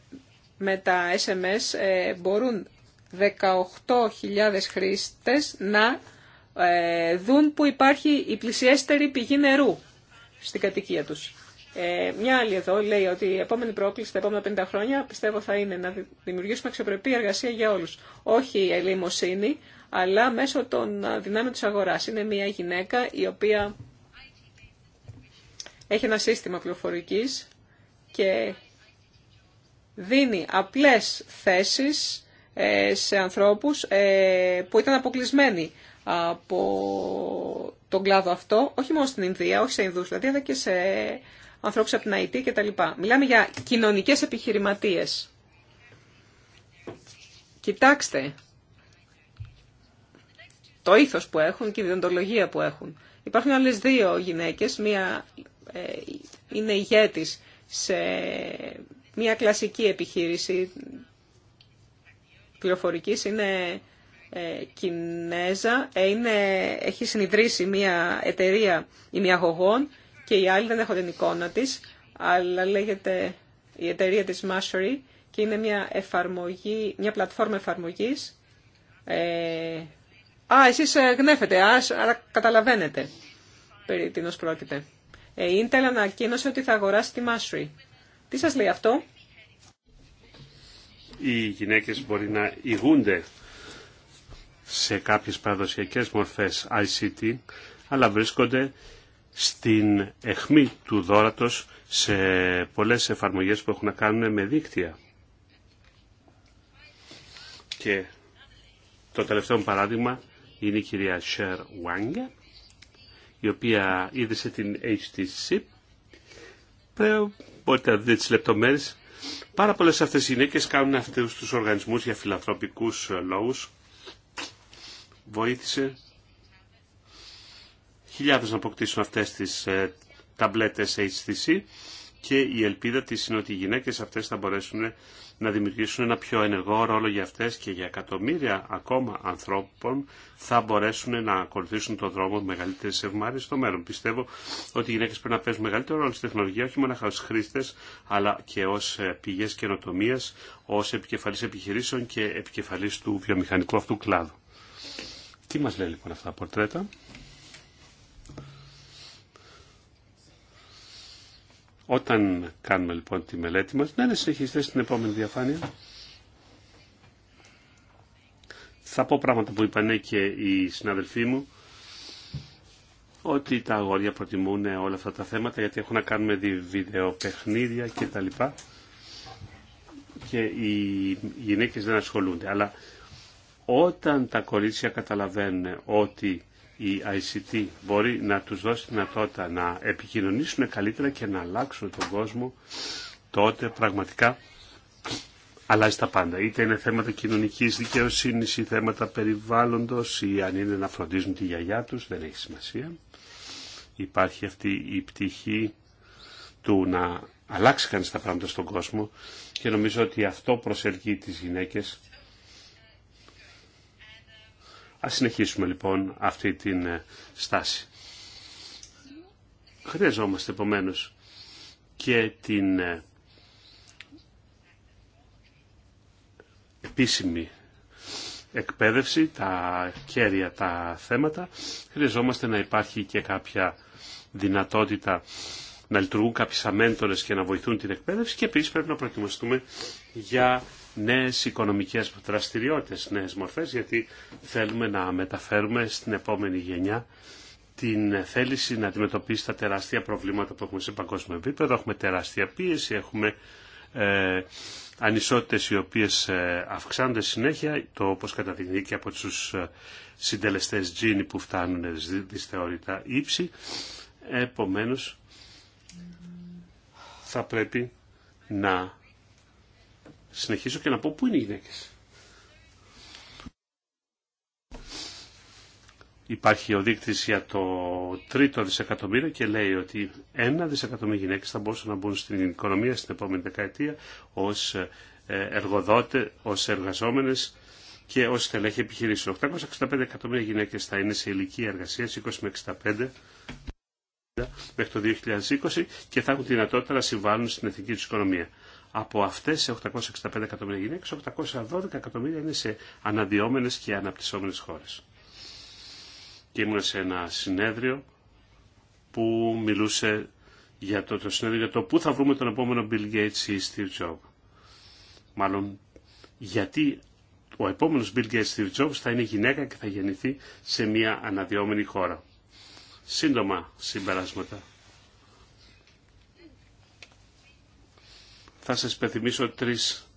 με τα SMS μπορούν 18.000 χρήστες να δουν που υπάρχει η πλησιέστερη πηγή νερού στην κατοικία τους. Ε, μια άλλη εδώ λέει ότι η επόμενη πρόκληση τα επόμενα 50 χρόνια πιστεύω θα είναι να δημιουργήσουμε αξιοπρεπή εργασία για όλους. Όχι η ελεημοσύνη, αλλά μέσω των δυνάμεων της αγοράς. Είναι μια γυναίκα η οποία έχει ένα σύστημα πληροφορικής και δίνει απλές θέσεις ε, σε ανθρώπους ε, που ήταν αποκλεισμένοι από τον κλάδο αυτό, όχι μόνο στην Ινδία, όχι σε Ινδούς δηλαδή, αλλά και σε ανθρώπους από την ΑΕΤ και τα λοιπά. Μιλάμε για κοινωνικές επιχειρηματίες. Κοιτάξτε το ήθος που έχουν και η διοντολογία που έχουν. Υπάρχουν άλλες δύο γυναίκες, μία ε, είναι ηγέτης σε μία κλασική επιχείρηση πληροφορικής, είναι ε, Κινέζα, ε, είναι, έχει συνειδρήσει μία εταιρεία ημιαγωγών και η άλλη δεν έχω την εικόνα της, αλλά λέγεται η εταιρεία της Mashery και είναι μια, εφαρμογή, μια πλατφόρμα εφαρμογής ε, Α, εσεί ε, γνέφετε, α, άρα καταλαβαίνετε περί τίνο πρόκειται. Ε, η Intel ανακοίνωσε ότι θα αγοράσει τη Mastery. Τι σα λέει αυτό? Οι γυναίκε μπορεί να ηγούνται σε κάποιες παραδοσιακές μορφές ICT, αλλά βρίσκονται στην εχμή του δόρατος σε πολλές εφαρμογές που έχουν να κάνουν με δίκτυα. Και το τελευταίο παράδειγμα είναι η κυρία Σερ Βάγκα, η οποία ίδρυσε την HTC. Πρέπει, μπορείτε να δείτε τις λεπτομέρειες. Πάρα πολλές αυτές οι γυναίκες κάνουν αυτούς τους οργανισμούς για φιλανθρωπικούς ε, λόγους. Βοήθησε χιλιάδες να αποκτήσουν αυτές τις ε, ταμπλέτες HTC και η ελπίδα της είναι ότι οι γυναίκες αυτές θα μπορέσουν ε, να δημιουργήσουν ένα πιο ενεργό ρόλο για αυτές και για εκατομμύρια ακόμα ανθρώπων θα μπορέσουν να ακολουθήσουν τον δρόμο μεγαλύτερη ευμάρειας στο μέλλον. Πιστεύω ότι οι γυναίκες πρέπει να παίζουν μεγαλύτερο ρόλο στη τεχνολογία, όχι μόνο ως χρήστες, αλλά και ως ε, πηγές καινοτομία, ως επικεφαλής επιχειρήσεων και επικεφαλής του βιομηχανικού αυτού κλάδου. Τι μας λέει λοιπόν αυτά τα πορτρέτα. Όταν κάνουμε λοιπόν τη μελέτη μας, να είναι συνεχιστές στην επόμενη διαφάνεια. Θα πω πράγματα που είπανε και οι συναδελφοί μου, ότι τα αγόρια προτιμούν όλα αυτά τα θέματα γιατί έχουν να κάνουν με βιντεοπαιχνίδια κτλ. Και οι γυναίκες δεν ασχολούνται. Αλλά όταν τα κορίτσια καταλαβαίνουν ότι η ICT μπορεί να τους δώσει τη δυνατότητα να επικοινωνήσουν καλύτερα και να αλλάξουν τον κόσμο, τότε πραγματικά αλλάζει τα πάντα. Είτε είναι θέματα κοινωνικής δικαιοσύνης ή θέματα περιβάλλοντος ή αν είναι να φροντίζουν τη γιαγιά τους, δεν έχει σημασία. Υπάρχει αυτή η πτυχή του να αλλάξει κανείς τα πράγματα στον κόσμο και νομίζω ότι αυτό προσελκύει τις γυναίκες Ας συνεχίσουμε λοιπόν αυτή την ε, στάση. Χρειαζόμαστε επομένω και την ε, επίσημη εκπαίδευση, τα κέρια τα θέματα. Χρειαζόμαστε να υπάρχει και κάποια δυνατότητα να λειτουργούν κάποιες αμέντορες και να βοηθούν την εκπαίδευση και επίσης πρέπει να προετοιμαστούμε για νέες οικονομικές δραστηριότητες, νέες μορφές, γιατί θέλουμε να μεταφέρουμε στην επόμενη γενιά την θέληση να αντιμετωπίσει τα τεράστια προβλήματα που έχουμε σε παγκόσμιο επίπεδο. Έχουμε τεράστια πίεση, έχουμε ε, ανισότητες οι οποίες ε, αυξάνονται συνέχεια, το όπως καταδεικνύει και από τους ε, συντελεστές Gini που φτάνουν δυσθεωρητά ύψη. Επομένως, θα πρέπει να συνεχίσω και να πω πού είναι οι γυναίκε. Υπάρχει ο δείκτης για το τρίτο δισεκατομμύριο και λέει ότι ένα δισεκατομμύριο γυναίκες θα μπορούσαν να μπουν στην οικονομία στην επόμενη δεκαετία ως ε, εργοδότε, ως εργαζόμενες και ως στελέχη επιχειρήσεων. 865 εκατομμύρια γυναίκες θα είναι σε ηλικία εργασίας 20 με 65 μέχρι το 2020 και θα έχουν δυνατότητα να συμβάλλουν στην εθνική του οικονομία. Από αυτές σε 865 εκατομμύρια γυναίκε, 812 εκατομμύρια είναι σε αναδυόμενε και αναπτυσσόμενες χώρες. Και ήμουν σε ένα συνέδριο που μιλούσε για το, το συνέδριο για το πού θα βρούμε τον επόμενο Bill Gates ή Steve Jobs. Μάλλον γιατί ο επόμενος Bill Gates Steve Jobs θα είναι γυναίκα και θα γεννηθεί σε μια αναδυόμενη χώρα. Σύντομα συμπεράσματα. θα σας υπενθυμίσω τρεις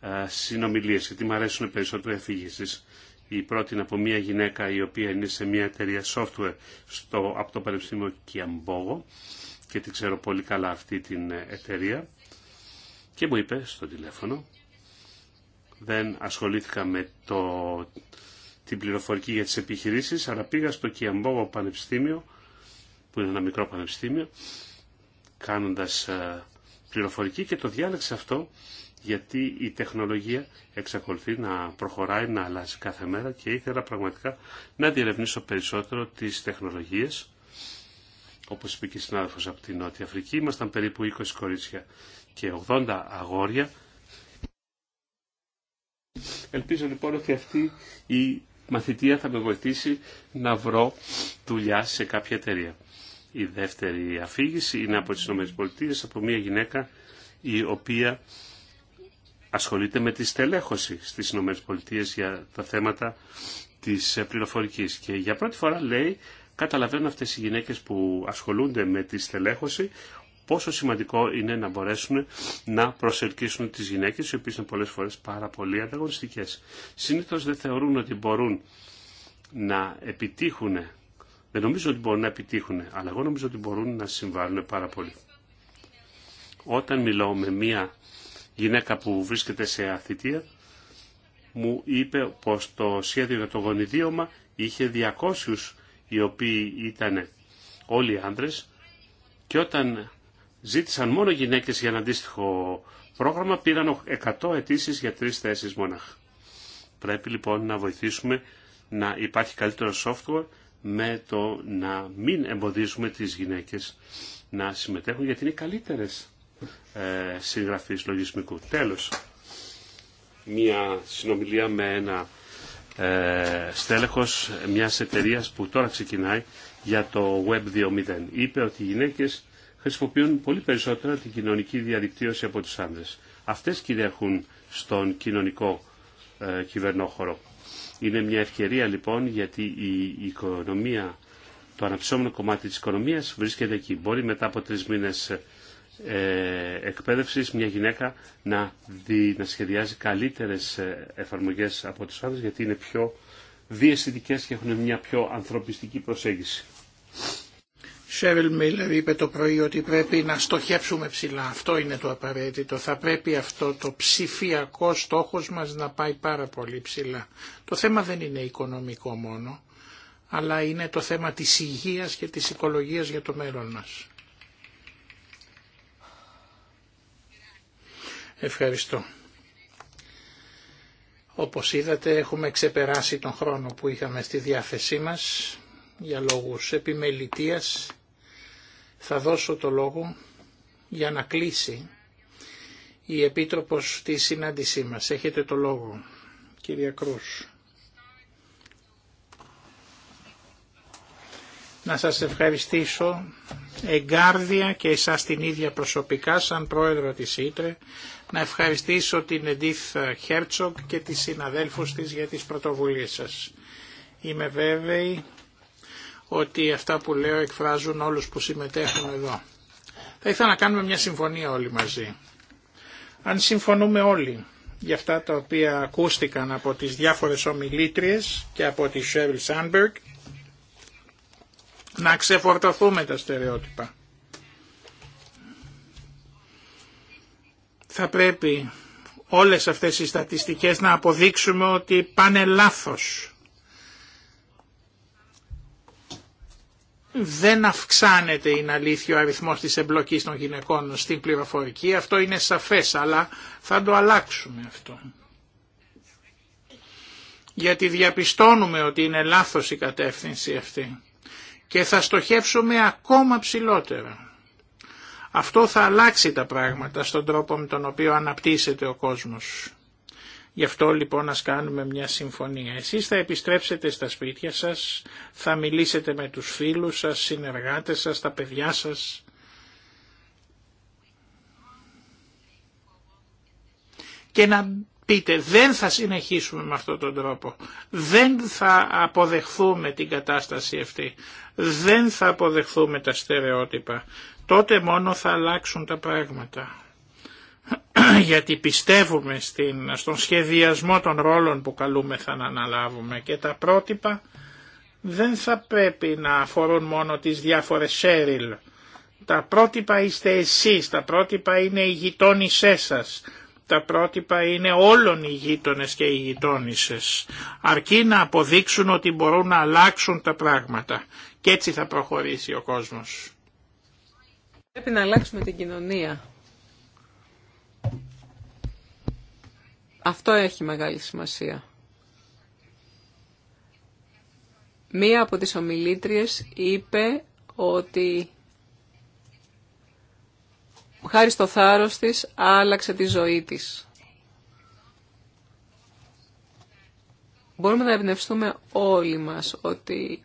α, ε, συνομιλίες, γιατί μου αρέσουν περισσότερο αφήγησεις. Η πρώτη είναι από μια γυναίκα η οποία είναι σε μια εταιρεία software στο, από το Πανεπιστήμιο Κιαμπόγο και την ξέρω πολύ καλά αυτή την εταιρεία και μου είπε στο τηλέφωνο δεν ασχολήθηκα με το, την πληροφορική για τις επιχειρήσεις αλλά πήγα στο Κιαμπόγο Πανεπιστήμιο που είναι ένα μικρό πανεπιστήμιο κάνοντας ε, πληροφορική και το διάλεξα αυτό γιατί η τεχνολογία εξακολουθεί να προχωράει, να αλλάζει κάθε μέρα και ήθελα πραγματικά να διερευνήσω περισσότερο τις τεχνολογίες. Όπως είπε και η συνάδελφος από την Νότια Αφρική, ήμασταν περίπου 20 κορίτσια και 80 αγόρια. Ελπίζω λοιπόν ότι αυτή η μαθητεία θα με βοηθήσει να βρω δουλειά σε κάποια εταιρεία. Η δεύτερη αφήγηση είναι από τις ΗΠΑ, από μια γυναίκα η οποία ασχολείται με τη στελέχωση στις ΗΠΑ για τα θέματα της πληροφορικής. Και για πρώτη φορά λέει, καταλαβαίνουν αυτές οι γυναίκες που ασχολούνται με τη στελέχωση πόσο σημαντικό είναι να μπορέσουν να προσελκύσουν τις γυναίκες, οι οποίες είναι πολλές φορές πάρα πολύ ανταγωνιστικές. Συνήθως δεν θεωρούν ότι μπορούν να επιτύχουν δεν νομίζω ότι μπορούν να επιτύχουν, αλλά εγώ νομίζω ότι μπορούν να συμβάλλουν πάρα πολύ. Όταν μιλώ με μία γυναίκα που βρίσκεται σε αθητεία, μου είπε πως το σχέδιο για το γονιδίωμα είχε 200 οι οποίοι ήταν όλοι άντρες και όταν ζήτησαν μόνο γυναίκες για ένα αντίστοιχο πρόγραμμα πήραν 100 αιτήσει για τρεις θέσεις μονάχα. Πρέπει λοιπόν να βοηθήσουμε να υπάρχει καλύτερο software με το να μην εμποδίζουμε τις γυναίκες να συμμετέχουν γιατί είναι καλύτερες ε, συγγραφείς λογισμικού. Τέλος, μια συνομιλία με ένα ε, στέλεχος μιας εταιρείας που τώρα ξεκινάει για το Web 2.0. Είπε ότι οι γυναίκες χρησιμοποιούν πολύ περισσότερα την κοινωνική διαδικτύωση από τους άνδρες. Αυτές κυριαρχούν στον κοινωνικό ε, κυβερνόχωρο. Είναι μια ευκαιρία λοιπόν γιατί η οικονομία, το αναψώμενο κομμάτι της οικονομίας βρίσκεται εκεί. Μπορεί μετά από τρεις μήνες ε, εκπαίδευσης μια γυναίκα να, δι, να σχεδιάζει καλύτερες ε, εφαρμογές από τους άντρες, γιατί είναι πιο διαισθητικές και έχουν μια πιο ανθρωπιστική προσέγγιση. Σέριλ Μίλλερ είπε το πρωί ότι πρέπει να στοχεύσουμε ψηλά. Αυτό είναι το απαραίτητο. Θα πρέπει αυτό το ψηφιακό στόχος μας να πάει πάρα πολύ ψηλά. Το θέμα δεν είναι οικονομικό μόνο, αλλά είναι το θέμα της υγείας και της οικολογίας για το μέλλον μας. Ευχαριστώ. Όπως είδατε έχουμε ξεπεράσει τον χρόνο που είχαμε στη διάθεσή μας για λόγους επιμελητίας θα δώσω το λόγο για να κλείσει η Επίτροπος τη συνάντησή μας. Έχετε το λόγο, κυρία Κρούς. Να σας ευχαριστήσω εγκάρδια και εσάς την ίδια προσωπικά σαν πρόεδρο της Ήτρε, να ευχαριστήσω την Εντίθ Χέρτσοκ και τις συναδέλφους της για τις πρωτοβουλίες σας. Είμαι βέβαιη ότι αυτά που λέω εκφράζουν όλους που συμμετέχουν εδώ. Θα ήθελα να κάνουμε μια συμφωνία όλοι μαζί. Αν συμφωνούμε όλοι για αυτά τα οποία ακούστηκαν από τις διάφορες ομιλήτριες και από τη Σέβιλ Σάνμπεργκ, να ξεφορτωθούμε τα στερεότυπα. Θα πρέπει όλες αυτές οι στατιστικές να αποδείξουμε ότι πάνε λάθος. δεν αυξάνεται είναι αλήθεια ο αριθμός της εμπλοκής των γυναικών στην πληροφορική, αυτό είναι σαφές, αλλά θα το αλλάξουμε αυτό. Γιατί διαπιστώνουμε ότι είναι λάθος η κατεύθυνση αυτή και θα στοχεύσουμε ακόμα ψηλότερα. Αυτό θα αλλάξει τα πράγματα στον τρόπο με τον οποίο αναπτύσσεται ο κόσμος. Γι' αυτό λοιπόν ας κάνουμε μια συμφωνία. Εσείς θα επιστρέψετε στα σπίτια σας, θα μιλήσετε με τους φίλους σας, συνεργάτες σας, τα παιδιά σας. Και να πείτε δεν θα συνεχίσουμε με αυτόν τον τρόπο. Δεν θα αποδεχθούμε την κατάσταση αυτή. Δεν θα αποδεχθούμε τα στερεότυπα. Τότε μόνο θα αλλάξουν τα πράγματα. γιατί πιστεύουμε στην, στον σχεδιασμό των ρόλων που καλούμε να αναλάβουμε και τα πρότυπα δεν θα πρέπει να αφορούν μόνο τις διάφορες σέριλ. Τα πρότυπα είστε εσείς, τα πρότυπα είναι οι γειτόνισές σας, τα πρότυπα είναι όλων οι γείτονε και οι γειτόνισες, αρκεί να αποδείξουν ότι μπορούν να αλλάξουν τα πράγματα και έτσι θα προχωρήσει ο κόσμος. Πρέπει να αλλάξουμε την κοινωνία αυτό έχει μεγάλη σημασία. Μία από τις ομιλήτριες είπε ότι χάρη στο θάρρος της άλλαξε τη ζωή της. Μπορούμε να εμπνευστούμε όλοι μας ότι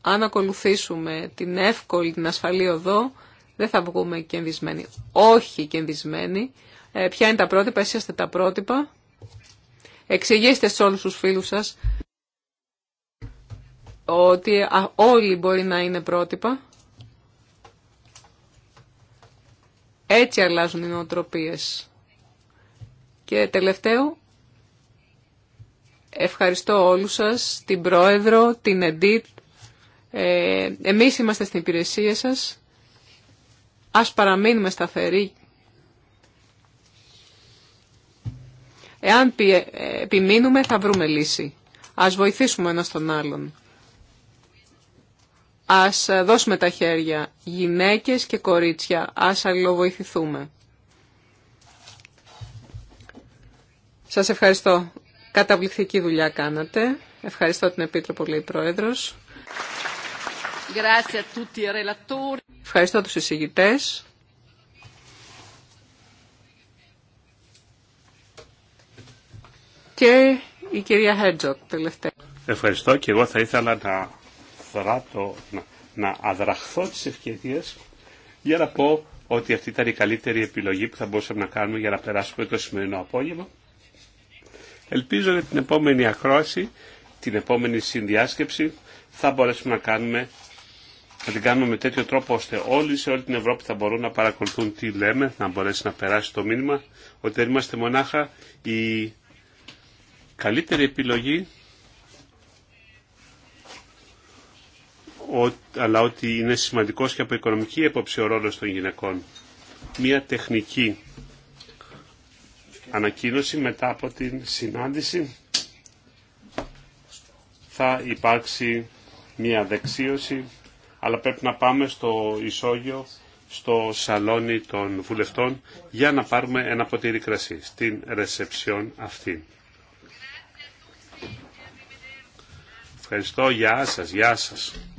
αν ακολουθήσουμε την εύκολη, την ασφαλή οδό, δεν θα βγούμε κενδυσμένοι. Όχι κενδυσμένοι. Ε, ποια είναι τα πρότυπα, εσείς είστε τα πρότυπα. Εξηγήστε σε όλους τους φίλους σας ότι όλοι μπορεί να είναι πρότυπα. Έτσι αλλάζουν οι νοοτροπίες. Και τελευταίο, ευχαριστώ όλους σας, την Πρόεδρο, την Εντίτ. Ε, εμείς είμαστε στην υπηρεσία σας ας παραμείνουμε σταθεροί. Εάν ε, επιμείνουμε θα βρούμε λύση. Ας βοηθήσουμε ένας τον άλλον. Ας ε, δώσουμε τα χέρια γυναίκες και κορίτσια. Ας αλληλοβοηθηθούμε. Σας ευχαριστώ. Καταπληκτική δουλειά κάνατε. Ευχαριστώ την Επίτροπο, λέει Πρόεδρος. Ευχαριστώ τους εισηγητές. Και η κυρία Χέντζοκ τελευταία. Ευχαριστώ και εγώ θα ήθελα να, θράτω, να, να αδραχθώ τις ευκαιρίες για να πω ότι αυτή ήταν η καλύτερη επιλογή που θα μπορούσαμε να κάνουμε για να περάσουμε το σημερινό απόγευμα. Ελπίζω για την επόμενη ακρόαση, την επόμενη συνδιάσκεψη, θα μπορέσουμε να κάνουμε θα την κάνουμε με τέτοιο τρόπο ώστε όλοι σε όλη την Ευρώπη θα μπορούν να παρακολουθούν τι λέμε, να μπορέσει να περάσει το μήνυμα ότι δεν είμαστε μονάχα η καλύτερη επιλογή αλλά ότι είναι σημαντικός και από οικονομική έποψη ο ρόλος των γυναικών. Μία τεχνική ανακοίνωση μετά από την συνάντηση θα υπάρξει μία δεξίωση αλλά πρέπει να πάμε στο ισόγειο, στο σαλόνι των βουλευτών για να πάρουμε ένα ποτήρι κρασί στην ρεσεψιόν αυτή. Ευχαριστώ. Γεια σας. Γεια σας.